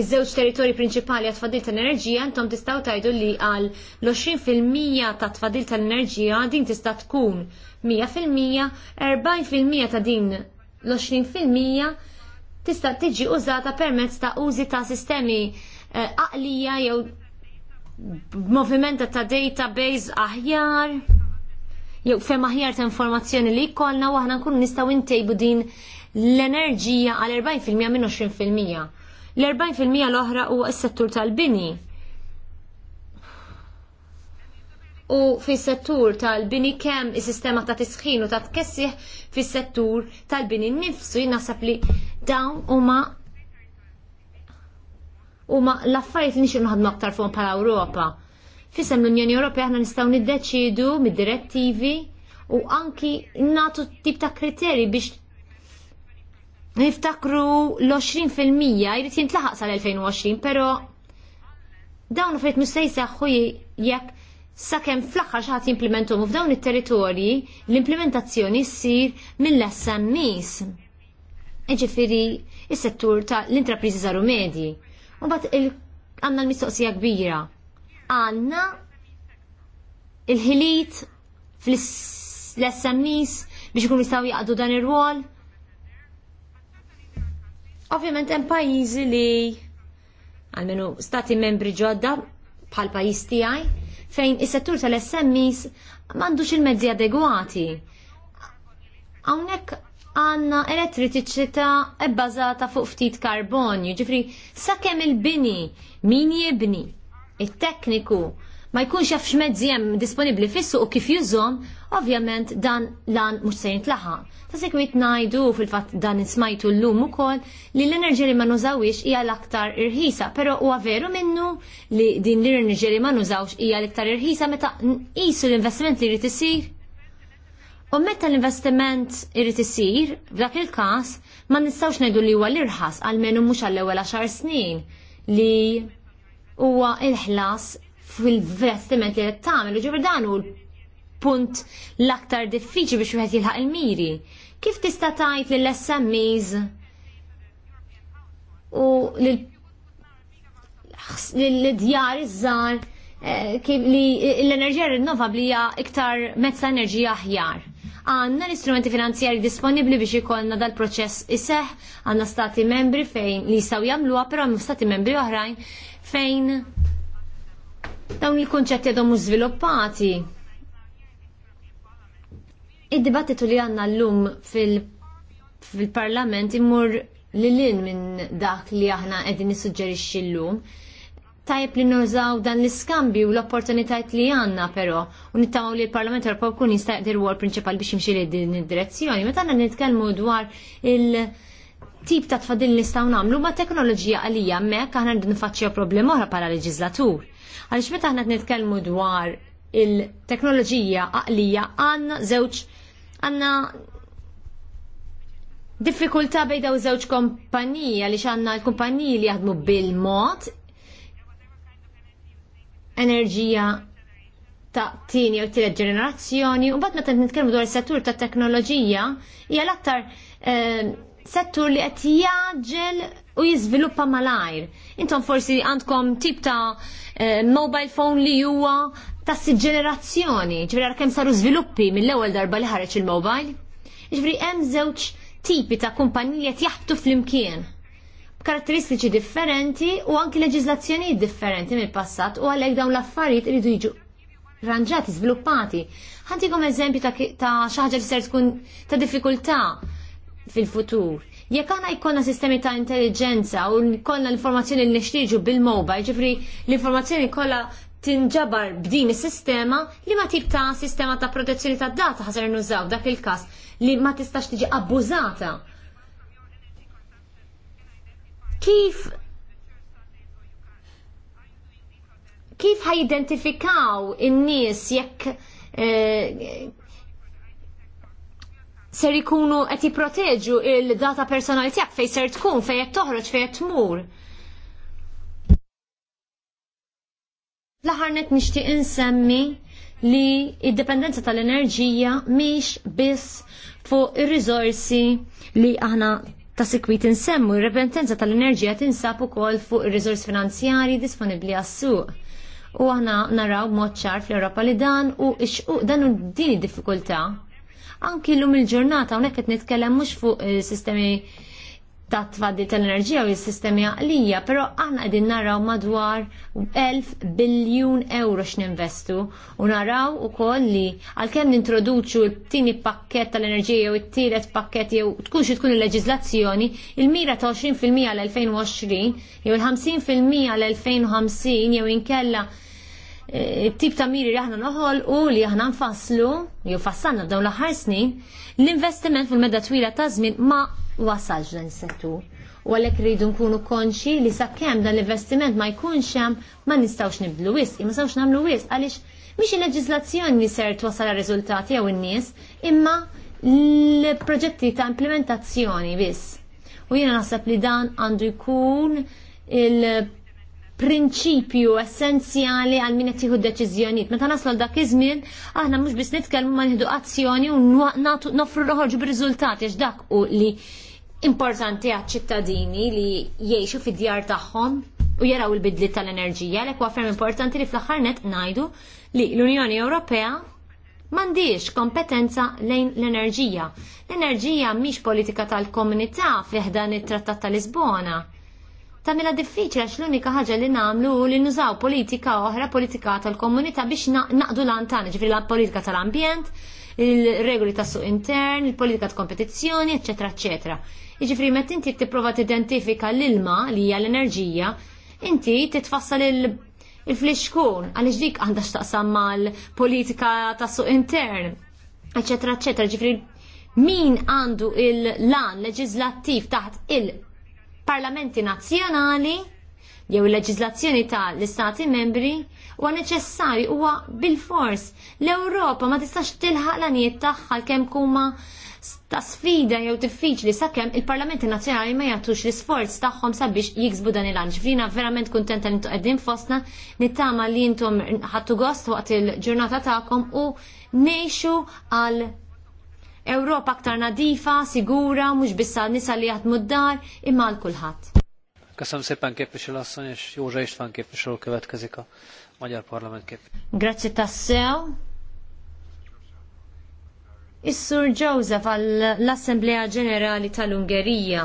iż-żewġ territorji prinċipali għat tfaddil tal-enerġija intom tistgħu tgħidu li għal l-20% ta' tfaddil tal-enerġija din tista' tkun 100%, 40% ta' din l-20% tista' tiġi użata permezz ta' użi ta' sistemi eh, aqlija jew movimenta ta' database aħjar, jew fem aħjar ta' informazzjoni li jkollna u aħna nkunu nistgħu ntejbu din l-enerġija għal 40% minn 20%. L-40% l-oħra huwa s-settur tal-bini. U fis-settur tal-bini kemm is-sistema ta' tisħin u ta' tkessih fis-settur tal-bini nnifsu jien naħseb li dawn huma u ma l-affarijiet nix nħadmu aktar fuq bħala Ewropa. Fisem l-Unjoni Ewropea aħna nistgħu niddeċidu mid-direttivi u anki nagħtu tip ta' kriterji biex niftakru l-20% jrid jintlaħaq sal-2020, però dawn fejt mistej seħħu jekk sakemm fl-aħħar xaħat jimplementhom u f'dawn it-territorji l-implementazzjoni ssir mill-lessa n-nies. settur ta' l-intrapriżi żaru medji. U bat għanna l-mistoqsija kbira. Għanna il-ħiliet fl-SMEs biex ikun jistaw jgħaddu dan ir-rwol. Ovvjament hemm pajjiżi li għalmenu stati membri ġodda bħal pajjiż tiegħi fejn is-settur tal-SMEs m'għandux il-mezzi adegwati. Hawnhekk għanna elettriċità bazata fuq ftit karbonju, ġifri sakemm il-bini, min jibni, il tekniku ma jkunx jaf x'mezzi hemm disponibbli fissu u kif jużhom, ovvjament dan lan mhux se jintlaħa. Ta' sekwit ngħidu fil-fatt dan ismajtu llum ukoll li l enerġeri li ma nużawix hija l-aktar irħisa, però huwa veru minnu li din l-enerġija li ma nużawx hija l aktar irħisa meta qisu l-investiment li jrid isir U meta l-investiment irrid isir, f'dak il-każ, ma nistgħux ngħidu li huwa l-irħas għalmenu mhux għall-ewwel għaxar snin li huwa il-ħlas fil-investiment li qed tagħmel, ġifier dan hu l-punt l-aktar diffiċli biex wieħed jilħaq il-miri. Kif tista' tgħid lill smes u lil-djar iż-żgħar eh, li l-enerġija rinnovabbli hija iktar mezz enerġija aħjar? għanna l-istrumenti finanzjari disponibli biex ikollna dal-proċess iseħ, għanna stati membri fejn li jistaw jamluwa, pero għanna stati membri oħrajn fejn dawn il-konċetti għadhom żviluppati. Id-dibattitu li għanna l-lum fil-parlament imur li l-in minn dak li aħna għedin nissuġġerixxi l-lum tajb li nużaw dan l-iskambju u l-opportunitajt li għanna pero u nittamaw li l-Parlament Ewropew kun jista' jaqdir wol prinċipal biex jimxi li din id-direzzjoni. Meta għanna nitkellmu dwar il-tip ta' tfadil nistgħu nagħmlu ma' teknoloġija għalija hemmhekk aħna rridu nifaċċja problema oħra bħala leġislatur. Għaliex meta għanna nitkellmu dwar il-teknoloġija għalija għanna żewġ għanna diffikulta bejda u żewġ kompanija li xanna l-kumpaniji li jaħdmu bil-mod enerġija ta' tini u tielet ġenerazzjoni u bat meta nitkellmu dwar settur ta' teknoloġija hija l-aktar eh, settur li qed jaġel u jiżviluppa malajr. Intom forsi għandkom tip ta' eh, mobile phone li huwa ta' ġenerazzjoni, ġifieri għal kemm saru żviluppi mill-ewwel darba li ħareġ il-mobile. Ġifieri hemm żewġ tipi ta' kumpanija jaħbtu fl-imkien karatteristiċi differenti u anki leġislazzjonijiet differenti mill-passat u għalhekk dawn l-affarijiet iridu jiġu ranġati, sviluppati. Ħantikom eżempju ta', xi ħaġa li ser tkun ta' diffikultà fil-futur. Jekk għandna jkollna sistemi ta' intelligenza u jkollna l-informazzjoni li nixtieġu bil-mobile, ġifri l-informazzjoni kollha tinġabar b'din is-sistema li ma tip ta' sistema ta' protezzjoni ta' data ħasar nużaw dak il-każ li ma tistax tiġi abbużata Kif kif ħajidentifikaw in-nies jekk eh, ser ikunu qed jipproteġu il-data personali tiegħek fejn ser tkun, fejn qed toħroġ, fejn qed tmur. L-aħarnet nixtieq insemmi li id-dependenza tal-enerġija mhix biss fuq ir-riżorsi li aħna ta' sikwit insemmu ir-repentenza tal-enerġija tinsab ukoll fuq ir-riżors finanzjari disponibbli għas-suq. U aħna naraw mod ċar fl-Ewropa li dan u xquq dan u din id-diffikultà. Anki llum il-ġurnata hawnhekk qed nitkellem mhux fuq eh, sistemi ta' tfaddi tal-enerġija u s-sistemi għalija, pero aħna għedin naraw madwar 1000 biljun euro x'ninvestu u naraw u koll li għalkemm nintroduċu t-tini pakket tal-enerġija u t-tielet pakket jew xie tkun il-leġizlazzjoni, il-mira ta' 20% l-2020 jew il-50% l-2050 jew inkella e, tip ta' miri li aħna noħol u li aħna nfasslu, jew fassanna f'dawn l-aħħar snin, l-investiment fil-medda twila ta' żmien ma' wasalx dan is-settur. U għalhekk rridu nkunu konxi li sakemm dan l-investiment ma jkunx hemm ma nistgħux nibdlu wisq, ma nistgħux nagħmlu wisq għaliex mhix il-leġiżlazzjoni li ser twassal riżultati jew in-nies, imma l-proġetti ta' implementazzjoni biss. U jiena naħseb li dan għandu jkun il- prinċipju essenzjali għal min qed jieħu deċiżjonijiet. Meta naslu dak iż-żmien, aħna mhux biss nitkellmu ma nieħdu azzjoni u nofru noħorġu b'riżultati riżultati għax dak u li importanti għad ċittadini li jgħixu fid-djar tagħhom u jaraw il-bidli tal-enerġija l ferm importanti li fl-aħħar net ngħidu li l-Unjoni Ewropea m'għandix kompetenza lejn l-enerġija. L-enerġija mhix politika tal-komunità fiħdan it-Trattat tal-Lisbona. tal komunità fiħdan it trattat tal tal komunità fiħdan it trattat tal lisbona tamela diffiċli għax l-unika ħaġa li nagħmlu li nużaw politika oħra, politika tal-komunità biex naqdu l-antana, ġifri la politika tal-ambjent, il-regoli tas suq intern, il-politika ta' kompetizzjoni, eccetera, eccetera. Iġifri, met inti t-prova t-identifika l-ilma li hija l-enerġija, inti t-tfassal il fliskun għalix dik għandha x'taqsam mal-politika tas suq intern, eccetera, eccetera. min għandu il-lan leġizlattiv taħt il- parlamenti nazzjonali jew il-leġizlazzjoni ta' l-istati membri huwa neċessarju huwa bil-fors l-Ewropa ma tistax tilħaq l-anijiet tagħha kemm huma ta' sfida jew diffiċli sakemm il-Parlamenti Nazzjonali ma jagħtux l-isforz tagħhom sabiex jiksbu dan il-lanċ. Fina verament kuntenta li intom qegħdin fostna, nittama li intom ħattu gost waqt il-ġurnata tagħkom u ngħixu għal Ewropa aktar nadifa, sigura, mhux bissa nisa li jaħdmu d-dar, imma għal kulħadd. Kasam sepan képviselő juġa és Józsa István képviselő következik kazika Maġar Parlament kép. Grazie tassew. Is-Sur Joseph għall-Assemblea Ġenerali tal-Ungerija.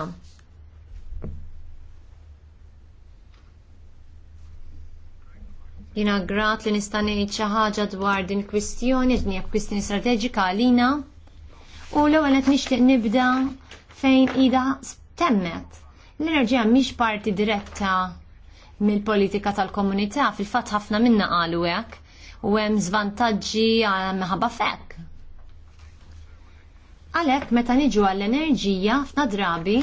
Jina grat li nista' ngħid xi ħaġa dwar din kwistjoni, din kwistjoni strateġika għalina. U l għanet qed nixtieq nibda fejn ida temmet. L-enerġija mhix parti diretta mill-politika tal-komunità, fil-fatt ħafna minna qalu hekk u hemm żvantaġġi ah, minħabba fekk. Għalhekk meta niġu għall-enerġija f'na drabi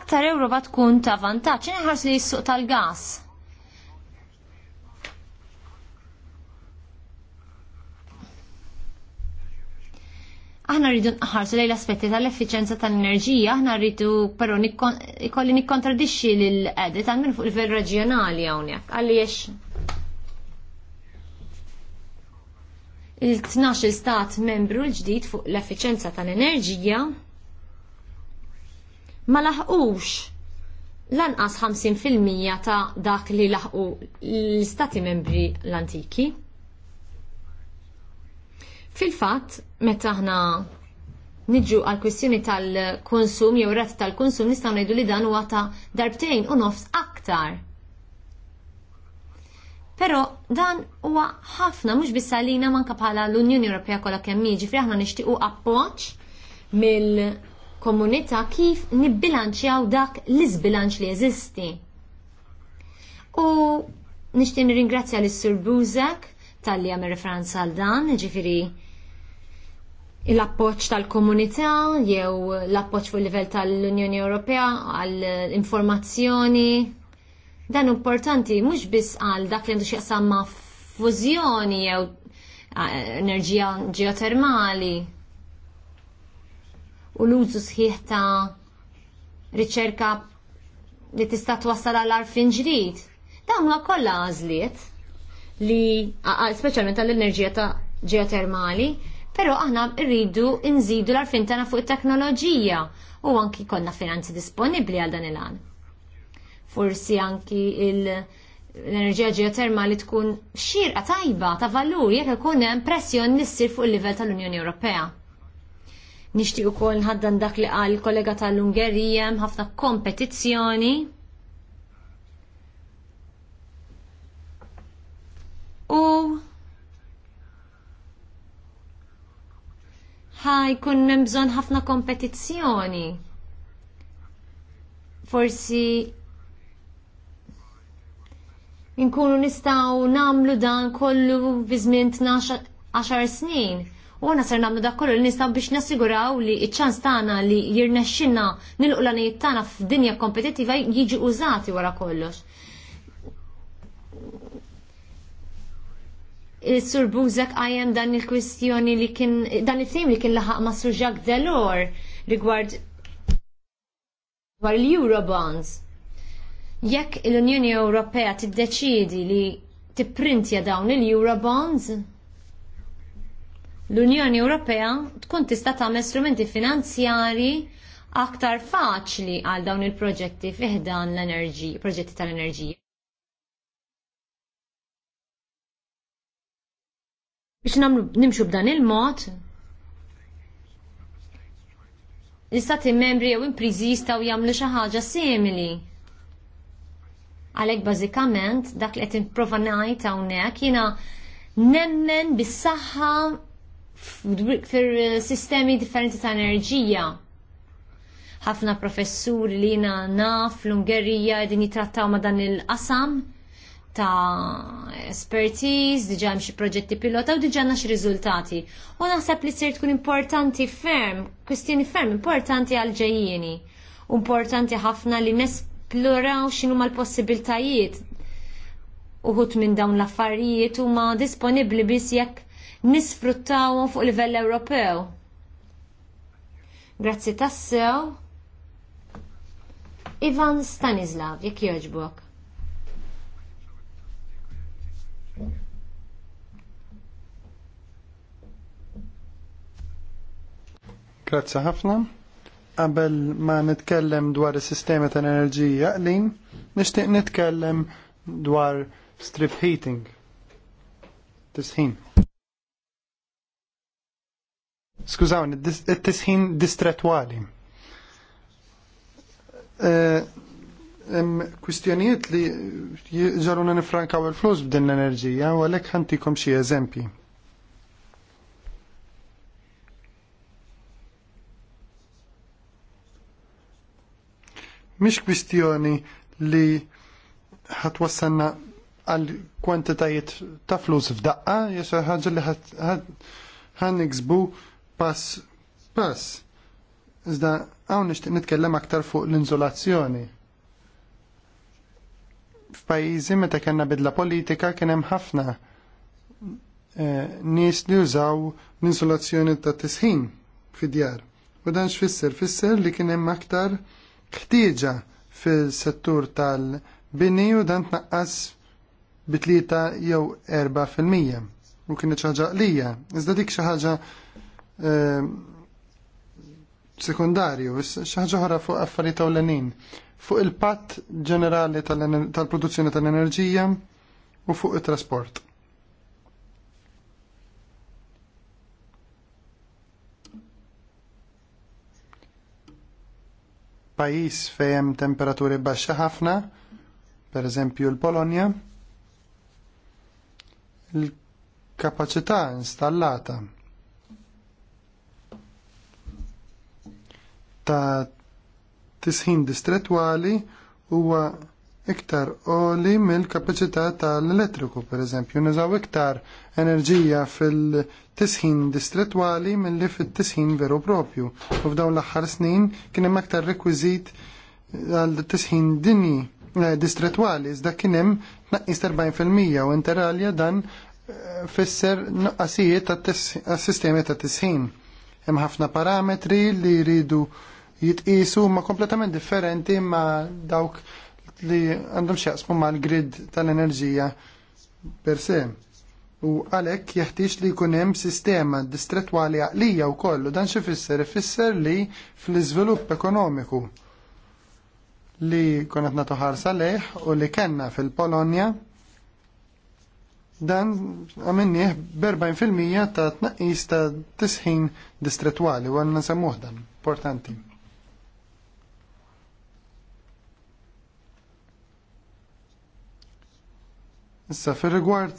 aktar Ewropa tkun ta' vantaġġ inħarsu li s-suq tal-gas aħna rridu nħarsu lejn l-aspetti tal-effiċenza tal-enerġija, aħna rridu però ikolli nikkontradixxi lill qedi għal min fuq livell reġjonali hawnhekk. Għaliex il-12 stat membru l-ġdid fuq l-effiċenza tal-enerġija ma laħqux lanqas 50% ta' dak li laħqu l-stati membri l-antiki. Fil-fatt, meta aħna niġu għal kwistjoni tal-konsum jew rat tal-konsum nistgħu ngħidu li dan huwa ta' darbtejn u nofs aktar. Però dan huwa ħafna mhux biss għalina manka bħala l-Unjoni Ewropea kollha kemm fri aħna nixtiequ appoġġ mill-komunità kif nibbilanċjaw dak l-iżbilanċ li jeżisti. U nixtieq nirringrazzja lis sur Buzek tal-li għam referenza għal dan, ġifiri l-appoċ tal-komunità jew l-appoċ fuq livell tal-Unjoni Ewropea għall informazzjoni. Dan importanti mhux biss għal dak li għandu xi ma' fużjoni jew enerġija ġeotermali u l-użu sħiħ ta' riċerka li tista' twassal għal arfin ġdid. Dawn huwa kollha għażliet li speċjalment għall enerġija ta' ġeotermali, però aħna rridu nżidu l-arfin tagħna fuq it-teknoloġija u anki konna finanzi disponibbli għal dan il-għan. Forsi anki l-enerġija ġeotermali tkun xirqa tajba ta' valur jekk ikun hemm pressjon nissir fuq il-livell tal-Unjoni Ewropea. Nixtieq ukoll nħaddan dak li qal kollega tal-Ungerija hemm ħafna kompetizzjoni u ħajkun kun bżonn ħafna kompetizzjoni. Forsi inkunu nistgħu nagħmlu dan kollu fi 12 10 snin. U għana ser namlu dak kollu li nistaw biex nasiguraw li iċċans ċans tagħna li jirnexxinna nil l tana tagħna f'dinja kompetittiva jiġi użati wara kollox. Sur Buzek għajem dan il-kwistjoni li kien, dan il-tim li kien laħaq ma' Sur Jacques Delors rigward l-Eurobonds. Jekk l-Unjoni Ewropea tiddeċidi li tipprintja dawn il-Eurobonds, l-Unjoni Ewropea tkun tista' tagħmel strumenti finanzjari aktar faċli għal dawn il-proġetti fiħdan l-enerġi, proġetti tal-enerġija. Biex nimxu b'dan il-mod, l-istati membri jew imprizi jistgħu jagħmlu xi ħaġa simili. Għalhekk bażikament dak li qed nipprova ngħid hawnhekk jiena nemmen bis-saħħa fir-sistemi differenti ta' enerġija. Ħafna professuri li jiena naf l-Ungerija qegħdin jitrattaw ma' dan il-qasam ta' expertise, diġa hemm xi proġetti pilota u diġa xi riżultati. U naħseb li sir tkun importanti ferm, kwistjoni ferm importanti għal ġejjieni. Importanti ħafna li nesploraw x'inhu l-possibiltajiet. Uħut minn dawn l-affarijiet huma disponibbli biss jekk nisfruttawhom fuq livell Ewropew. Grazzi tassew. Ivan Stanislav, jekk jogħġbok. Grazzi ħafna. Qabel ma nitkellem dwar is-sistema tal enerġija qlin, nixtieq nitkellem dwar strip heating. Tisħin. Skużawni, it-tisħin distretwali. Eh, kwistjonijiet li ġaruna nifrankaw il-flus b'din l-enerġija, u għalhekk ħantikom xi eżempji. Mhix kwistjoni li ħatwassalna għal kwantitajiet ta' flus f'daqqa, jesu ħagġa li ħan iksbu pass pass. Iżda hawn nixtieq nitkellem aktar fuq l-inżolazzjoni. F'pajjiżi meta kellna bidla politika kien hemm ħafna eh, nies li użaw l-inżolazzjoni ta' tisħin fid-djar. U dan x'fisser? Fisser li kien hemm aktar ħtieġa fil-settur tal-bini u dan tnaqqas bi tlieta jew erba' fil-mija. U kien ħaġa qlija, iżda dik xi ħaġa ehm, sekundarju, xi ħaġa oħra fuq affarijiet ewlenin. Fuq il-patt ġenerali tal-produzzjoni tal-enerġija u fuq it-trasport. pajis fejem temperaturi baxxa ħafna, per eżempju l-Polonja, il kapacità installata ta' tisħin distretwali huwa iktar li mill-kapaċità tal-elettriku, pereżempju, nużaw iktar enerġija fil-tisħin distretwali milli fit-tisħin veru propju. U f'dawn l-aħħar snin kien hemm aktar rekwiżit għal tisħin dinji eh, distretwali, iżda kien hemm naqqis 40% u interalja dan eh, fisser nuqqasijiet tas-sistemi ta' tisħin. Hemm ħafna parametri li jridu jitqisu ma' kompletament differenti ma' dawk li għandhom xaqsmu ma' l-grid tal-enerġija per se. U għalek jeħtiex li jkun hemm sistema distretwali għalija u kollu dan xifisser fisser ifisser li fl-iżvilupp ekonomiku li konet natu ħarsa leħ u li kellna fil-Polonja dan għamennieh mija ta' tnaqqis ta' tisħin distretwali u għanna samuħdan, dan, importanti. Issa fir rigward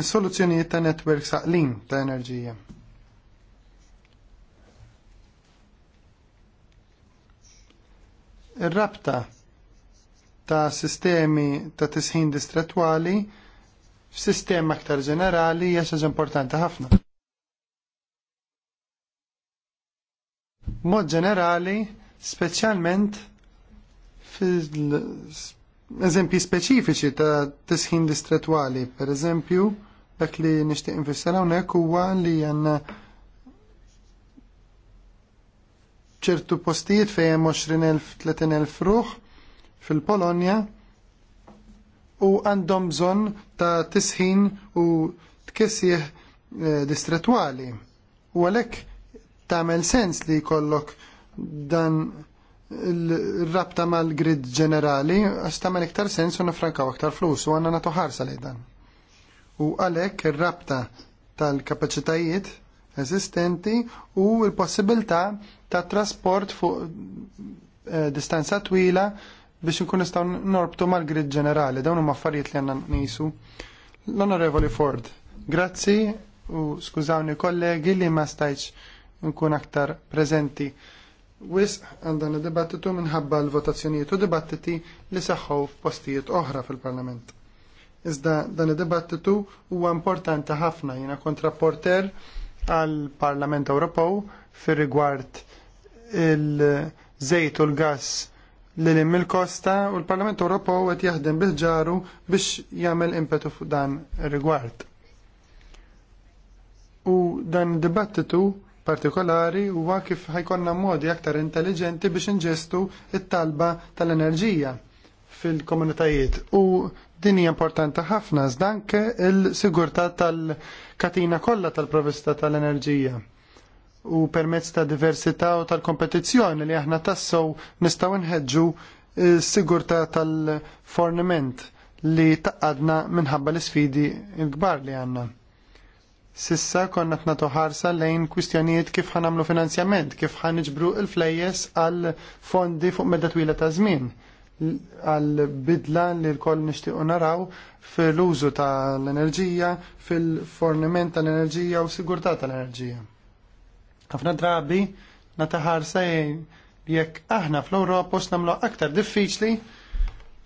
is-soluzzjonijiet eh, ta' netwerk saqlin ta' enerġija. Ir-rabta ta' sistemi ta' tisħin distretwali f'sistema aktar ġenerali hija xaġa importanti ħafna. Mod ġenerali, speċjalment fil eżempji speċifiċi ta' tisħin distretwali. Per eżempju, dak li nixtieq infissar hawnhekk huwa li għandna ċertu postijiet fejn hemm 20,000-30,000 ruħ fil-Polonja u għandhom bżonn ta' tisħin u tkissieħ eh, distretwali. U għalhekk tagħmel sens li jkollok dan il-rabta mal-grid ġenerali għax iktar sens u nifrankaw iktar flus u għandna natu ħarsa li dan. U għalhekk ir-rabta tal-kapaċitajiet eżistenti u l-possibilità ta' trasport fuq eh, distanza twila biex nkun nistgħu norbtu mal-grid ġenerali. Dawn huma affarijiet li għandna nisu. L-Onorevoli Ford, grazzi u skużawni kollegi li ma stajtx nkun aktar prezenti wisq għal id-dibattitu minħabba l-votazzjonijiet u dibattiti li seħħu f'postijiet oħra fil-Parlament. Iżda dan id-dibattitu huwa importanti ħafna jiena kontrapporter għal Parlament Ewropew fir rigward il-żejt u l-gas li lim il-kosta u l-Parlament Ewropew qed jaħdem bil-ġaru biex jagħmel impetu fuq dan ir-rigward. U dan id-dibattitu partikolari huwa kif ħajkonna modi aktar intelligenti biex inġestu it-talba tal-enerġija fil-komunitajiet u din hija importanti ħafna zdanke il-sigurtà tal-katina kollha tal-provista tal-enerġija u permezz ta' diversità u tal-kompetizzjoni li aħna tassew nistgħu nħeġġu s-sigurtà tal-forniment li taqadna minħabba l-sfidi l-kbar li għandna. Sissa konna t ħarsa lejn kwistjonijiet kif ħanamlu finanzjament, kif ħanġbru il-flejjes għal fondi fuq medda twila ta' żmien għal bidla li l-koll nishtiqu naraw fil-użu tal-enerġija, fil-forniment tal-enerġija u sigurtà tal-enerġija. Ħafna drabi nataħarsa jekk aħna fl-Ewropa namlu aktar diffiċli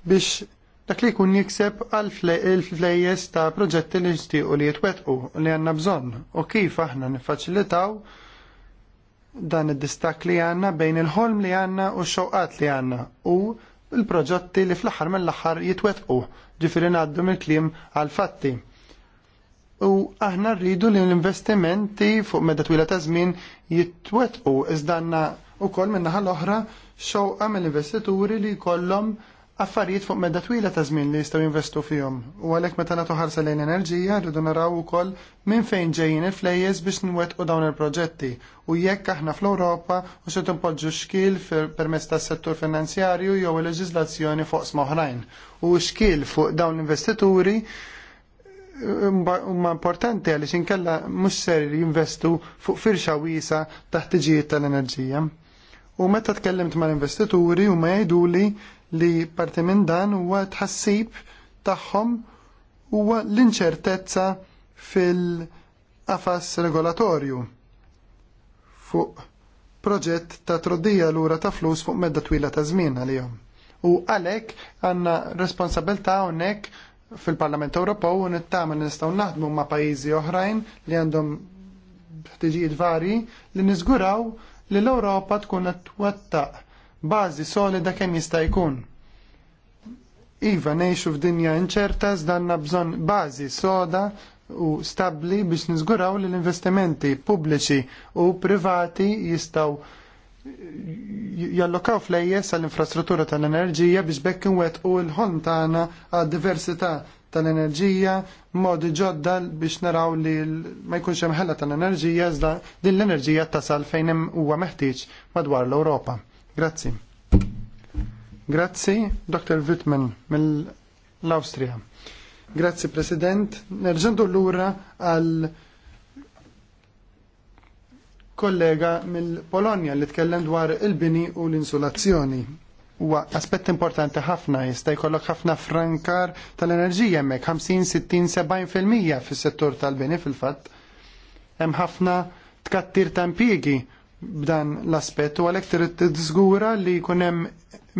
biex dak li jkun jikseb għal flejjes ta' proġetti li jixtiequ li jitwetqu li għandna bżonn u kif aħna nifacilitaw dan id-distak li għandna bejn il-ħolm li għandna u x-xewqat li għandna u l-proġetti li fl-aħħar mill-aħħar jitwetqu ġifirin ngħaddu mill-kliem għal fatti. U aħna rridu li l-investimenti fuq meta twila ta' żmien jitwetqu iżda għandna ukoll minnaħal l-oħra xewqa mill-investituri li jkollhom affarijiet fuq medda twila ta' żmien li jistgħu jinvestu fihom. U għalhekk meta nagħtu ħarsa lejn enerġija rridu naraw ukoll minn fejn ġejjin il flejjes biex nwettqu dawn il-proġetti u jekk aħna fl-Ewropa u se tinpoġġu xkil permezz tas-settur finanzjarju jew il-leġiżlazzjoni fuq smoħrajn. U xkil fuq dawn l-investituri huma importanti għaliex inkella mhux seri jinvestu fuq firxa wiesa taħt tiġijiet tal-enerġija. U meta tkellimt mal-investituri huma jgħiduli li parti minn dan huwa tħassib tagħhom huwa l-inċertezza fil-qafas regolatorju fuq proġett ta' troddija lura ta' flus fuq medda twila ta' żmien għalihom. U għalhekk għandna responsabilità hawnhekk fil-Parlament Ewropew u nittama nistgħu naħdmu ma' pajjiżi oħrajn li għandhom ħtiġijiet varji li niżguraw li l-Ewropa tkun qed bazi bażi solida kemm jista' jkun. Iva ngħixu f'dinja inċerta danna bżonn bażi soda u stabbli biex niżguraw li l-investimenti pubbliċi u privati jistgħu jallokaw flejjes għall infrastruttura tal-enerġija biex bekk wet u l-ħolm tagħna għad diversità tal-enerġija, modi ġodda biex naraw li ma jkunx hemm ħella tal-enerġija iżda din l-enerġija tasal fejn hemm huwa meħtieġ madwar l-Ewropa. Grazzi. Grazzi, Dr. Wittman mill-Awstrija. Grazzi, President. Nerġendu l-ura għal kollega mill-Polonja li tkellem dwar il-bini u l-insulazzjoni huwa aspett importanti ħafna jista' jkollok ħafna frankar tal-enerġija hemmhekk 50, 60, 70% fis-settur tal-bini fil-fatt. Hemm ħafna tkattir ta' impjiegi b'dan l-aspett u għalhekk trid tiżgura li jkun hemm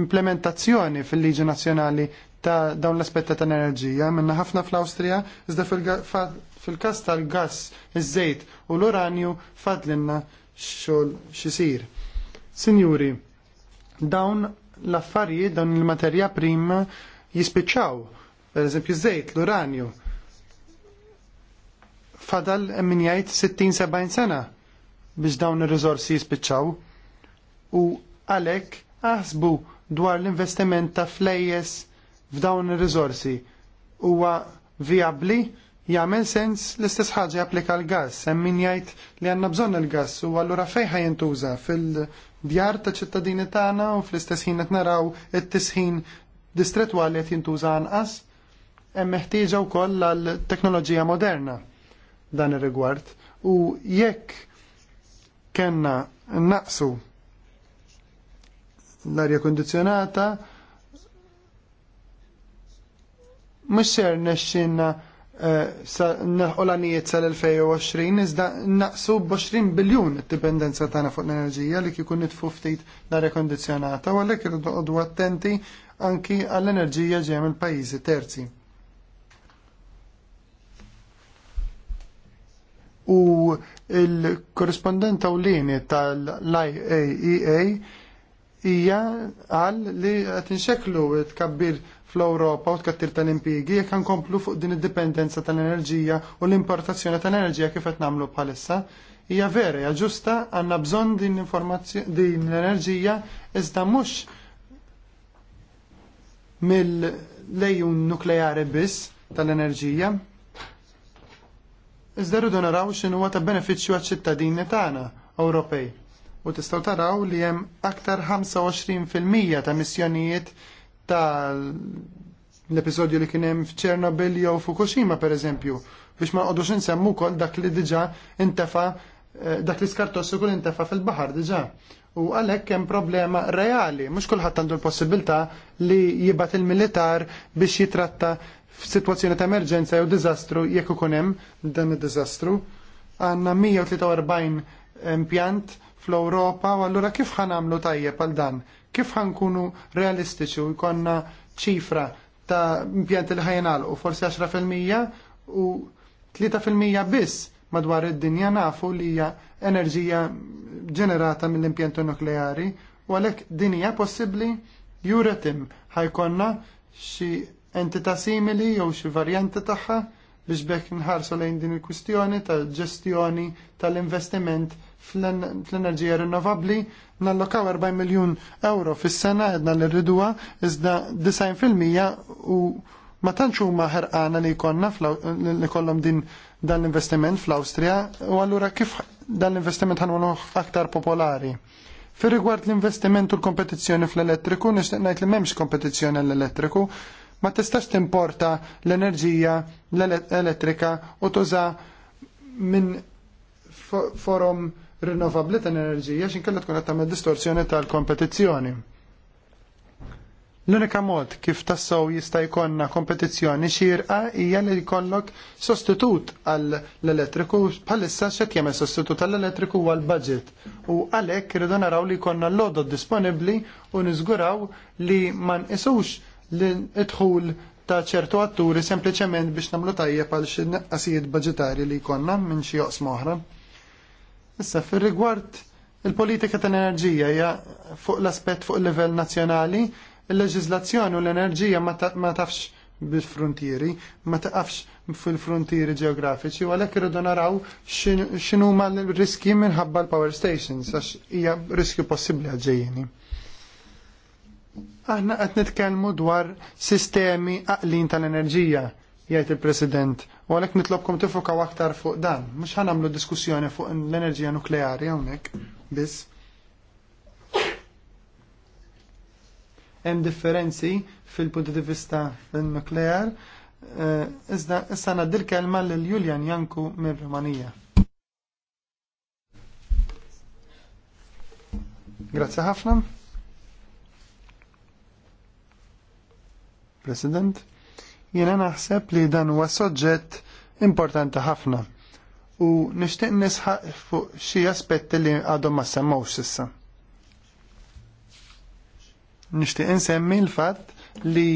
implementazzjoni fil-Liġi Nazzjonali ta' dawn l-aspetta ta' enerġija minna ħafna fl-Awstrija iżda fil-kas tal-gas, iż-żejt u l-uranju fadlinna xogħol xisir. Sinjuri, dawn l-affarijiet dawn il-materja prima jispiċċaw, per eżempju żejt, l-uranju. Fadal min jgħid 60-70 sena biex dawn ir-riżorsi jispiċċaw. U għalhekk aħsbu dwar l-investiment ta' flejjes f'dawn ir-riżorsi huwa viabli? jagħmel sens l-istess ħaġa japplika l-gass, hemm min jgħid li għandna bżonn il-gass u allura fejn ħaj jintuża fil-djar ta' ċittadini tagħna u fl-istess ħin qed naraw it-tisħin distretwali qed jintuża anqas. Hemm meħtieġa wkoll għall teknoloġija moderna dan ir-rigward u jekk kellna naqsu l-arja kondizjonata mhux ser nexxinna Eh, naħu sal-2020 iżda naqsu b-20 biljun id-dipendenza tagħna fuq l-enerġija li kikun nitfu ftit l-arja kondizjonata u għalhekk irdu attenti anki għall-enerġija ġejja mill-pajjiżi terzi. U il-korrespondent awlini tal-IAEA e hija għal li qed inxeklu tkabbir kabbir fl-Ewropa u tkattil tal impjiegi jekk nkomplu fuq din id-dipendenza tal-enerġija u l-importazzjoni tal-enerġija kif qed nagħmlu bħalissa. Hija vera, hija ġusta, għandna bżonn din l-informazzjoni din l-enerġija iżda mhux mill lejun nukleari biss tal-enerġija. Iżda rridu naraw x'inhuwa ta' benefiċċju għaċ-ċittadini tagħna Ewropej u tistgħu taraw li hemm aktar 25% ta' missjonijiet tal-episodju li kien hemm f'Ċernobil jew Fukushima pereżempju biex ma għodux insemmu wkoll dak li diġà intefa' eh, dak li skartossu kol intefa' fil-baħar diġà. U għalhekk hemm problema reali, mhux kulħadd għandu l-possibilità li jibgħat il-militar biex jitratta f'sitwazzjoni ta' emerġenza jew diżastru jekk ikun hemm dan id-diżastru. Għandna 143 impjant fl-Ewropa u allura kif ħanamlu tajjeb għal dan? Kif ħankunu realistiċi u jkonna ċifra ta' impjanti li ħajnal u forsi 10% u 3% biss madwar id-dinja nafu li hija enerġija ġenerata mill-impjanti nukleari u għalhekk din hija possibbli juretim ħajkonna xi entità simili jew xi varjanti tagħha biex bekk nħarsu lejn din il-kwistjoni tal-ġestjoni tal-investiment fl-enerġija rinnovabbli nallokaw 40 miljon euro fis-sena edna l ridua iżda 90% u ma tantx huma ħerqana li jkollna li kollhom din dan l-investiment fl-Awstrija u allura kif dan l-investiment ħanwolu aktar popolari. Fir rigward l-investiment u l-kompetizzjoni fl-elettriku, nixtieq ngħid li m'hemmx kompetizzjoni l-elettriku, ma tistax timporta l-enerġija l-elettrika u tuża minn forum rinnovabli tal-enerġija xinkella tkun qed distorsjoni tal-kompetizzjoni. L-unika mod kif tassaw jista' jkollna kompetizzjoni xirqa hija li jkollok sostitut għall-elettriku bħalissa x'qed jagħmel sostitut għall-elettriku huwa l-budget. U għalhekk irridu naraw li jkollna l-lodod disponibbli u niżguraw li ma nqisux l-idħul ta' ċertu atturi sempliċement biex nagħmlu tajjeb għal xi budgetari li jkollna minn xi oqsma oħra. Issa, fir rigward il-politika ta' enerġija ja fuq l-aspett fuq il-livell nazzjonali, il-leġizlazzjoni u l-enerġija ma tafx bil-frontieri, ma taqafx fil-frontieri ġeografiċi, u għalhekk irridu naraw x'inhuma l-riski minħabba l-power stations, għax hija riskju possibbli għalġejjeni. Aħna qed nitkellmu dwar sistemi aqlin tal-enerġija, jgħid il-President U għalhekk nitlobkom tifokaw aktar fuq dan, mhux ħanamlu diskussjoni fuq l-enerġija nukleari hawnhekk biss. Hemm differenzi fil-punti di vista nuklear, eh, iżda issa ngħaddi l-kelma l Julian Janku mir-Rumanija. Grazie ħafna. President. Jiena naħseb li dan huwa soġġett importanti ħafna u nixtieq nisħaq fuq xi aspetti li għadhom ma semmawx issa. Nixtieq insemmi l-fatt li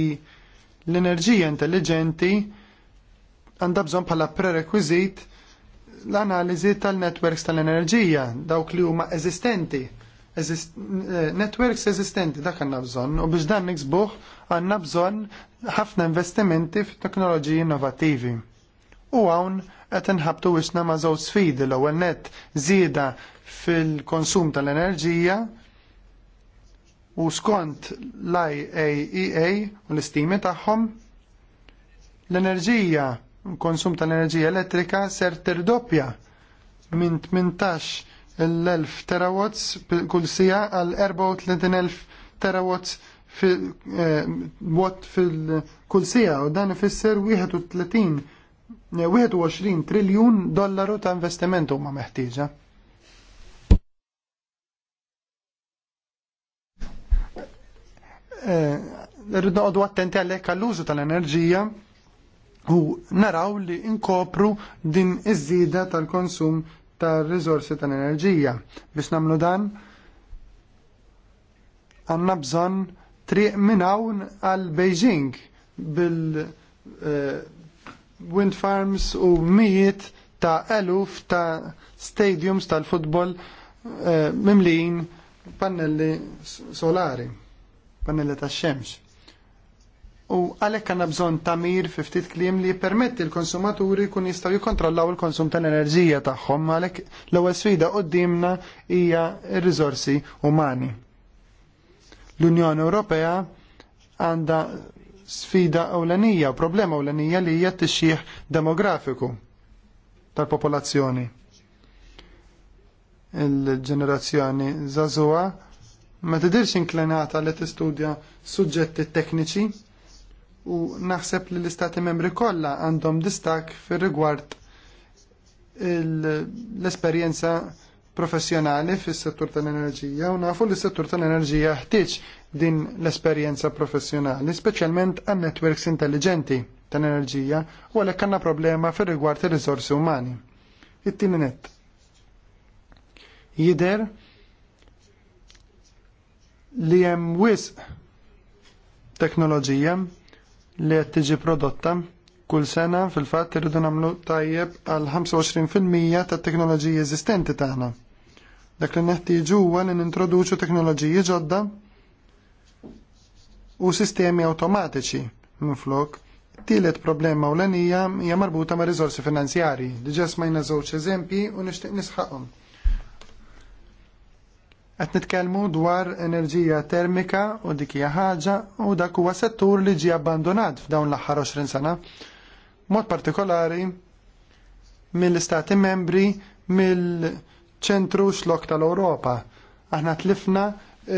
l-enerġija intelligenti għandha bżonn bħala prerequisit l-analiżi tal-networks tal-enerġija dawk li huma eżistenti Eh, networks eżistenti dak għanna bżon u biex dan niksbuh għanna bżon ħafna investimenti f teknoloġiji innovattivi. U hawn qed inħabtu wisna ma' żewġ sfidi l-ewwel net żieda fil-konsum tal-enerġija u skont l-IAEA e u l-istimi tagħhom l-enerġija, konsum tal-enerġija elettrika ser tirdoppja minn 18 l-1000 terawatts kull sija għal 34,000 terawatts eh, watt fil-kull sija u dan ifisser 31 21 eh, triljun dollaru ta' investimentu huma meħtieġa. Eh, rridu għadu attenti għalhekk għall-użu tal-enerġija u naraw li inkopru din iż-żieda tal-konsum ta' rizorsi tal-enerġija. Biex namlu dan, għanna bżon triq minnawn għal Beijing bil-wind eh, farms u mijiet ta' eluf ta' stadiums tal-futbol eh, mimlijin pannelli solari, pannelli ta' xemx u għalhekk għandna bżonn ta' mir fi ftit kliem li jippermetti l-konsumaturi jkun jistgħu jikkontrollaw il-konsum tal-enerġija tagħhom għalhekk l-ewwel sfida qudiemna hija r-riżorsi umani. L-Unjoni Ewropea għandha sfida ewlenija u problema ewlenija li hija tixjih demografiku tal-popolazzjoni. Il-ġenerazzjoni żagħżugħa ma tidirx inklenata li tistudja suġġetti tekniċi u naħseb li l-istati membri kollha għandhom distak fir rigward l-esperjenza professjonali fis settur tal-enerġija u nafu li s-settur tal-enerġija ħtieġ din l-esperjenza professjonali, speċjalment għan networks intelligenti tal-enerġija u għalhekk għandna problema fir rigward ir-riżorsi umani. It-tieni net. Jider li hemm wisq teknoloġija li qed tiġi prodotta kull sena fil-fatt irridu nagħmlu tajjeb għal 25% tat-teknoloġiji eżistenti tagħna. Dak li neħtieġu huwa li nintroduċu teknoloġiji ġodda u sistemi awtomatiċi minflok. Tielet problema u l hija marbuta ma' riżorsi finanzjarji. Diġa smajna żewġ eżempji u nixtieq nisħaqhom. Qed nitkellmu dwar enerġija termika u dik hija ħaġa u dak huwa settur li ġie abbandonat f'dawn l-aħħar 20 sena. Mod partikolari mill-istati membri mill-ċentru xlok tal-Ewropa. Aħna tlifna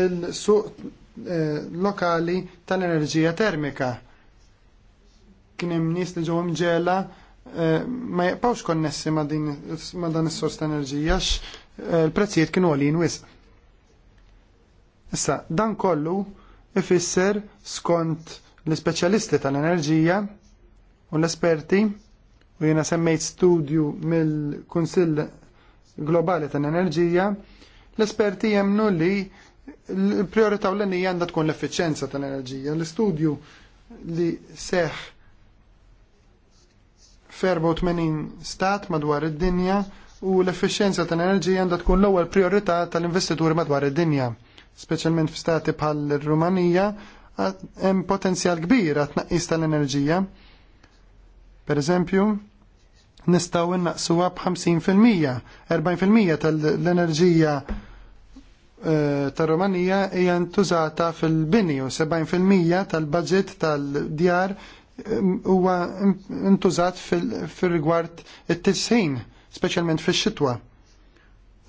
il-suq eh, lokali tal-enerġija termika. Kien hemm nies li ġew imġela eh, ma jaqpawx konnessi ma' dan is-sors ta' enerġija għax eh, l-prezzijiet kienu għalin wisq. Issa, dan kollu ifisser skont l-speċjalisti tal-enerġija u l-esperti u jena semmejt studju mill-Kunsill Globali tal-Enerġija, l-esperti jemnu li l-priorità u l enija għandha tkun l-effiċenza tal-enerġija. l istudju li seħ 84 stat madwar id-dinja u l-effiċenza tal-enerġija għandha tkun l-ewwel priorità tal-investituri madwar id-dinja speċjalment f'stati bħal rumanija hemm potenzjal kbir għat naqqis tal-enerġija. Per eżempju, nistgħu innaqsuha b'50%, 40% tal-enerġija eh, tar-Rumanija hija ntużata fil-bini u 70% tal-budget tal-djar eh, huwa ntużat fil-rigward it-tisħin, speċjalment fix-xitwa.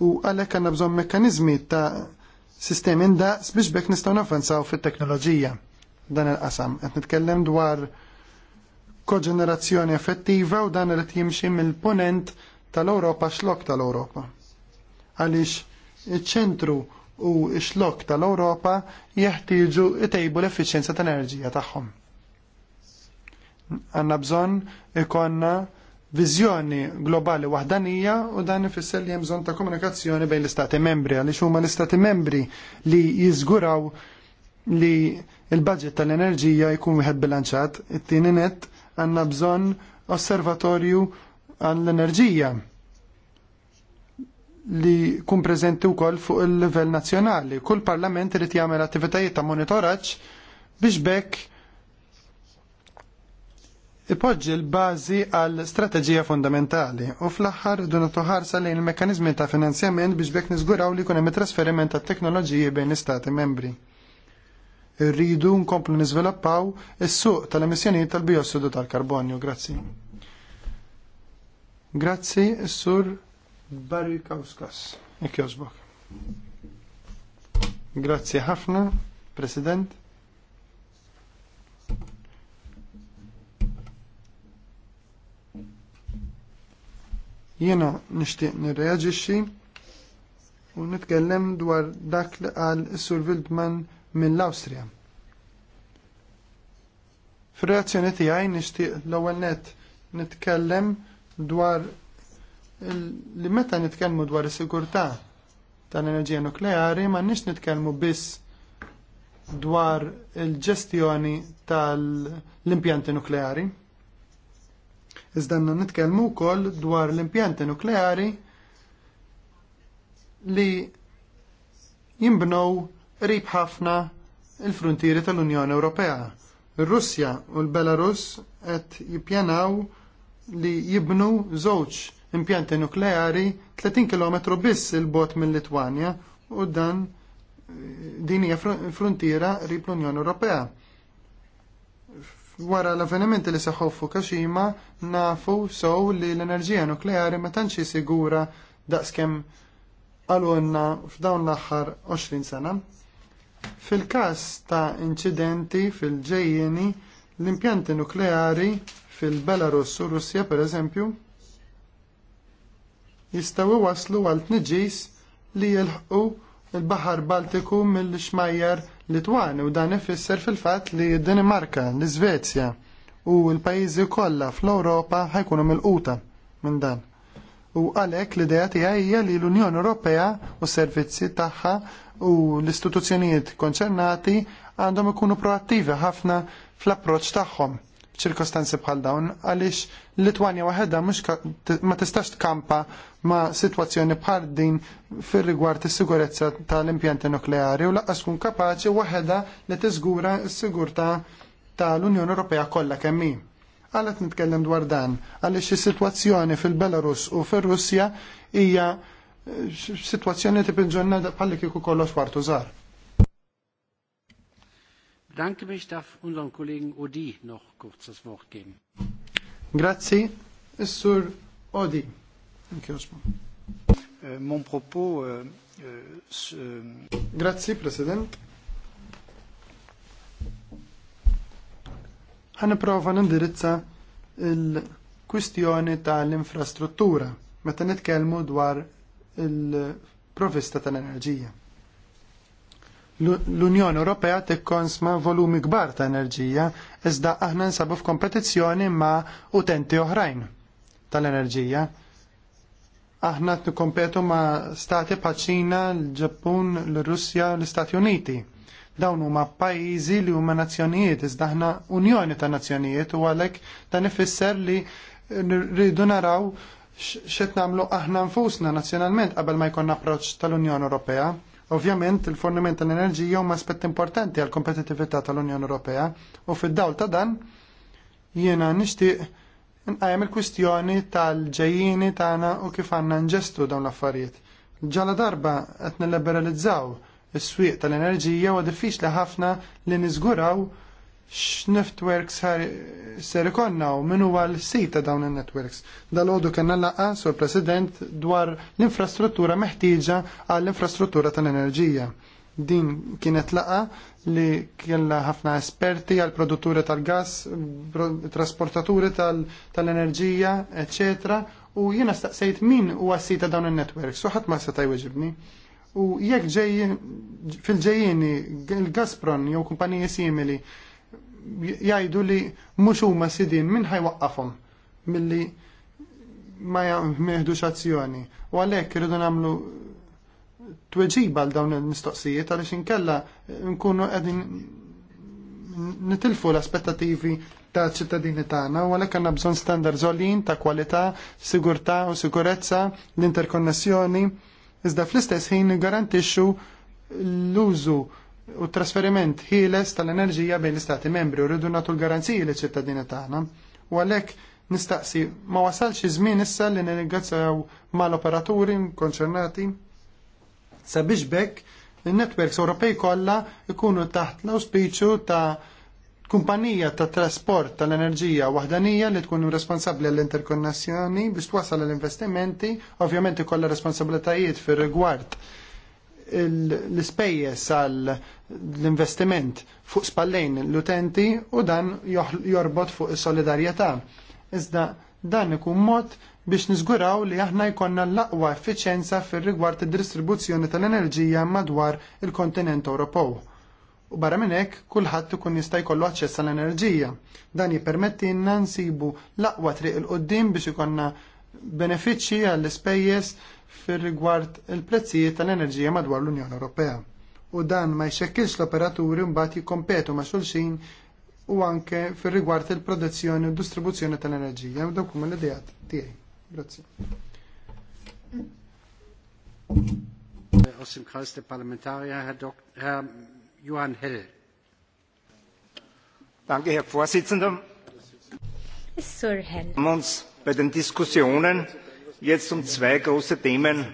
U għalhekk għandna bżonn mekkaniżmi ta' sistemi indaqs biex bekk nistgħu nafansaw fit-teknoloġija. Dan il-qasam qed nitkellem dwar koġenerazzjoni effettiva u dan irid jimxi mill-punent tal-Ewropa xlok tal-Ewropa. Għaliex iċ-ċentru u xlok tal-Ewropa it-tejbu l-effiċjenza tal-enerġija tagħhom. Għanna bżonn ikonna viżjoni globali waħdanija u dan ifisser li hemm bżonn ta' komunikazzjoni bejn l-istati membri għaliex huma l-istati membri li jiżguraw li il-budget tal-enerġija jkun wieħed bilanċat, it-tieni nett għandna bżonn osservatorju għall-enerġija li kun prezenti wkoll fuq il-livell nazzjonali. Kull parlament irid jagħmel attivitajiet ta' monitoraġġ biex bekk ipoġġi l-bażi għal strateġija fundamentali u fl-aħħar donatu ħarsa lejn il-mekkaniżmi ta' finanzjament biex bekk niżguraw li jkun hemm trasferiment ta' teknoloġiji bejn l-istati membri. Irridu nkomplu niżvilappaw is-suq tal-emissjonijiet tal-biossidu tal-karbonju. Grazzi. Grazzi, sur Barry Kauskas. Ek Grazzi ħafna, President. Jiena nixtieq nirreaġixxi u nitkellem dwar dak li qal sur Wildman mill-Awstrija. Fir-reazzjoni tiegħi nixtieq l-ewwel nett nitkellem dwar li meta nitkellmu dwar is-sigurtà tal-enerġija nukleari ma nix nitkellmu biss dwar il-ġestjoni tal-impjanti nukleari. Iżda nitkellmu wkoll dwar l-impjanti nukleari li jimbnow qrib ħafna il-frontieri tal-Unjoni Ewropea. Ir-Russja u l-Belarus qed jippjanaw li jibnu żewġ impjanti nukleari 30 km biss il-bot mill-Litwanja u dan eh, din hija frontiera qrib l-Unjoni Ewropea. Wara l-avvenimenti li seħħu Fukushima nafu sow li l-enerġija nukleari ma tantx sigura daqskemm għalunna f'dawn l-aħħar 20 sena. Fil-każ ta' inċidenti fil-ġejjeni l-impjanti nukleari fil-Belarus u Russja pereżempju jistgħu waslu għal tniġis li jilħqu il-Baħar Baltiku mill-Xmajjar Litwani u dan ifisser fil-fatt li d-Danimarka, l-Iżvezja u l-pajjiżi kollha fl-Ewropa ħajkunu mill-quta minn dan. U għalhekk l-idea tiegħi hija li l-Unjoni Ewropea u s-servizzi tagħha u l-istituzzjonijiet konċernati għandhom ikunu proattivi ħafna fl-approċċ tagħhom ċirkostanzi bħal dawn għaliex Litwanja waħedha mhux ma tistax tkampa ma' sitwazzjoni bħal din fir-rigward is-sigurezza tal-impjanti nukleari u laqqas tkun kapaċi waħedha li tiżgura s-sigurtà tal-Unjoni Ewropea kollha kemm hi. Għalet nitkellem dwar dan, għaliex is-sitwazzjoni fil-Belarus u fir-Russja hija sitwazzjoni tipinġonna bħal kieku kollox wartu żgħar bedanke mich, darf unserem Kollegen Odi noch kurz das Wort geben. Grazie. Sur Odi. Eh, mon propos... Uh, uh, Grazie, President. Ħaniprofa nindirizza il-kwistjoni tal-infrastruttura meta nitkellmu dwar il-provista tal-enerġija. L-Unjoni Ewropea tikkonsma volumi kbar ta' enerġija iżda aħna nsabu f'kompetizzjoni ma' utenti oħrajn tal-enerġija. Aħna nikkompetu ma' stati paċina, l-Ġappun, l-Russja, l-Istati Uniti. Dawn huma pajjiżi li huma nazzjonijiet iżda aħna Unjoni ta' Nazzjonijiet u għalhekk dan ifisser li rridu naraw x'qed nagħmlu aħna nfusna nazzjonalment qabel ma jkollna approċċ tal-Unjoni Ewropea Ovvjament, il-forniment tal-enerġija huma aspett importanti għal kompetitività tal-Unjoni Ewropea u fid-dawl ta' dan jiena nixtieq nqajjem il-kwistjoni tal-ġejjini tagħna u kif għandna nġestu dawn l-affarijiet. Ġala darba qed nilliberalizzaw is-swieq tal-enerġija u diffiċli ħafna li niżguraw x-networks ser ikonna u minn huwa l sita dawn il-networks. Dal-għodu kena laqqa, sur President dwar l-infrastruttura meħtieġa għall-infrastruttura tal-enerġija. Din kienet laqqa li kella ħafna esperti għal produtturi tal-gas, trasportaturi tal-enerġija, etc. U jiena staqsejt min huwa s dawn il-networks. U ħatma ma seta' jweġibni. U jekk ġej fil-ġejjeni il-Gazprom jew kumpaniji simili jgħidu li mhux huma sidin min mill milli ma jmeħdux azzjoni. U għalhekk irridu nagħmlu tweġiba għal dawn il-mistoqsijiet għaliex inkella nkunu qegħdin nitilfu l-aspettativi ta' ċittadini tagħna u għalhekk għandna bżonn standard żolin ta' kwalità, sigurtà u sikurezza, l-interkonnessjoni. Iżda fl-istess ħin garantixxu l-użu u trasferiment ħieles tal-enerġija bejn l-istati membri u rridu nagħtu l-garanziji li ċittadini tagħna. U għalhekk nistaqsi ma wasalx iż-żmien issa li nirringrazzjaw mal-operaturi konċernati sabiex bekk il-networks Ewropej kollha ikunu taħt l-auspiċu ta' kumpanija ta' trasport tal-enerġija waħdanija li tkun responsabbli għall-interkonnessjoni biex twasal l-investimenti, ovvjament ikollha responsabilitajiet fir rigward l-ispejjeż għal l-investiment fuq spallejn l-utenti u dan jorbot fuq is-solidarjetà. Iżda dan ikun mod biex niżguraw li aħna jkollna l-aqwa effiċjenza fir-rigward id-distribuzzjoni tal-enerġija madwar il-kontinent Ewropew. U barra minn hekk kulħadd ikun jista' jkollu aċċess għall enerġija Dan jippermettilna nsibu l-aqwa triq il-qoddim biex ikollna benefiċċji għall-ispejjeż fir rigward il-prezzijiet tal-enerġija madwar l-Unjoni Ewropea. U dan ma jxekkilx l-operaturi mbagħad jikkompetu ma' xulxin u anke fir rigward il-produzzjoni u distribuzzjoni tal-enerġija. Dawk huma l-idejat tiegħi. Grazzi. Aus dem Kreis der Parlamentarier, Herr, Dok Herr Johann Hell. Danke, Herr Vorsitzender. Is-Sur Hell. Mons, bei den Diskussionen jetzt um zwei große Themen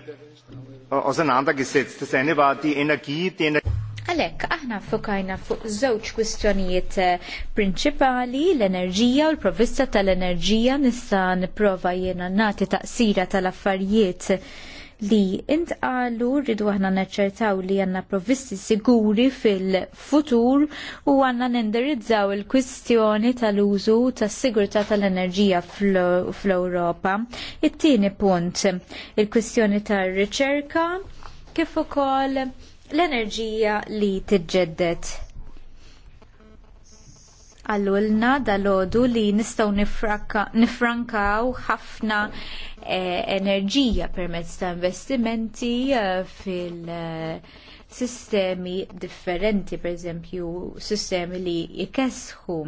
äh, auseinandergesetzt. Das eine war die Energie, die Energie Għalek, aħna fokajna fuq żewġ kwistjonijiet eh, prinċipali, l-enerġija u l-provista tal-enerġija nista' nipprova jiena nagħti taqsira tal-affarijiet li intqalu rridu aħna naċċertaw li għanna provvisti siguri fil-futur u għanna nindirizzaw il-kwistjoni tal-użu tas-sigurtà tal-enerġija fl-Ewropa. It-tieni punt, il-kwistjoni tar-riċerka kif ukoll l-enerġija li tiġġedded għallulna dal-ħodu li nistaw nifrankaw ħafna eh, enerġija permezz ta' investimenti eh, fil- sistemi differenti, per eżempju, sistemi li jikesħu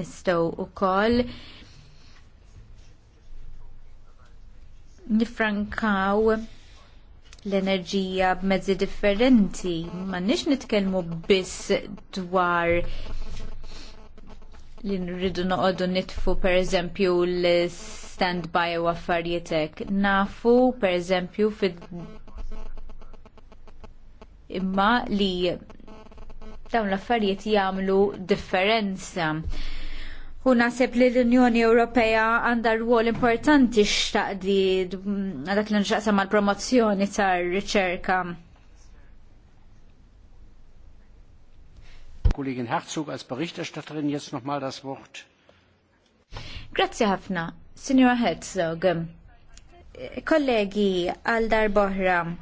nistaw u koll nifrankaw l-enerġija b'mezzi differenti. Ma nix nitkelmu biss dwar li nridu noqogħdu nitfu pereżempju l-standby u affarietek. Nafu pereżempju fid imma li dawn l-affarijiet jagħmlu differenza. U naħseb li l-Unjoni Ewropea għandha rwol importanti x'taqdi dak li nxaqsam mal-promozzjoni tar-riċerka Kollegin Herzog als Berichterstatterin jetzt nochmal das Wort. Grazie Hafna, Signora Herzog. Kollegi, Aldar Bohram.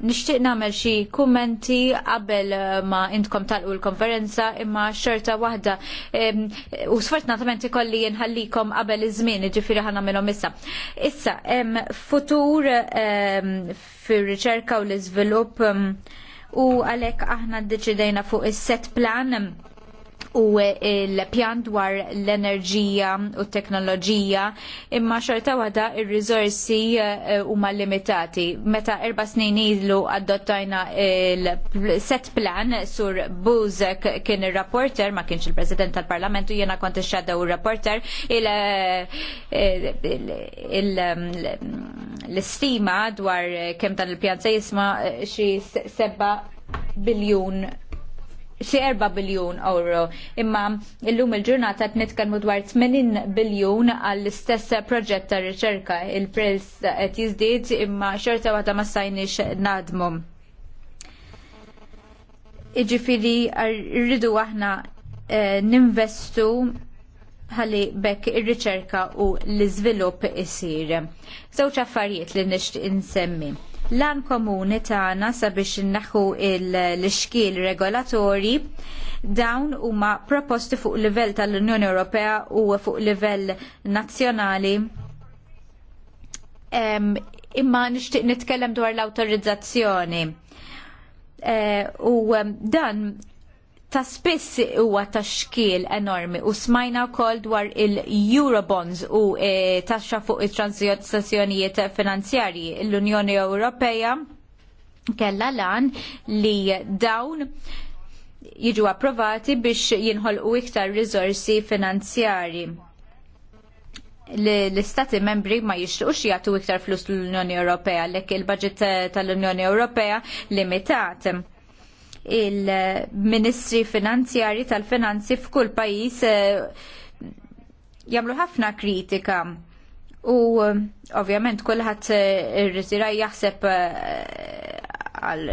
Nixtieq nagħmel xi kummenti qabel eh, ma intkom talqu l-konferenza imma xorta waħda u sfortunatament ikolli nħallikom qabel iż-żmien, jiġifieri ħa nagħmelhom issa. Issa hemm futur fir-riċerka u l-iżvilupp u għalhekk aħna ddeċidejna fuq is-set plan u il-pjan dwar l-enerġija u t teknoloġija imma xorta waħda ir u eh, huma limitati. Meta erba' snin idlu adottajna il-set plan sur Buzek kien ir-rapporter ma kienx il-President tal-Parlament u jiena kont ix u rapporter l-istima dwar kemm dan il-pjan se jisma xi seba' biljun xi 4 biljun euro. Imma illum il-ġurnata qed nitkellmu dwar 80 biljun għall-istess proġett ta' riċerka. Il-prezz qed jiżdied imma xorta waħda ma stajniex nadmu. Iġifiri rridu aħna eh, ninvestu ħalli bekk ir-riċerka u l-iżvilupp isir. Żewġ affarijiet li nixtieq insemmi lan komuni tagħna sabiex inneħħu l-xkiel regolatorji dawn huma proposti fuq livell tal-Unjoni Ewropea u fuq livell nazzjonali. imma nixtieq nitkellem dwar l-awtorizzazzjoni. Eh, u dan ta' spiss huwa ta' xkiel enormi u smajna wkoll dwar il-Eurobonds u e, taxxa fuq it-transazzjonijiet finanzjarji l-Unjoni Ewropea kella lan li dawn jiġu approvati biex jinħolqu iktar riżorsi finanzjarji l-istati membri ma jixtuqx jagħtu iktar flus l-Unjoni Ewropea, l il-budget tal-Unjoni Ewropea limitat il-Ministri Finanzjari tal-Finanzi f'kull pajjiż eh, jagħmlu ħafna kritika. U eh, ovvjament kulħadd eh, irritira jaħseb għal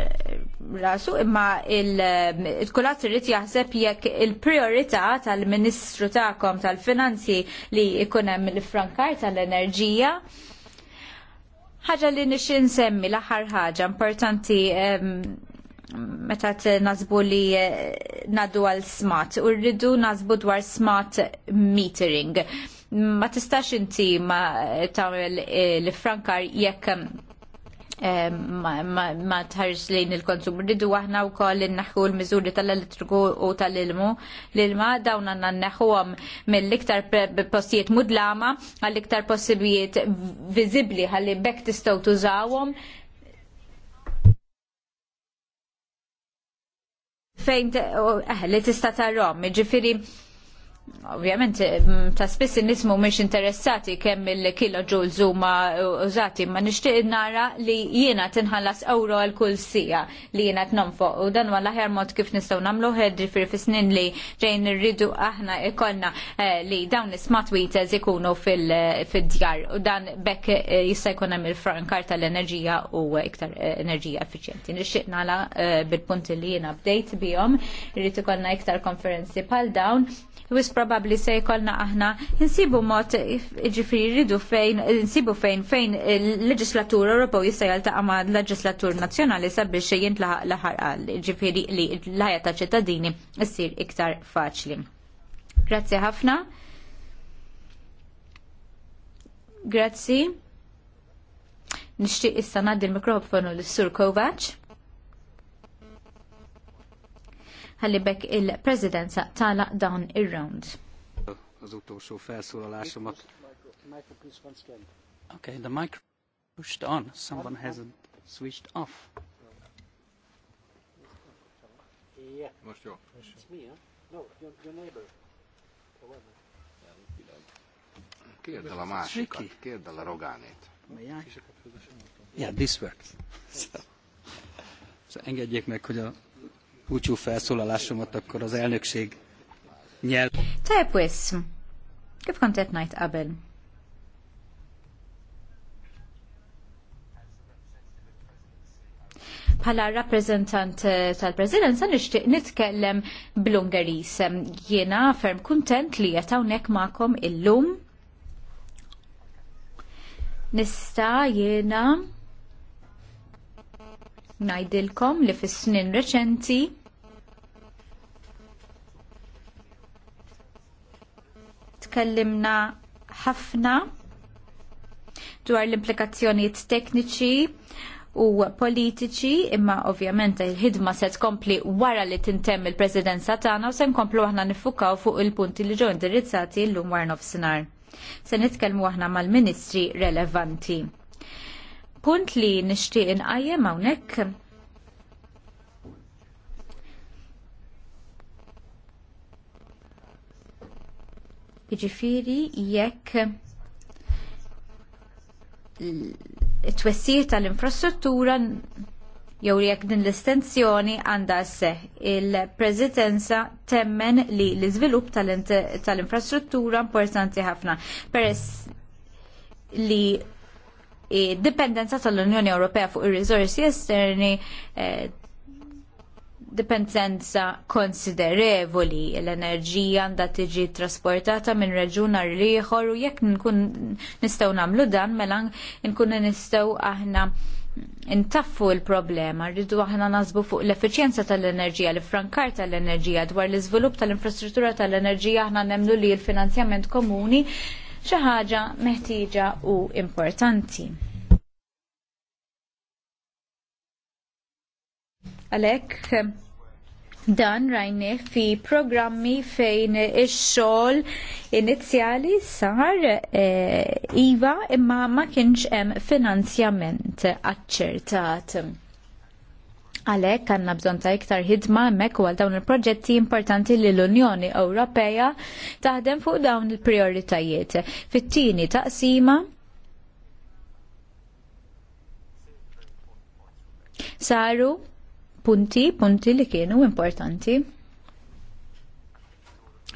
rasu imma il-kulat irrit jaħseb jekk il-priorità tal-Ministru tagħkom tal-Finanzi li jkun hemm il-frankar tal-enerġija ħaġa li nixin semmi l-aħħar ħaġa importanti meta nazbu li eh, nadu għal smart u rridu nazbu dwar smart metering. Ma tistax inti ma tagħmel eh, l-frankar jekk eh, ma tħarġ lejn il-konsum. Rridu aħna u koll naħħu l-mizuri tal-elettriku u tal-ilmu. L-ilma dawn għanna għam mill-iktar postijiet mudlama għall-iktar postijiet vizibli għalli bekk tistaw tużawhom fejn eh, li tista' tarahom, ġifiri Ovvjament, ta' spiss nismu mhux interessati kemm il-kilo ġul zuma użati, ma nixtieq nara li jiena tinħallas euro għal kull sija li jiena t-nomfo. U dan huwa l-aħjar mod kif nistgħu namlu ħedri fir fisnin li ġejn irridu aħna ikollna eh, li dawn is-smart meters ikunu fid-djar. U dan bekk eh, jista' jkun hemm il-frankar tal-enerġija u iktar eh, enerġija effiċjenti. Nixtieq nara bil-punti li jiena bdejt bihom, irrid ikollna iktar konferenzi bħal dawn wis probabbli se jkollna aħna insibu mod ġifiri rridu fejn, insibu fejn fejn il-leġislatur Ewropew jista' jaltaqa' ma' l-leġislatur nazzjonali sabiex jintlaħaq l-aħħar qal li l-ħajja ta' ċittadini ssir iktar faċli. Grazzi ħafna. Grazzi. Nixtieq issa ngħaddi l-mikrofonu lis sur Kovac. ħalli bekk il-Presidenza tala dawn ir-round. Okay, the micro pushed on. Someone hasn't switched off. Yeah. It's me, huh? No, your, your neighbor. Yeah, this works. so, so engedjék meg, hogy a búcsú felszólalásomat, akkor az elnökség nyelv. Tajb wis, kif kont qed ngħid qabel? Bħala rappreżentant eh, tal-Presidenza nixtieq nitkellem bl-Ungeris. Jiena ferm kuntent li nek hawnhekk il illum. Nista' jiena Ngħidilkom li fis-snin reċenti tkellimna ħafna dwar l-implikazzjonijiet tekniċi u politiċi imma ovvjament il-ħidma se tkompli wara li tintemm il-presidenza tagħna u se nkomplu aħna niffukaw fuq il-punti li ġew indirizzati llum wara nofsinhar. Se nitkellmu aħna mal-ministri relevanti. Kont li nixtieq inqajjem hawnhekk Jiġifieri jekk it-twessijiet tal-infrastruttura jew jekk din l-estensjoni għandha seħ. Il-Presidenza temmen li l-iżvilupp tal-infrastruttura importanti ħafna. Peress li dipendenza tal-Unjoni Ewropea fuq ir-riżorsi esterni eh, dipendenza konsiderevoli l-enerġija għandha tiġi trasportata minn reġun għar ieħor u jekk nkun nistgħu nagħmlu dan mela nkun nistgħu aħna intaffu l problema rridu aħna nasbu fuq l-effiċjenza tal-enerġija, l-frankar tal-enerġija, dwar l-iżvilupp tal-infrastruttura tal-enerġija aħna nemlu li l-finanzjament komuni xi ħaġa meħtieġa u importanti. Għalhekk dan rajni fi programmi fejn ix-xogħol inizjali sar eh, iva imma ma kienx hemm finanzjament aċċertat. Għalhekk għandna bżonn ta' iktar hidma hemmhekk u għal dawn il-proġetti importanti li l-Unjoni Ewropea taħdem fuq dawn il-prioritajiet. Fit-tieni taqsima saru punti, punti li kienu importanti.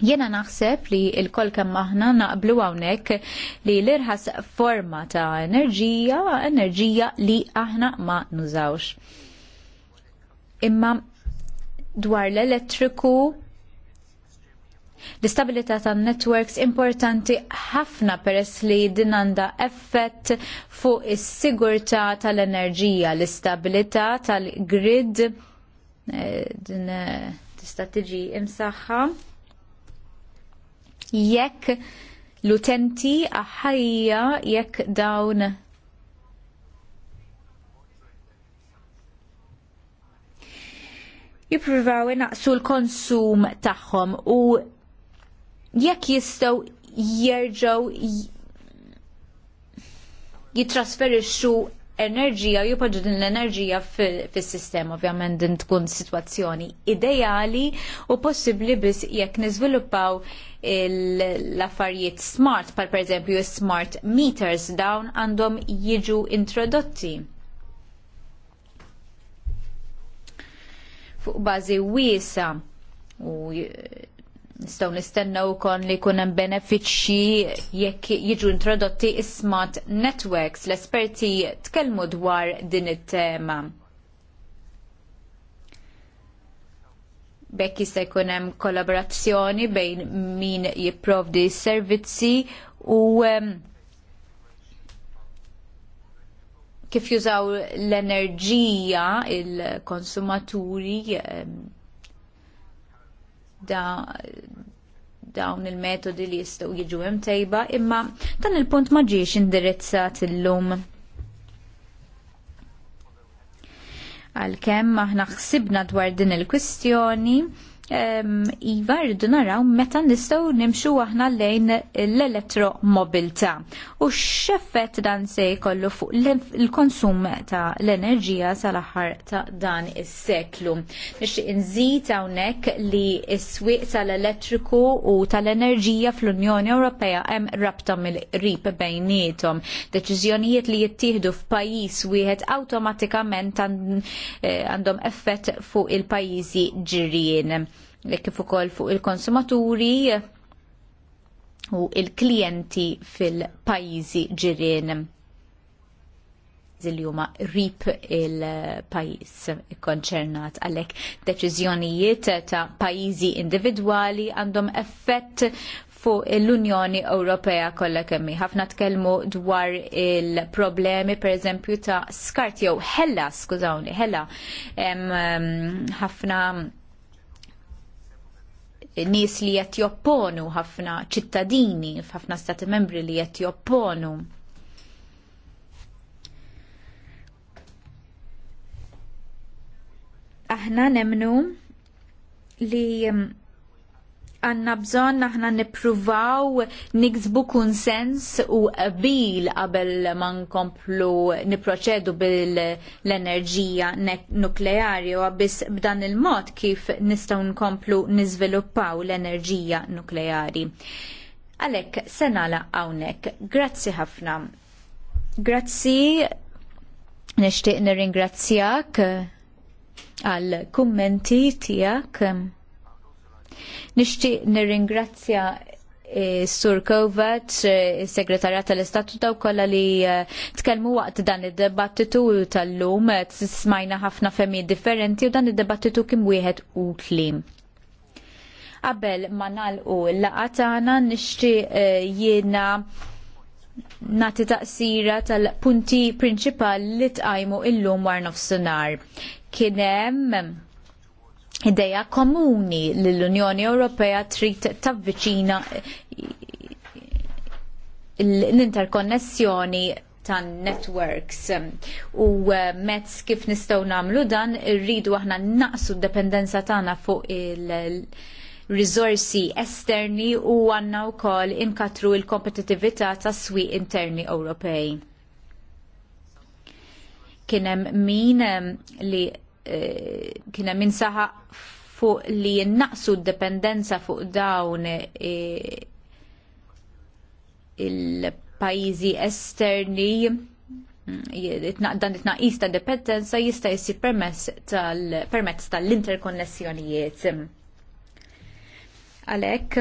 Jena naħseb li il-kol kemm aħna naqblu hawnhekk li l-irħas forma ta' enerġija, enerġija li aħna ma nużawx imma dwar l-elettriku L-istabilità tan networks importanti ħafna peress li din għandha effett fuq is-sigurtà tal-enerġija, l-istabilità tal-grid eh, din eh, tista' tiġi imsaħħa. Jekk l-utenti aħajja jekk dawn jippruvaw naqsu l-konsum tagħhom u jekk jistgħu jerġgħu jitrasferixxu enerġija jupadġu din l-enerġija fis-sistema ovvjament din tkun sitwazzjoni ideali u possibbli biss jekk niżviluppaw l-affarijiet smart pal pereżempju smart meters dawn għandhom jiġu introdotti. fuq bażi wiesa u nistgħu nistennaw kon li jkun hemm benefiċċji jekk jiġu introdotti smart networks l-esperti tkellmu dwar din it-tema. Bekk jista' jkun hemm kollaborazzjoni bejn min jipprovdi s servizzi u um, kif jużaw l-enerġija il-konsumaturi ehm, da dawn il-metodi li jistgħu jiġu hemm tejba, imma dan il-punt ma ġiex indirizzat illum. Għalkemm aħna ħsibna dwar din il-kwistjoni, iva rridu naraw meta nistgħu nimxu aħna lejn l-elettromobilità. U x'effett dan se jkollu fuq il-konsum ta' l-enerġija sal-aħħar ta' dan is-seklu. Nixtieq inżid hawnhekk li s-swieq tal-elettriku u tal-enerġija fl-Unjoni Ewropea hemm rabta mill-qrib bejniethom. Deċiżjonijiet li jittieħdu f'pajjiż wieħed awtomatikament eh, għandhom effett fuq il-pajjiżi ġirien kif ukoll fuq il-konsumaturi u il-klijenti fil-pajjiżi ġirien li huma rip il-pajjiż ikkonċernat għalhekk deċiżjonijiet ta' pajjiżi individwali għandhom effett fuq l-Unjoni Ewropea kollha kemm ħafna tkellmu dwar il-problemi pereżempju ta' skart jew ħella, skużawni, ħella ħafna um, nies li qed jopponu ħafna ċittadini f'ħafna stati membri li qed jopponu. Aħna nemnu li mm, għanna bżon naħna nipruvaw niksbu kunsens u qabil qabel ma nkomplu niproċedu bil-enerġija nukleari u għabis b'dan il-mod kif nistaw nkomplu nizviluppaw l-enerġija nukleari. Għalek, senala għawnek. Grazzi ħafna. Grazzi, nishtiq nirringrazzjak għal kummenti tijak. Nixtieq nirringrazzja eh, Sur Kovac, eh, segretarja tal-Istatu daw kolla li eh, tkellmu waqt dan id-debattitu tal-lum, smajna ħafna femi differenti u dan id-debattitu kim wieħed utli qabel ma nalqu l-laqa tagħna nixtieq jiena nagħti taqsira tal-punti prinċipali li tqajmu illum war nofsinhar. Kien hemm ideja komuni li l-Unjoni Ewropea trid tavviċina l-interkonnessjoni tan networks u eh, mezz kif nistgħu nagħmlu dan irridu aħna naqsu d-dependenza tagħna fuq il- risorsi esterni u għandna wkoll inkatru l kompetitività ta' swi interni Ewropej. Kien hemm min eh, li Eh, kienem minsaħa fuq li jinnaqsu d-dependenza fuq dawn eh, il-pajizi esterni mm, dan it-naqis ta' dependenza jista' jissi permezz tal-interkonnessjonijiet. Għalhekk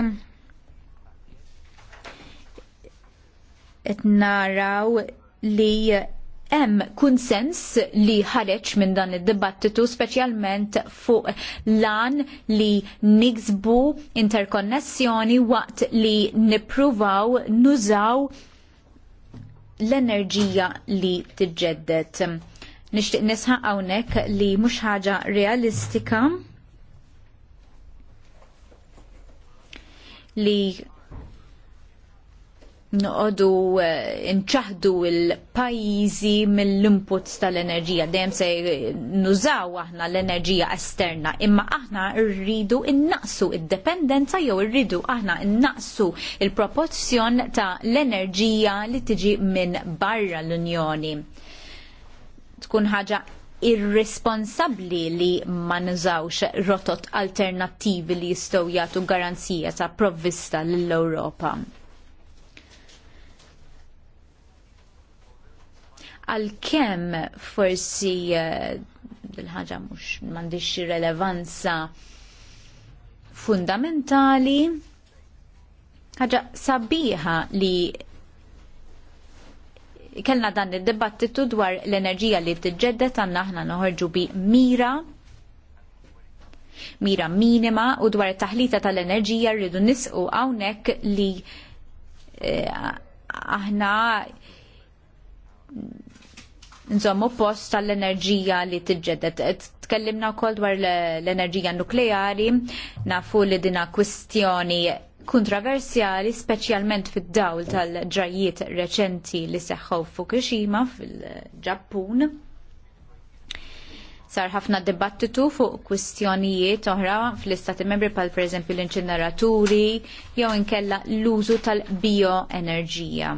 qed naraw li hemm kunsens li ħareġ minn dan id-dibattitu speċjalment fuq lan li niksbu interkonnessjoni waqt li nippruvaw nużaw l-enerġija li tiġġedded. Nixtieq nisħaq hawnhekk li mhux ħaġa realistika li noqodu eh, nċaħdu il-pajizi mill-inputs tal-enerġija. Dejjem se nużaw aħna l-enerġija esterna, imma aħna rridu innaqsu id-dependenza jew rridu aħna innaqsu il-proporzjon ta' l-enerġija li tiġi minn barra l-Unjoni. Tkun ħaġa irresponsabbli li ma nużawx rotot alternattivi li jistgħu jagħtu garanzija ta' provvista lill-Ewropa. għalkemm forsi bil-ħagġa eh, mhux m'għandix rilevanza fundamentali ħaġa sabiħa li kellna dan id-dibattitu dwar l-enerġija li t-ġeddet għandna aħna noħorġu bi mira mira minima u dwar it-taħlita tal-enerġija rridu nisqu hawnhekk li eh, aħna nżommu post tal-enerġija li tġedet. Tkellimna wkoll dwar l-enerġija nukleari, nafu li dina kwistjoni kontroversjali speċjalment fid-dawl tal-ġrajiet reċenti li seħħu Fukushima fil-Ġappun. Sar ħafna dibattitu fuq kwistjonijiet oħra fl-istati membri pal per l-inċineraturi jew inkella l-użu tal-bioenerġija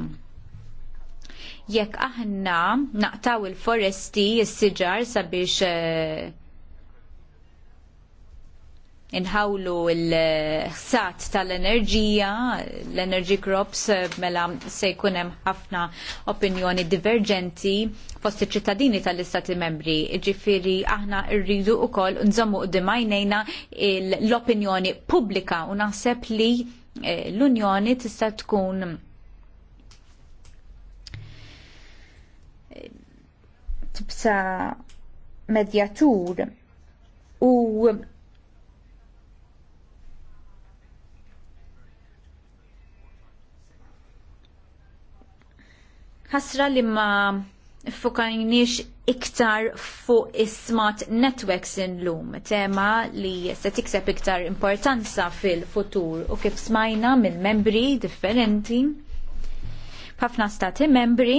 jekk aħna naqtaw il-foresti, is-siġar sabiex eh, inħawlu l-ħsat tal-enerġija, l-energy crops, eh, mela se jkun hemm ħafna opinjoni diverġenti fost iċ-ċittadini tal-istati membri. Ġifiri, aħna rridu wkoll nżommu d-dimajnejna l-opinjoni pubblika u naħseb li eh, l-Unjoni tista' tkun tibsa medjatur u ħasra li ma fukajniex iktar fuq is-smart networks lum, tema li se tikseb iktar importanza fil-futur u kif smajna minn membri differenti. Ħafna stati membri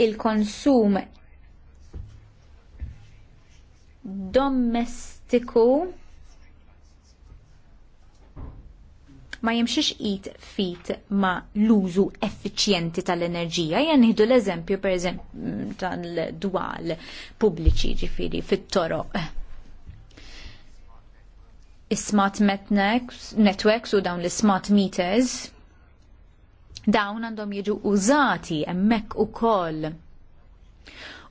il-konsum domestiku ma jimxiex eat fit ma l-użu effiċjenti tal-enerġija. Jan nieħdu l-eżempju per tal-dwal pubbliċi ġifiri fit-toroq. Is-smart networks u dawn l-smart meters dawn għandhom jiġu użati hemmhekk ukoll.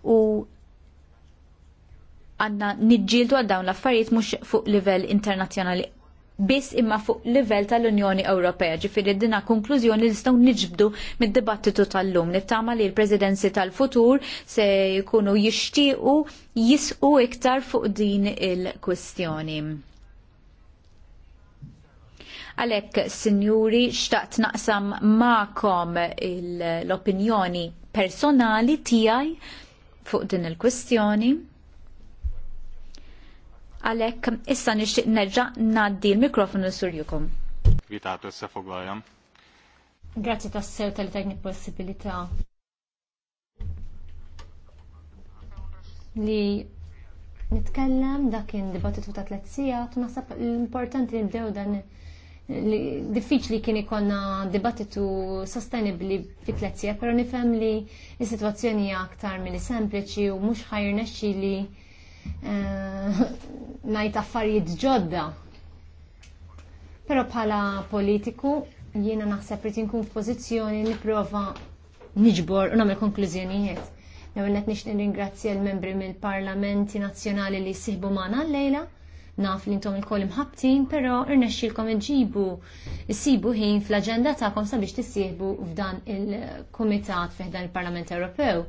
U għandna niġġieldu għal dawn l-affarijiet mhux fuq livell internazzjonali biss imma fuq livell tal-Unjoni Ewropea. Ġifieri dina konklużjoni li nistgħu niġbdu mid-dibattitu tal-lum. Niftama li l-Presidenzi tal-futur se jkunu jixtiequ jisqu iktar fuq din il-kwistjoni għalek sinjuri, xtaqt naqsam ma'kom l-opinjoni personali tiegħi fuq din il kwestjoni Għalhekk, issa nixtieq nerġa' ngħaddi l-mikrofonu surjukom. Vitatu s-sefoglajem. Grazzi tas-sew tal possibilità li nitkellem dakin dibattitu ta' tliet sigħat u naħseb l-importanti li nibdew dan diffiċli kien ikonna dibattitu sostenibli fi tletzija pero nifhem li s-sitwazzjoni hija aktar milli sempliċi u mhux ħajrnexxi li uh, ngħid affarijiet ġodda. Pero bħala politiku jiena naħseb li nkun f'pożizzjoni li prova niġbor u nagħmel konklużjonijiet. Nawel qed nixtieq ringrazzja l-membri mill-Parlamenti Nazzjonali li jsieħbu magħna l-lejla naf li ntom il-koll imħabtin, pero irnexxilkom iġibu sibu ħin fl-aġenda tagħkom sabiex tissieħbu f'dan il-Kumitat fih dan il-Parlament Ewropew.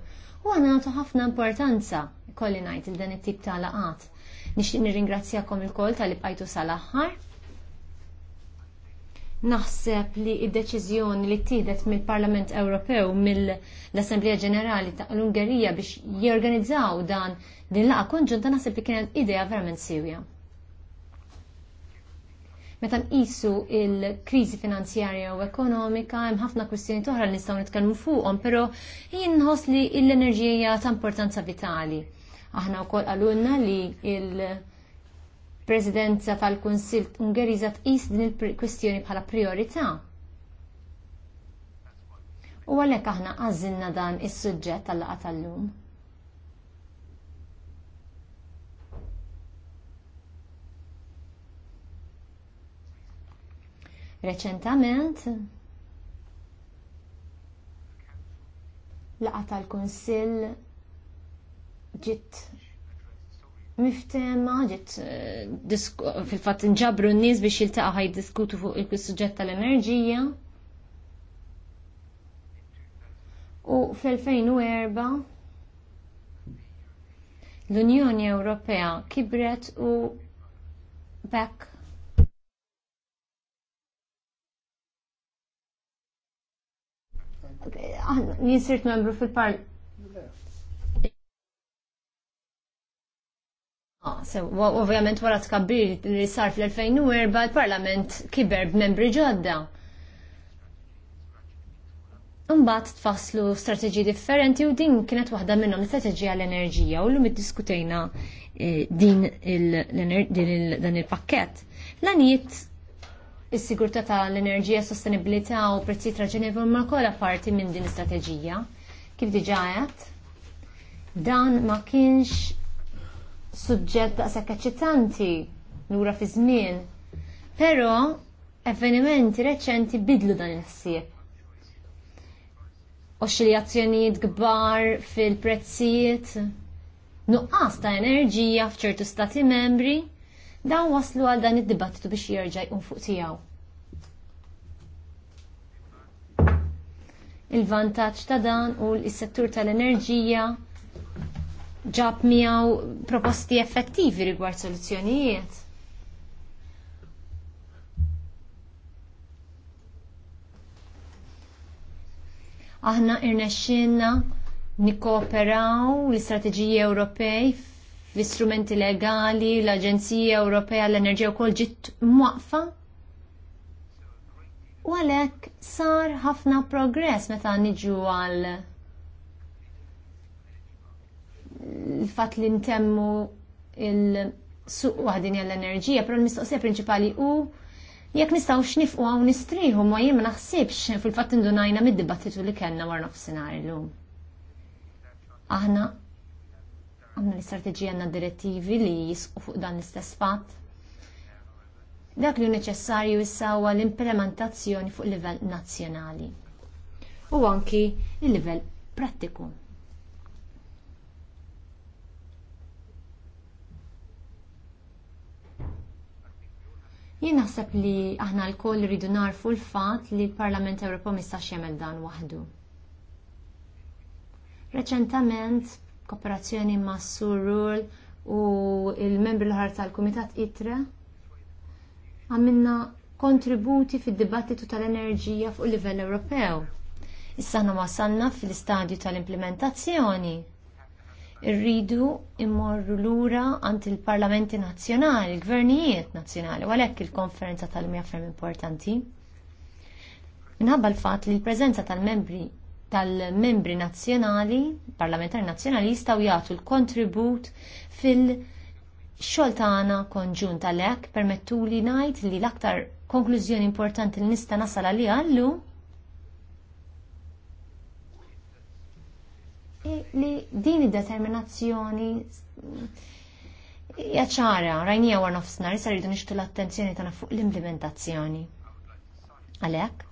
U għana għatu ħafna importanza kolli ngħid il dan it-tip ta' laqat. Nixtieq nirringrazzjakom il-koll tal-li bqajtu sal-aħħar naħseb li id-deċiżjoni li tiedet mill-Parlament Ewropew mill-Assemblea Ġenerali ta' l-Ungerija biex jorganizzaw dan din laqa konġunta naħseb li kienet idea verament sewja. Meta nqisu il-kriżi finanzjarja u ekonomika hemm ħafna kwistjoni oħra li nistgħu nitkellmu fuqhom, però jien nħossli li l-enerġija ta' importanza vitali. Aħna wkoll għalunna li il- Presidenza tal-Kunsill Ungeriża tqis din il-kwistjoni bħala priorità. U għalhekk aħna għażilna dan is-suġġett tal-laqgħa tal-lum. Reċentament laqa tal-Kunsill ġiet miftema ġiet eh, fil-fatt nġabru n-nies biex jiltaqa' jiddiskutu fuq il-suġġett tal-enerġija. U fl-2004 l-Unjoni Ewropea kibret u bekk jinsirt membru fil-parl. Ah, ovvjament wara tkabbir li sar fl-2004 il-Parlament kiber b'membri ġodda. Mbagħad tfasslu strateġiji differenti u din kienet waħda minnhom l-istrateġija l-enerġija u llum iddiskutejna eh, din dan il-pakkett. L-għaniet is-sigurtà tal-enerġija, sostenibilità u prezzijiet raġonevoli ma kollha parti minn din l-istrateġija. Kif diġà għedt? Dan ma kienx suġġett daqshekk eċitanti lura fi żmien, però avvenimenti reċenti bidlu dan il-ħsieb. Oxxiljazzjonijiet kbar fil-prezzijiet, nuqqas ta' enerġija f'ċertu stati membri, dawn waslu għal dan id-dibattitu biex jirġaj jkun fuq tiegħu. Il-vantaġġ ta' dan u l-settur tal-enerġija ġab miegħu proposti effettivi rigward soluzzjonijiet. Aħna irnexxinna nikkooperaw l-istrateġiji Ewropej l-istrumenti legali, l-Aġenzija Ewropea l-Enerġija wkoll ġiet mwaqfa u għalhekk sar ħafna progress meta niġu għal l-fat li ntemmu il-suq għadin għall-enerġija, pero l-mistoqsija prinċipali u jekk nistgħu x'nifqu hawn nistrieħu ma jien ma naħsibx fil-fatt indunajna mid-dibattitu li kellna war nofsinhar illum. Aħna għamna l-istrateġija għanna direttivi li jisqu fuq dan l-istess fatt. Dak li neċessarju jissawa l-implementazzjoni fuq livell nazzjonali u anki l livell prattiku. Jien naħseb li aħna l-koll rridu narfu l-fat li l-Parlament Ewropew mistax jagħmel dan waħdu. Reċentament kooperazzjoni ma' Surul u il-membri l-ħar tal-Kumitat ITRE. Għamilna kontributi fid-dibattitu tal-enerġija fuq livell Ewropew. Issa ma wasanna fil-istadju tal-implementazzjoni. Irridu immorru lura għand il-parlamenti nazzjonali, il-gvernijiet nazzjonali, għalhekk il-konferenza tal-mija ferm importanti. Minħabba l-fatt li l-preżenza tal-membri tal-membri nazzjonali, parlamentari nazzjonali jistgħu jagħtu l-kontribut fil- xoltana konġun tal-ek permettu li najt li l-aktar konklużjoni importanti li nista nasal li għallu li din id-determinazzjoni jaċara, rajnija war nofsna, jisar jidu nixtu l-attenzjoni tana fuq l-implementazzjoni. Għalek,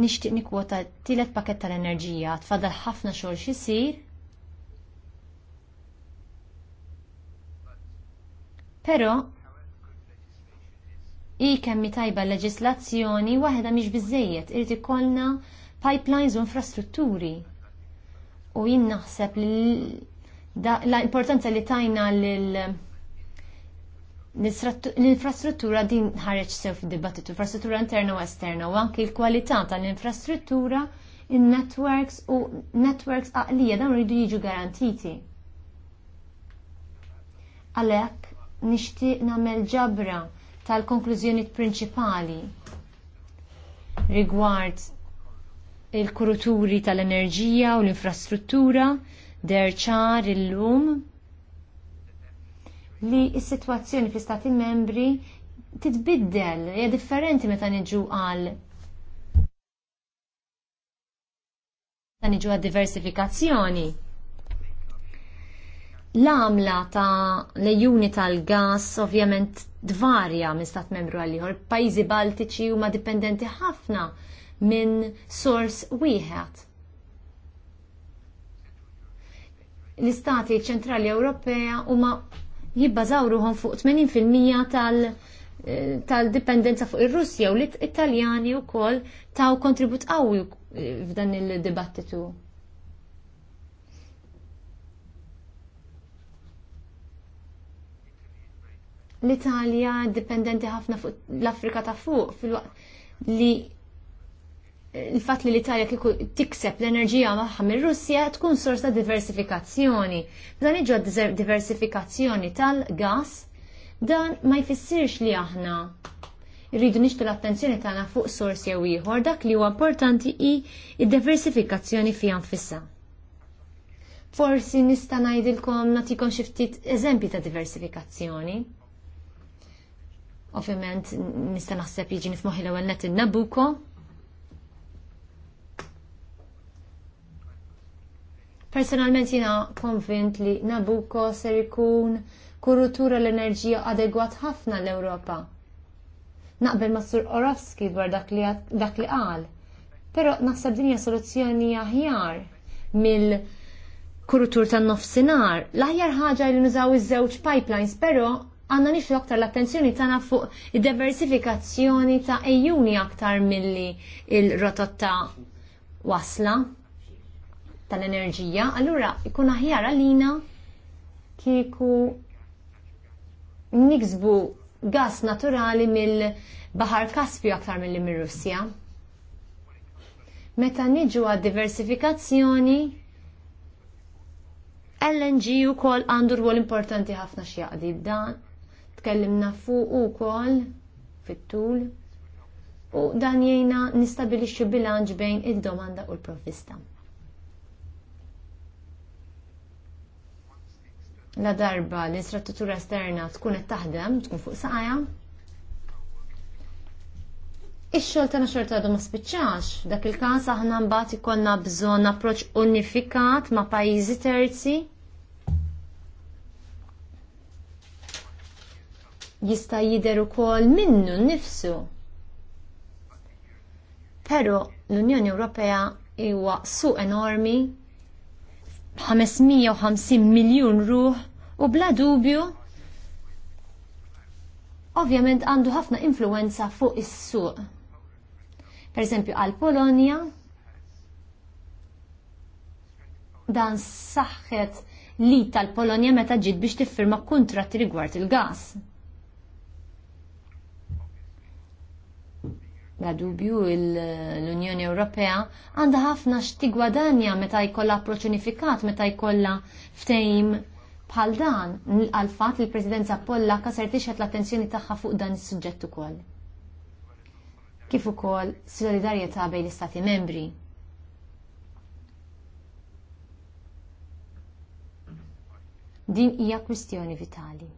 nixtieq nikwota tilet pakett tal-enerġija tfadal ħafna xogħol xisir. Però i kemmi tajba leġislazzjoni waħda mhix bizzejiet, irid ikollna pipelines u infrastrutturi. U jien naħseb l-importanza li tajna lil l-infrastruttura din ħareġ sew fid-dibattitu, infrastruttura interna u esterna, u anki l-kwalità tal-infrastruttura, il networks u networks għaqlija dawn rridu jiġu garantiti. Għalhekk nixtieq nagħmel ġabra tal-konklużjoni prinċipali rigward il-kuruturi tal-enerġija u l-infrastruttura derċar il-lum li s-sitwazzjoni fi stati membri titbiddel, hija differenti meta niġu għal niġu għal diversifikazzjoni. L-għamla ta' lejuni tal-gas ovvjament dvarja minn stat membru għal ieħor. Pajjiżi Baltiċi huma dipendenti ħafna minn sors wieħed. L-istati ċentrali Ewropea huma jibbażaw ruħom fuq 80% tal- eh, tal-dipendenza fuq ir-Russja u l-Italjani u kol taw kontribut qawwi eh, f'dan il-dibattitu. L-Italja dipendenti ħafna fuq l-Afrika ta' fuq fil-waqt li il-fat li l-Italja kiku tikseb l-enerġija magħha mir-Russja tkun sors ta' diversifikazzjoni. Dan iġo diversifikazzjoni tal-gas dan ma jfissirx li aħna rridu nixtu l-attenzjoni tagħna fuq sors jew ieħor dak li huwa importanti i diversifikazzjoni fiha nfissa. Forsi nista' ngħidilkom nagħtikom xi ftit eżempji ta' diversifikazzjoni. Ovvjament nista' naħseb jiġi nifmoħi l-ewwel net in-Nabucco, Personalment jina konvint li Nabucco ser ikun kurutura l-enerġija adegwat ħafna l-Ewropa. Naqbel ma' Sur Orowski dwar dak li qal. Pero naħseb dinja soluzzjoni aħjar mill kurutur tan nofsinar. L-aħjar ħaġa li nużaw iż-żewġ pipelines, pero għanna nixlu aktar l-attenzjoni tana fuq id-diversifikazzjoni ta' ejjuni aktar milli il-rotot ta' wasla tal-enerġija, allura ikun aħjar għalina kieku niksbu gas naturali mill-Bahar Kaspju aktar mill mir russja Meta niġu għad diversifikazzjoni, LNG u kol għandu rwol importanti ħafna xjaqdi b'dan, tkellimna fuq u kol fit-tul, u dan jena nistabilixxu bilanġ bejn id-domanda u l-provista. la darba l strattura esterna tkun qed taħdem, tkun fuq saqajja. Ix-xogħol tagħna xorta għadu ma spiċċax, dak il-każ aħna mbagħad ikollna bżonn approċċ unifikat ma' pajjiżi terzi. Jista' jidher ukoll minnu nnifsu. Però l-Unjoni Ewropea huwa suq enormi 550 miljun ruħ u bla dubju ovvjament għandu ħafna influenza fuq is-suq. Per esempio għal Polonja dan saħħet li tal-Polonja meta ġiet biex tiffirma kontratti rigward il-gas. Bla dubju l-Unjoni Ewropea għandha ħafna x'tigwadanja meta jkollha approċċ unifikat, meta jkollha ftejm bħal dan għal fatt li l-Presidenza Polla ser tixħet l-attenzjoni tagħha fuq dan is-suġġett ukoll. Kif ukoll solidarjetà bejn l-Istati membri. Din hija kwistjoni vitali.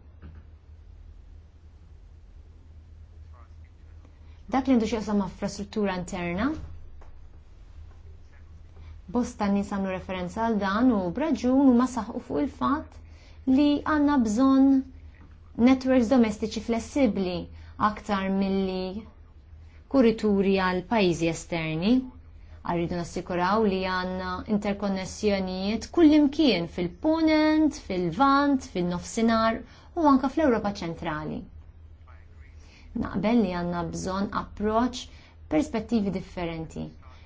Dak li ndux jaqsam infrastruttura interna, bosta nis għamlu referenza għal dan u braġun u u fuq il-fat li għanna bżon networks domestiċi flessibli aktar milli kurituri għal pajjiżi esterni. Għarridu nassikuraw li għanna interkonnessjonijiet kullimkien fil-ponent, fil-vant, fil-nofsinar u anka fl-Europa ċentrali naqbel li għandna bżonn approċċ perspettivi differenti.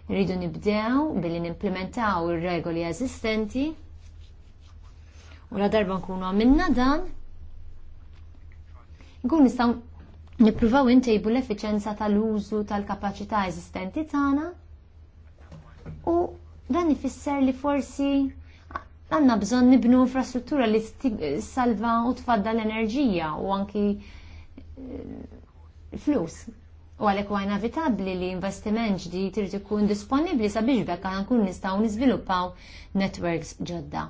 Rridu nibdew billi nimplementaw ir-regoli eżistenti u la darba nkunu għamilna dan nkun nistaw nippruvaw intejbu l-effiċenza tal-użu tal-kapaċità eżistenti tagħna u dan ifisser li forsi għanna bżon nibnu infrastruttura li salva u tfadda l-enerġija u anki eh, flus. U għalhekk huwa vitabli li investiment ġdid irid ikun disponibbli sabiex bekk għan nkun nistgħu niżviluppaw networks ġodda.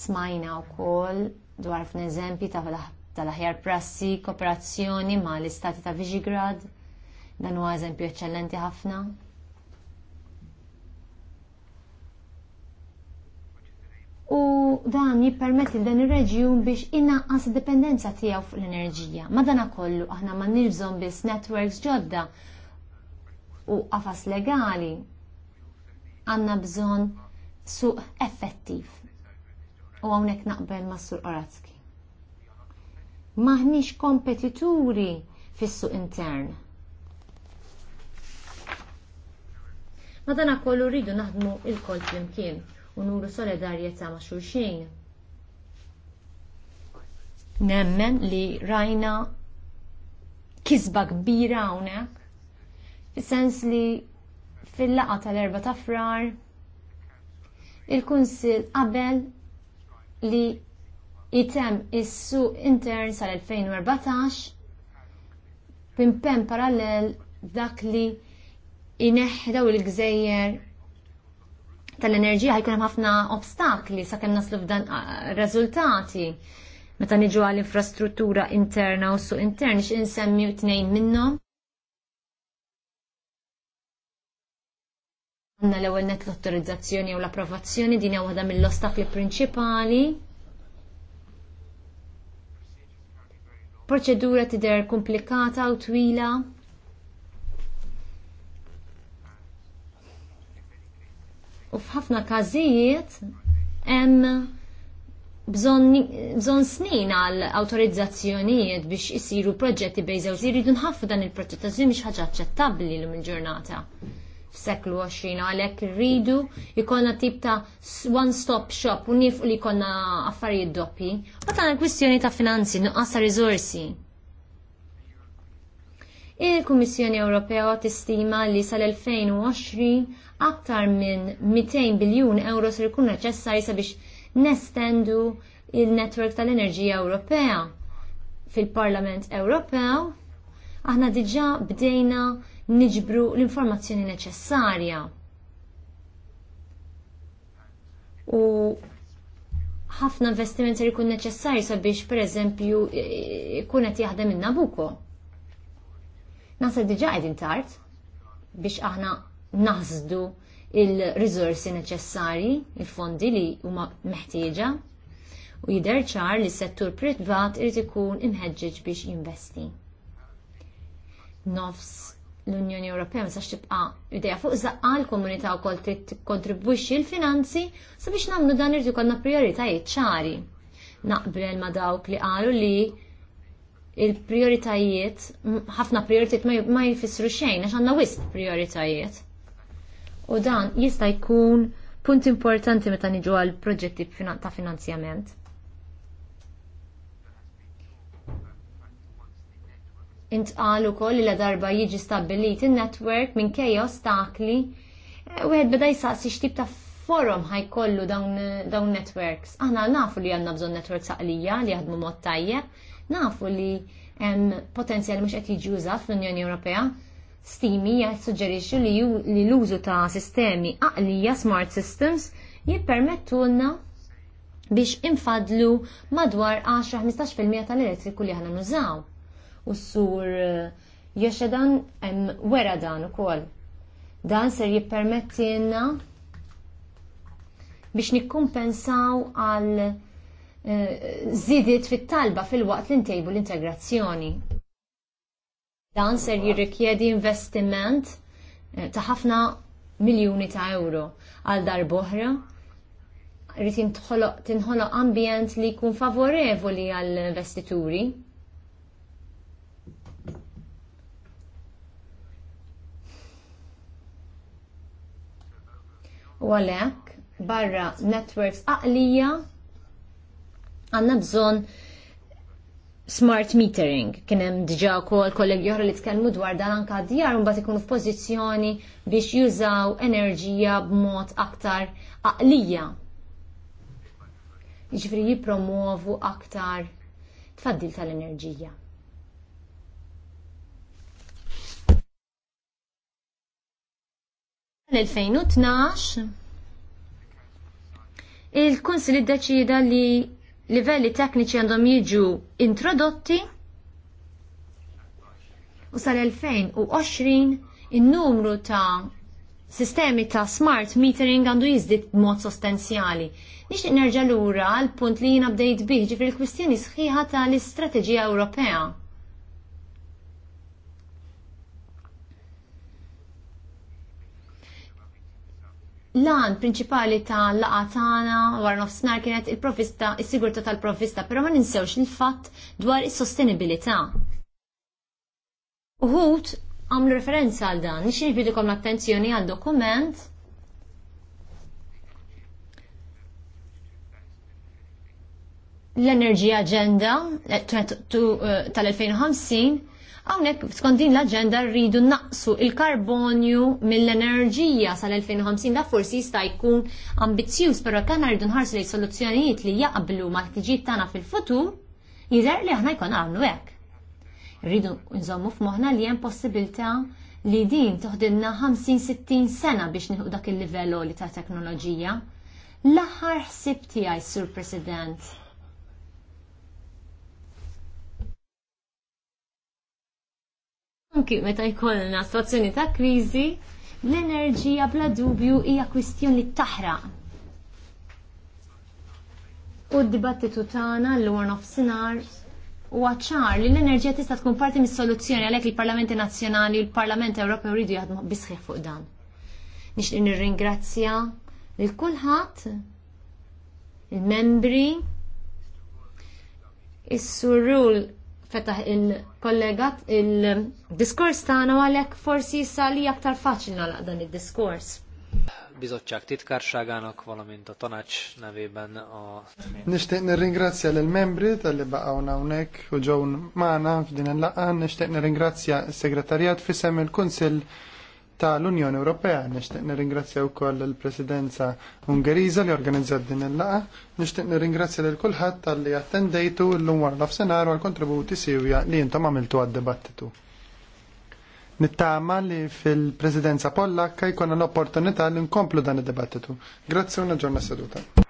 Smajna wkoll dwar f'eżempji tal-aħjar prassi, kooperazzjoni ma' l-istati ta' Viġigrad, dan huwa eżempju eċċellenti ħafna u dan jippermetti dan ir-reġjun biex inaqqas dipendenza tiegħu fuq l-enerġija. Madana kollu aħna ma nibżon biss networks ġodda u qafas legali għandna bżonn suq effettiv. U hawnhekk naqbel ma' Sur Orazzki. Maħniex kompetituri fis-suq intern. Madana kollu rridu naħdmu il-kol flimkien u nuru solidarjetà ma' xulxin. Nemmen li rajna kisba kbira hawnhekk, fis-sens li fil laqgħa tal-erba ta' frar il-Kunsil qabel li jitem is-suq intern sal-2014 pimpem parallel dak li ineħħdaw il-gżejjer tal-enerġija ħajkun hemm ħafna obstakli sakemm naslu f'dan riżultati. Meta niġu għall infrastruttura interna u suq intern x'insemmi tnejn minnhom. Għanna l-ewwel net l-autorizzazzjoni u l-approvazzjoni din hija waħda mill-ostakli prinċipali. Proċedura tidher komplikata u twila. ħafna każijiet hemm bżonn snin għal autorizzazzjonijiet biex isiru proġetti bejn żewġ jridu nħaffu dan il-proġett għażli mhix ħaġa aċċettabbli lum il-ġurnata f'seklu 20 għalhekk rridu jkollna tip ta' one stop shop u nifqu li jkollna affarijiet doppji. Bat għandna kwistjoni ta' finanzi, nuqqas ta' riżorsi. Il-Kummissjoni Ewropea tistima li sal-2020 aktar minn 200 biljun euro ser ikun neċessari sabiex nestendu il-netwerk tal-enerġija Ewropea. Fil-Parlament Ewropew, aħna diġa bdejna niġbru l-informazzjoni neċessarja. U ħafna investimenti ser ikun neċessari sabiex, per eżempju, qed jaħdem in-Nabuko nasa diġa għedin tard biex aħna naħzdu il-rizorsi neċessari, il-fondi li huma meħtieġa u jidher ċar li s-settur privat irid ikun imħeġġeġ biex jinvesti. Nofs l-Unjoni Ewropea ma sax tibqa' idea fuq zaqqa l-komunità wkoll trid tikkontribwixxi l-finanzi sabiex nagħmlu dan irid ikollna prijoritajiet ċari. Naqbel ma dawk li qalu li il-prioritajiet, ħafna prioritajiet ma jfissru xejn, għax għandna wisq prioritajiet. U dan jista' jkun punt importanti meta niġu għal proġetti ta' finanzjament. Intqalu ukoll li la darba jiġi stabbilit in-network minkejja ostakli e, wieħed beda jsaqsi x'tip ta' forum ħajkollu dawn, dawn networks. Aħna nafu li għandna bżonn networks għalija li jaħdmu mod tajjeb, Nafu li hemm potenzjal mhux qed jiġi użat fl-Unjoni Ewropea. Stimi jissuġġerixxu li l-użu ta' sistemi aqlija smart systems jippermettulna biex infadlu madwar 10-15% tal-elettriku li ħana nużaw. U s-sur eh, dan wera dan ukoll. Dan ser jippermettilna biex nikkumpensaw għal Eh, zidiet fit-talba fil-waqt li ntejbu l-integrazzjoni. Dan ser jirrikjedi investiment eh, ta' ħafna miljuni ta' euro għal boħra. rrit tinħoloq ambjent li jkun favorevoli għall investituri. U għalhekk barra networks aqlija għanna bżon smart metering. Kienem diġa kol kollegi oħra li tkellmu dwar dan anka djar un ikunu f'pożizzjoni biex jużaw enerġija b'mod aktar aqlija. Jiġifieri jipromovu aktar tfaddil tal-enerġija. L-2012 il-Kunsil iddeċida li livelli tekniċi għandhom jiġu introdotti u sal-2020 in-numru ta' sistemi ta' smart metering għandu jizdit b'mod sostanzjali. Nix nerġa' lura għal punt li jina bdejt biħġi fil l-kwistjoni sħiħa tal-istrateġija Ewropea l-għan prinċipali ta' laqatana war nofsnar kienet il-provista, il-sigurta tal-provista, pero ma ninsewx il-fat dwar il-sostenibilità. Uħut għamlu referenza għal dan, nix nifidukom l-attenzjoni għal dokument l-Energy Agenda eh, eh, tal-2050 Hawnhekk skont din l-aġenda rridu naqsu il-karbonju mill-enerġija sal-2050 da forsi jista' jkun ambizzjuż, però kan rridu nħarsu lejn soluzzjonijiet li jaqblu ma' ħtiġijiet tagħna fil-futur, jidher li aħna jkun għamlu hekk. Rridu nżommu f'moħħna li hemm possibilità li din toħdilna 50-60 sena biex nieħu dak il-livell li ta' teknoloġija. L-aħħar ħsib tiegħi, Sur President Anki meta jkollna situazzjoni ta' kriżi, l-enerġija bla dubju hija kwistjoni taħraq. U d-dibattitu tagħna l-war Sinar huwa ċar li l-enerġija tista' tkun parti mis-soluzzjoni għalhekk il-Parlamenti Nazzjonali u l-Parlament Ewropew jridu jaħdmu bisħieħ fuq dan. Nixtieq nirringrazzja lil kulħadd il-membri is-surrul fetaħ il-kollegat il-diskors tagħna għalhekk forsi sali aktar faċli nagħlaq dan id-diskors. titkar titkárságának, valamint a tanács nevében a... Nishtiq nirringrazzja l-membri tal-li baqawna unek u ġewn maħna f'din il laqgħa nishtiq nirringrazzja s-segretarjat f'isem il-Kunsil tal-Unjoni Ewropea. Nixtieq nirringrazzja wkoll il-Presidenza Ungeriża li organizzat din il-laqa. Nixtieq nirringrazzja lil kulħadd talli attendejtu llum wara nofsinhar għal kontributi sivja li intom għamiltu għad-dibattitu. Nittama li fil-Presidenza Pollakka jkollna l-opportunità li nkomplu dan id-dibattitu. Grazzi u ġurna seduta.